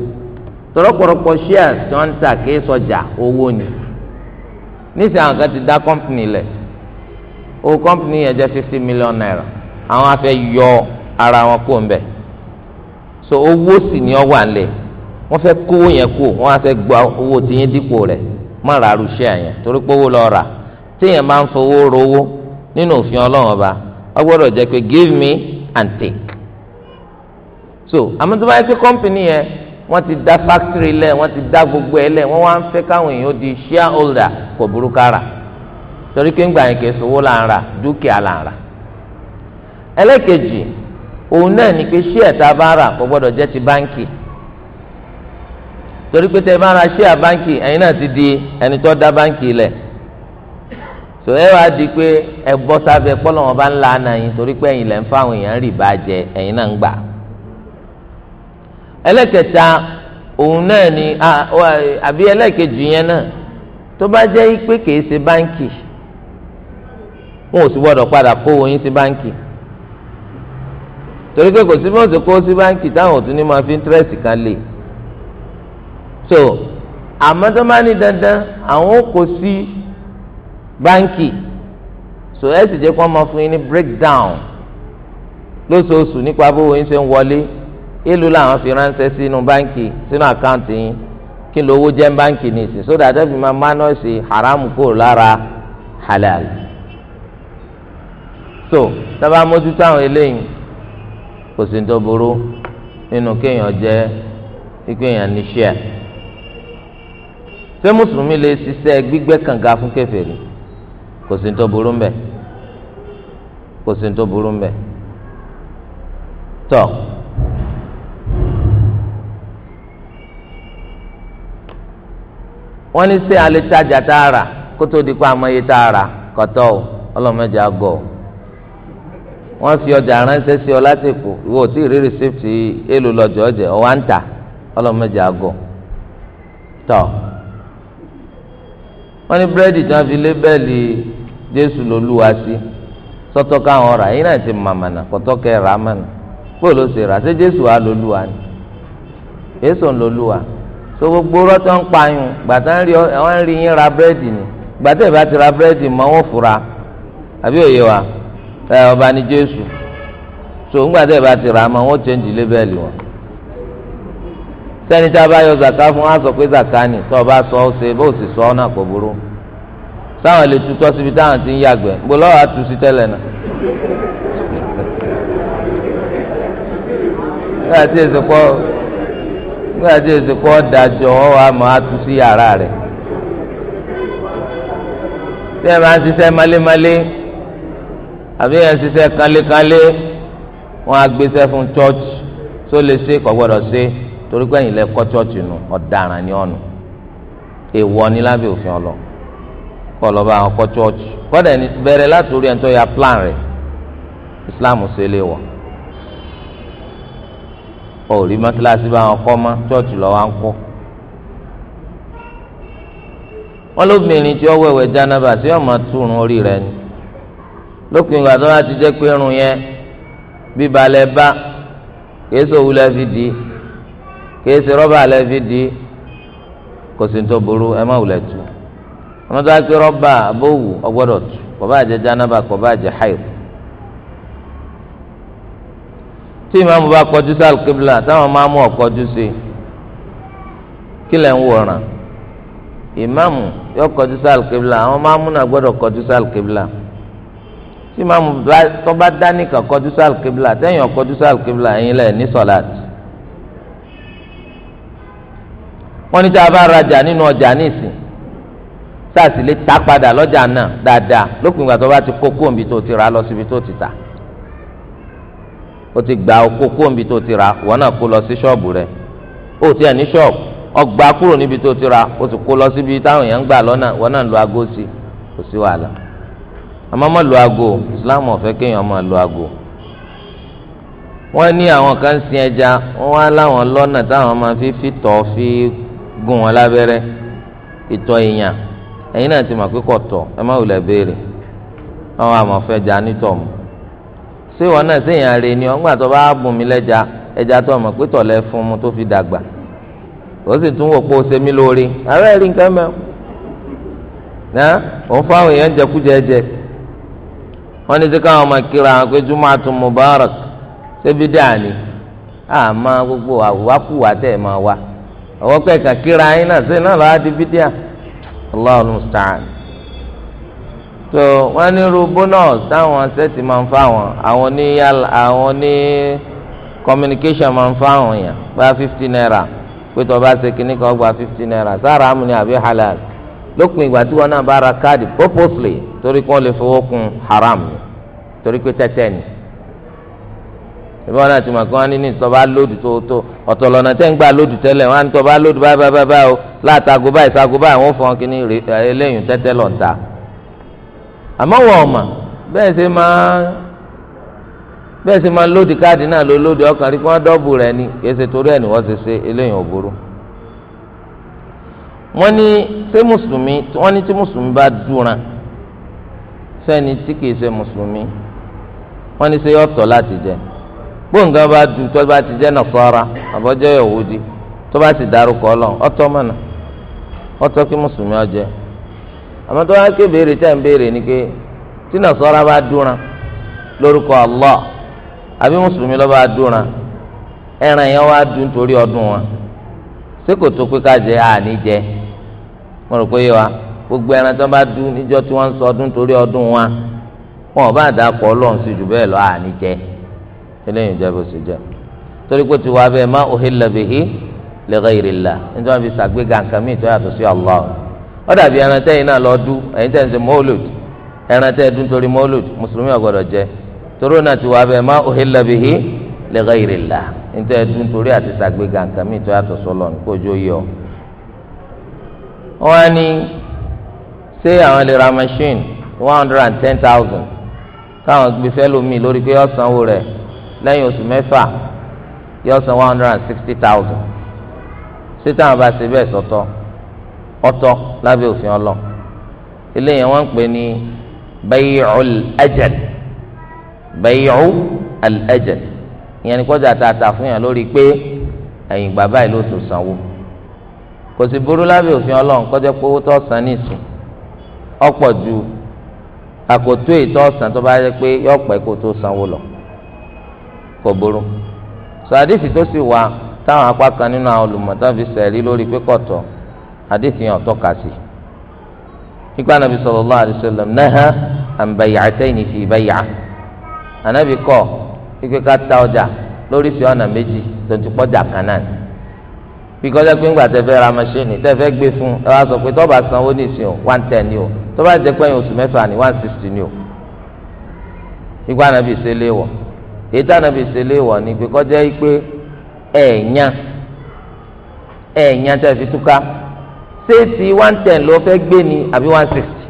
tọ̀rọ̀pọ̀rọ̀pọ̀ shares tí wọ́n ń tà kí sọjà owó ni nísìnyí àwọn kan ti dá company lẹ̀ owó company yẹn jẹ́ fifty million naira àwọn afẹ́ yọ ara wọn kó mbẹ so owó sì ni ọ wà lẹ̀ wọ́n fẹ́ kówó yẹn kó wọ́n á fẹ́ gba owó tìyẹn dípò rẹ̀ má ra arú share yẹn torí pé owó lọ rà téèyàn máa ń fowó rówó nínú òfin ọlọ́run ọba ọ gbọ́dọ̀ jẹ́ pé give me and take so àmọ́ tó bá yẹ pé company yẹn wọ́n ti dá factory lẹ̀ wọ́n ti dá gbogbo ẹ̀ lẹ̀ wọ́n wá ń fẹ́ káwọn èèyàn di shareholder kò burúkú ara torí pé ńgbà yẹn kì í sowó là ń rà dúkìá là ń rà. ẹlẹ́kejì òun náà ni pé share tá bá rà kò gbọ́dọ̀ jẹ́ ti báńkì torí pé tẹ́ bá ra share báńkì ẹ̀yin náà ti di ẹni tó dá báńkì lẹ̀ tò ẹ wá di pé ẹ bọ́ sábẹ́ pọ́lọ́wọ́n bá ń la àná yín torí pé ẹ̀yin lẹ́ ń fáwọn èèyàn rì bá jẹ ẹ̀yin náà ń gbà ẹlẹ́kẹta òun náà ni àbí ẹlẹ́kẹjì yẹn náà tó bá jẹ́ pé kìí ṣe báǹkì wọn ò sì gbọ́dọ̀ padà kówó yín sí báǹkì torí pé kò sí bọ́ọ̀sì kó sí báǹkì táwọn ò tún ní máa fi íńtírẹ́sì kan lè so àmọ́ tó bá ní dandan àwọn ò kó sí báǹkì so ẹ sì jẹ́ kó máa fún yín ní breakdown lóṣooṣù nípa bówó yín ṣe ń wọlé èló làwọn fi ránṣẹ́ sínú banki sínú àkáǹtì yín kí ló owó jẹ́ báǹkì ní ìsìn sódà máa haram lára halal. so sábà mójútó àwọn eléyìí kò sí tó burú nínú kéèyàn jẹ́ kéèyàn ní ṣé mùsùlùmí lè ṣiṣẹ́ gbígbẹ́ kànga fún kèfèrí kò sí tó burú wọ́n ní sẹ́ alẹ́ tajà tá a rà kó tó di kó amọ̀ye tá a o o wọ́n fi ọjà ránṣẹ́ sí ọ láti kù ìwọ tí rí rìsíptì èlò lọ́jọ́ ọ̀jẹ̀ ọ̀wá ń tà ọlọ́mọdé àgọ́ tọ́ wọ́n ní búrẹ́dì tí wọ́n fi lébẹ́lì jésù lolúwa sí sọ́tọ́ káwọn rà yín náà ti màmànà kọ́tọ́ kẹ́ rà mànà bóòlù sì rà ṣé jésù ni ń so gbogbo rọ́tọ́ ń payùn gbàtà ń rí àwọn ń rí yín ra búrẹ́dì ni gbàtà ìbá ti ra búrẹ́dì mọ́ wọn fura àbí òye wa ẹ ọba jésù so ńgbàtà ìbá ti ra mọ́ wọn chẹ́ǹjì lébẹ́ẹ̀lì wọn sẹ́ni tá a bá yọ zaka fún wa sọ pé zaka ni tó o bá sọ ọ́ ṣe bó o sì sọ ọ́ náà kò burú lè tutọ́ síbi táwọn ti ń yàgbẹ́ gbọ́ lọ́wọ́ àtú sí nígbà tí èsì kọ́ dájọ́ ọ wa máa tú sí yàrá rẹ̀ tẹ́ ẹ máa ń ṣiṣẹ́ málémálé àbí ẹ ń ṣiṣẹ́ kánlékánlé wọ́n á gbéṣẹ́ fún chọ́ọ̀chì tó lè ṣe kò gbọ́dọ̀ ṣe torí pé ẹ̀yin lẹ kọ́ chọ́ọ̀chì nù ọ̀daràn ni ọ̀nù èèwọ̀ ni lábẹ́ òfin ọlọ kọ́ lọ bá àwọn kọ́ chọ́ọ̀chì kọ́dà ẹni bẹ̀rẹ̀ látòrí ẹni tó ya plan rẹ̀ Islam ṣe lè wọ̀ ò rí mọ́sálásí bá wọn kọ́ mọ́ chọ́ọ̀chì lọ́wọ́ ń kọ́ wọn lóbìnrin tí ó wẹ̀wẹ̀ jánábà tí yóò máa túrun orí rẹ̀ ni lópin ìgbà tó bá ti jẹ́ pé irun yẹn bíbalẹ̀ bá kìí sòwú lẹ́fi di kìí ṣe rọ́bà lẹ́fi di kò sí tó burú ẹ má wulẹ̀ tu wọn tó bá pé rọ́bà abówù ọgbọ́dọ̀ tu kò bá jẹ́ jánábà kò bá jẹ́ haid tí ìmáàmù bá kọjú sí alùkébìlà táwọn máa mú ọkọjú sí kí lẹ̀ ń wòran ìmáàmù yọ kọjú sí alùkébìlà àwọn máa mú náà gbọ́dọ̀ kọjú sí alùkébìlà tí ìmáàmù tó bá dá nìkan kọjú sí alùkébìlà tẹ́yìn ọkọjú sí alùkébìlà ẹ̀yin lẹ̀ ní sọ̀láàtì. wọ́n ní tí a bá rajà nínú ọjà nísìn sáà sì lè ta padà lọ́jà náà dáadáa lópin ìgbà tó bá ti kó kóòmbi tó ti rà lọ síbi tó ti tà o ti gba oko kó níbi tó ti ra wọn náà kó lọ sí ṣọ́ọ̀bù rẹ o ti ẹ̀ ní ṣọ́ọ̀bù ọgbà kúrò níbi tó ti ra o sì kó lọ síbi táwọn èèyàn ń gbà lọ́nà wọn náà lo aago sí kò sí wàhálà àmọ́ má lo aago Islam ọ̀fẹ́ kéèyàn máa lo aago wọ́n ní àwọn kan sin ẹja wọ́n wá láwọn lọ́nà táwọn máa fi fìtọ̀ fi gún wọn lábẹ́rẹ́ ìtọ̀ èèyàn ẹ̀yin náà ti mọ̀ pé kò tọ́ ẹ má wulẹ̀ béèrè àwọn àmọ̀fẹ́ ja nítọ̀ mu ṣé wọn náà séèyàn rè ni ọgbà tó bá bùn mí ẹja tó ọmọ fún mu tó fi dàgbà ó sì tún wò pé ó ṣe mí lóore nǹkan náà òun fáwọn èèyàn jẹkújẹ jẹ wọn ní sí ọmọ kíra àwọn gbogbo àwákùwà máa wá ọwọ́ pẹ̀ka kíra yín náà náà lọ́wọ́ á di so wọ́n ní irú bonus táwọn sẹ́ẹ̀tì máa ń fa àwọn àwọn ní yàrá àwọn ní communication máa ń fa àwọn yẹn gba fifty naira pé tó bá ṣe kínní kan gba fifty naira sára àmú ni àbí halal lópin ìgbà tí wọn náà bá ra káàdì purposely torí kí wọn lè fowó kun haram ni torí pé tẹ́tẹ́ ni ìbọn náà ti mọ̀ kí wọ́n ní ní ìtọ́ba lódù tó tó ọ̀tọ̀lọ́nà tẹ́ ń gbà lódù tẹ́lẹ̀ wọ́n á ní tọ́ba lódù báyìí báyìí báyìí o látago báyìí sago báyìí wọ́n fọ́n kínní eléyìí tẹ́tẹ́ lọ́ta àmọ́ wọ ọ̀mà bẹ́ẹ̀ ṣe máa bẹ́ẹ̀ ṣe máa lódì káàdì náà ló lódì wọ́n ni ẹ̀ ni wọ́n ṣe ṣe eléyìí wọ́n ní ṣé mùsùlùmí wọ́n ní tí mùsùlùmí bá dúnra sẹ́ni tí kì ṣe mùsùlùmí wọ́n ní ṣé yọ̀tọ̀ láti jẹ gbóǹgàn bá àmọ́ tó wá ké béèrè tẹ́ ń béèrè ni pé tí nàṣọ́ra bá dúnra lórúkọ Allah àbí mùsùlùmí lọ́ bá dúnra ẹran yẹn wá dùn torí ọdún wọn ṣé kò tó pé ká jẹ àní jẹ mo rò pé wa gbogbo ẹran tó bá dún níjọ tí wọ́n ń sọ torí ọdún wọn ò bá dà pọ̀ lọ́n sí jù bẹ́ẹ̀ lọ àní jẹ eléyìí jẹ bó ṣe jẹ torí tiwa bẹ́ẹ̀ má nítorí wọn fi ṣàgbéga nǹkan míì tó yàtọ̀ sí Allah ó dàbí ẹran tẹ́yìn náà lọ dú ẹ̀yin tẹ́ ń ṣe mọ́ọ̀lòd ẹran tẹ́ dún torí mọ́ọ̀lòd mùsùlùmí ò gbọ́dọ̀ jẹ torí ọ̀nà tí wàá bẹ̀ má uhilla bihi li ghayrillah nítorí ẹ̀dún torí àti sàgbéga nǹkan mi tó yàtọ̀ sọlọ nípa ojú yọ. wọ́n á ní ṣé àwọn lè ra machine one hundred and ten thousand táwọn gbé fẹ́ lómi lórí pé ọ̀sánwó rẹ̀ lẹ́yìn oṣù mẹ́fà yọ̀ọ̀sán one hundred and sixty thousand ṣé táwọn bá ṣe bẹ́ẹ̀ sọ́tọ̀ ọtọ lábẹ́ òfin ọlọ eléyìí wọ́n ń pè ní bay'ul ajal bay'ul ajal ìyẹn ni kọjá tààtà fún yàn lórí pé ẹ̀yìn bàbá yìí ló tó sanwó kò sì burú lábẹ́ òfin Ọlọ́run kọjá pé owó tó san ní ìsìn ọ̀pọ̀ ju àkótó ètò ọ̀sán tó bá yẹ pé yọ pẹ́ kó tó sanwó lọ kò burú sọ àdìsí tó sì wà táwọn apá kan nínú àwọn olùmọ̀tàn fi sẹ̀rí lórí pé kọ̀tọ̀ àdéhùn yẹn ọ̀tọ́ka sí nípa anabi sallallahu alaihi wasallam naha an bay'ataini fi bay'a anabi kọ̀ kíkẹ́ ká ta ọjà lórí fi ọ̀nà méjì tó ti pọ́jà kan náà ni bí kọjá pé ńgbà tẹ fẹ́ ra machine tẹ fẹ́ gbé fún ẹ wá sọ pé tọ́ba sanwó ní ìsìn o one ten ni o tọ́ba jẹ́ pẹ́yìn oṣù mẹ́fà ni one sixty ni o nípa anabi ṣe léwọ̀ èyí tí anabi ṣe léwọ̀ ni pé kọjá yìí pé ẹ̀ẹ̀yàn ẹ̀ẹ̀yàn tẹ̀ fi túká ṣéètì one ten ló fẹ́ gbé ni àbí one sixty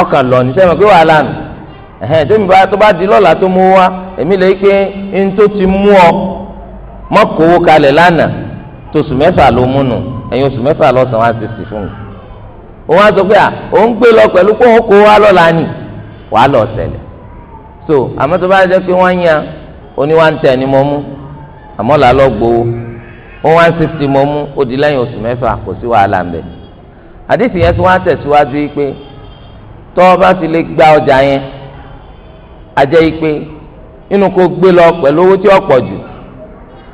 ọkàn lọ ní sẹ́mi pé wàhálà nù ẹ̀hẹ́n tómi bá tó bá di lọ́la tó mú wá èmi lè pé n tó ti mú ọ mọ́kòwó kalẹ̀ lánàá tóṣù mẹ́fà ló mú nù ẹ̀yin oṣù mẹ́fà lọ́sàn one sixty fún mi òun á sọ pé à òun gbé lọ pẹ̀lú pé òun kó wá lọ́la ni wàá lọ sẹ̀lẹ̀ so àmọ́ tó bá jẹ́ pé wọ́n yan oní one ten ni mo mú àmọ́ làá lọ gbowó one one sixty mọ mú ó di lẹ́yìn oṣù mẹ́fà kò sí wàhálà ń bẹ àdìsí yẹn tí wọ́n á tẹ̀síwájú yìí pé tọ́ ọ bá fi lè gba ọjà yẹn ajẹ́ yìí pé inú kò gbé lọ pẹ̀lú owó tí ó pọ̀ jù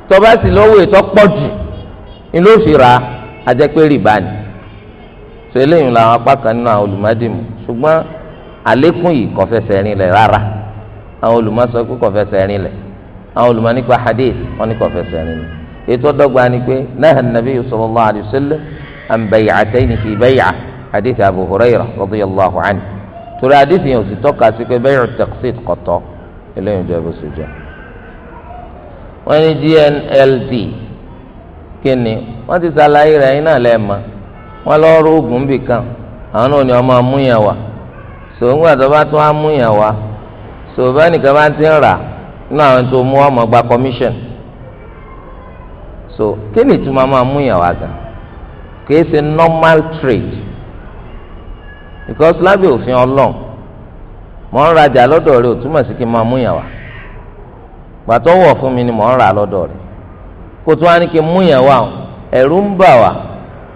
tọ́ ọ bá sì lọ́wọ́ ètò pọ̀ jù ni ló fi rà á ajẹ́ pé rìbá ni tó eléyìí làwọn apá kan nínú àwọn olùmọ́dìmù ṣùgbọ́n àlékún yìí kò fẹsẹ̀ rinlẹ̀ rárá àwọn olùmọ́ pé kò fẹsẹ̀ rinlẹ̀ àwọn olùmọ́ nípa hadith wọ́n ní kò fẹsẹ̀ rinlẹ̀ ètò ọdọgba ni pé nahan nabiyyu sallallahu alayhi wa sallam an bay'atayni fi bay'ah hadith abu hurairah radiyallahu anhu torí hadith yẹn ò sì tọ́ka sí pé bay'u taqsit kọ̀tọ́ eléyìí jẹ́ bó ṣe jẹ́ wọ́n ní dnld kí ni wọ́n ti ṣàlàyé rẹ̀ yín náà lẹ́ẹ̀ma wọ́n lọ́ọ́ rúgùn bìkan àwọn náà ni wọ́n máa mú yẹn tó bá tún á mú yẹn nìkan bá ti ń rà nínú àwọn tó mú ọmọ gba commission so kí ni ìtumọ̀ máa mú yàn wá gan kìí ṣe normal trade because lábẹ́ òfin ọlọ́run mọ̀ ń rajà lọ́dọ̀ rẹ ò túmọ̀ sí kí n máa mú yàn wá pàtó wọ̀ fún mi ni mọ̀ ń rà lọ́dọ̀ rẹ kó tó wá ní kí n mú yàn wá ẹ̀rù ń bà wá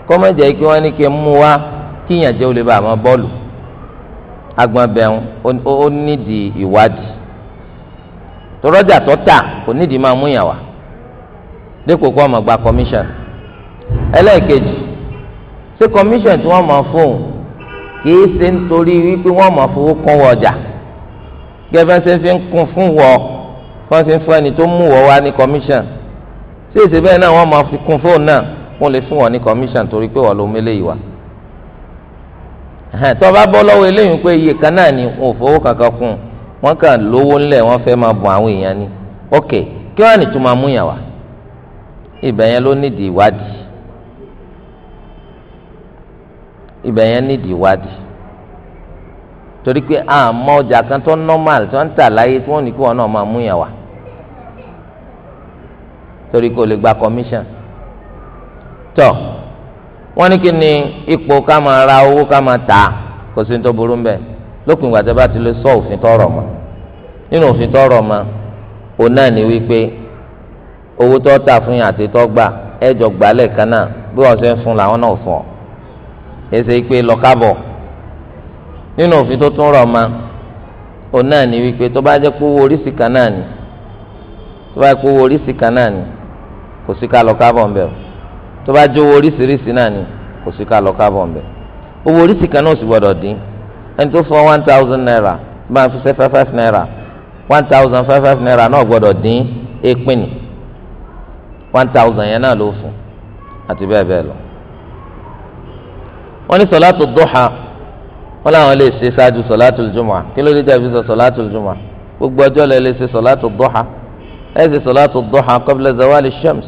kọ́mọ̀jẹ́ kí wọ́n ní kí n mú wá kí yàn jẹ́ olè bá àmọ́ bọ́ọ̀lù agbọn bẹ̀rùn ó nídìí ìwádìí tọ́rọ́jà tó tà kò nídìí máa mú yàn wá dípò kó ọmọ gba commission ẹlẹ́ẹ̀kejì ṣé commission tí wọ́n máa fóun kìí ṣe nítorí wípé wọ́n máa fowó kún wọ ọjà gẹ́gẹ́ ṣe fi ń kún fún wọ fọ́n ṣe ń fún ẹni tó mú wọ wá ní commission ṣé èsì bẹ́ẹ̀ náà wọ́n máa fi kún fóun náà wọ́n lè fún wọn ní commission torí pé wọ́n ló mélé yìí wá tó bá bọ́ lọ́wọ́ eléyìí pé iye kan náà ni wọn ò fowó kankan kún wọn kàn lówó ńlẹ̀ wọ́n fẹ́ máa bùn àwọn èèyàn ni ok kí wọ́n á nìtúmọ̀ amúyàn wá ibẹ̀ yẹn ló nídìí ìwádìí ibẹ̀ yẹn nídìí ìwádìí torí pé àmọ́ ọjà kan tó normal tó ń tà láyé tí wọ́n ní kí wọ́n náà máa mú yẹn wá torí kò lè gba commission tọ́ wọ́n ní kí ni ipò ká máa ra owó ká máa tà kò sí ní tó burú mbẹ́ lópin ìgbà tó bá ti lè sọ òfin tọrọ mọ́ nínú òfin tọrọ mọ́ òun náà ní wípé owó tó tà fún yàn àti tó gbà ẹ jọ gbà lẹ́ẹ̀kan náà bí wọ́n ṣe ń fún làwọn náà fún ọ èsè pé lọ́kàbọ̀ nínú òfin tó tún rọ̀ ma òun náà ní wípé tó bá jẹ́ pé owó oríṣi kan náà ni tó bá jẹ́ pé owó oríṣi kan náà ni kò sí ká lọ́kàbọ̀ ń tó bá jẹ́ owó oríṣiríṣi náà ni kò sí ká lọ́kàbọ̀ ń owó oríṣi kan náà sì gbọ́dọ̀ dín ẹni tó fún one thousand naira máa fi ṣe five five naira one thousand five five naira náà gbọ́dọ̀ dín èpin ni one thousand yẹn náà ló fún àti bẹ́ẹ̀ bẹ́ẹ̀ lọ. wọ́n ní sọ̀látù dọ́ha wọ́n láwọn lè ṣe ṣáájú sọ̀látù jùmọ̀ kí ló dé dàbí sọ sọ̀látù jùmọ̀ gbogbo ọjọ́ lẹ lè ṣe sọ̀látù dọ́ha ẹ ṣe sọ̀látù dọ́ha qabla zawali shams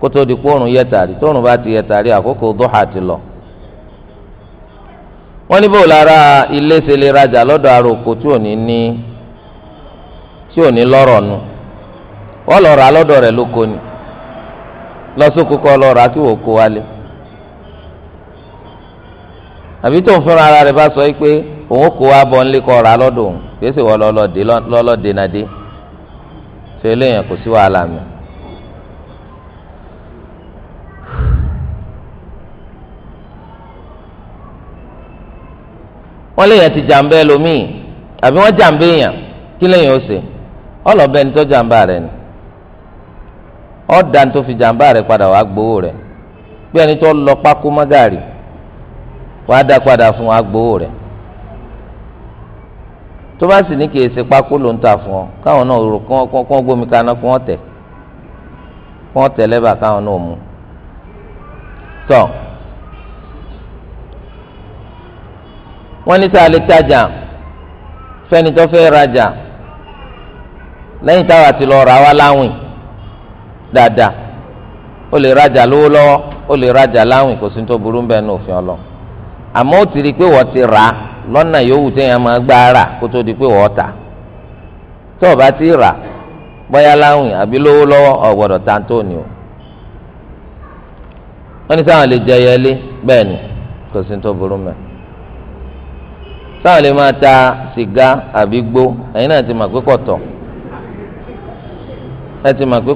kó tó di kóòrùn yẹ tàrí tóòrùn bá ti yẹ tàrí àkókò dọ́ha ti lọ. wọ́n ní bò lára ilé ṣe lè rajà lọ́dọ̀ àròkò tí ò ní ní tí ò ní lọ́rọ̀ nu wọ́n lọ rà lọ́dọ̀ rẹ̀ lóko ni lọ́sọ̀kò kọ́ lọ́ọ̀rọ̀ àti wò kó wálé àbí tó ń sọ pé òun kó wa bọ̀ nílé kọ́ ra lọ́dọ̀ gbèsè wọ́n lọ́lọ́dẹ lọ́lọ́dẹ kò sí mi. wọ́n ti ẹlòmíì àbí wọ́n èèyàn kí ó ọ̀dà tó fi jàǹbá rẹ̀ padà wàá gbowó rẹ̀ bí ẹni tó lọ pákó mọ́gàrì wàá dá padà fún wàá gbowó rẹ̀ tó bá sì ní kì í ṣe pákó ló ń tà fún ọ káwọn náà rò kán kán gbómi kaná kí wọ́n tẹ̀ kí lẹ́bàá káwọn náà mú tọ́ wọ́n ní sáà lè tajà fẹ́ni tó fẹ́ rajà lẹ́yìn táwa ti lọ rà wá láwìn. dáadáa o lè rajà lówó lọ́wọ́ le lè rajà láwìn kò sí tó burú bẹ́ẹ̀ ní òfin ọlọ àmọ́ ó ti rí pé wọ́n ti rà lọ́nà yòówù téèyàn máa gbá rà kó di pé wọ́n tà tó o bá ti rà bóyá láwìn àbí lówó lọ́wọ́ gbọ́dọ̀ ta tó ni o wọ́n ní sáwọn lè jẹ bẹ́ẹ̀ ni kò sí tó burú bẹ́ẹ̀ sáwọn lè máa ta sìgá àbí gbó ẹ̀yin náà ti mà pé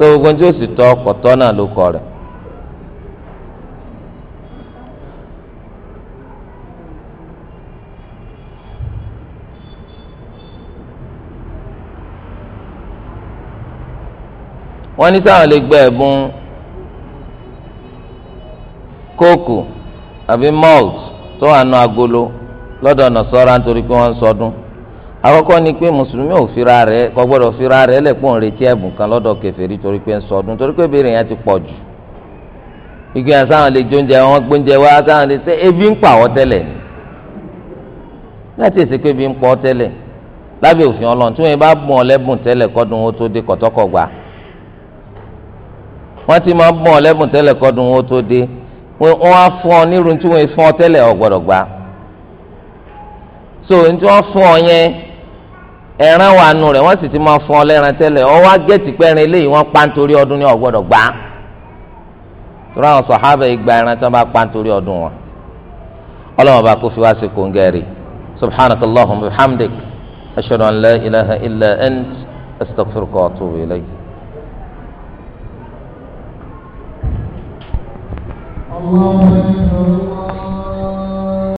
so gbogbo tí ó sì tọ́ lo náà ló kọ rẹ̀. wọ́n ní sáwọn lè gba ẹ̀bùn kóòkù àbí agolo lọ́dọ̀ Nasara nítorí pé wọ́n ń Akọkọ ni pé mùsùlùmí ò fira rẹ̀ kò gbọ́dọ̀ fira rẹ̀ lẹ́pọ̀ retí ẹ̀bùn kan lọ́dọ̀ kèfèrí torí pé ń sọdún torí pé béèrè yẹn ti pọ̀ jù igi yẹn sáwọn lè jóúnjẹ wọn gbóúnjẹ wá sáwọn ebi ń pa ni láti ebi ń òfin tí bá bùn tó dé ti ọ nírun tí ọ so ọ yẹn ẹran wà nù rẹ̀ wọ́n sì ti máa fún ọ lẹ́ran tẹ́lẹ̀ ọ wá gẹ́tì pẹ́rin eléyìí wọ́n pa nítorí ọdún ní ọ̀gbọ́dọ̀ gbà á torí àwọn sọ̀hábà ìgbà ẹran tí wọ́n bá pa nítorí ọdún wọn ọlọ́wọ́n bá kó fi wá sí kóńgẹ́rì subhanaka allahumma wa hamdik ashhadu an la ilaha illa ant astaghfiruka wa atubu ilayk. Allahumma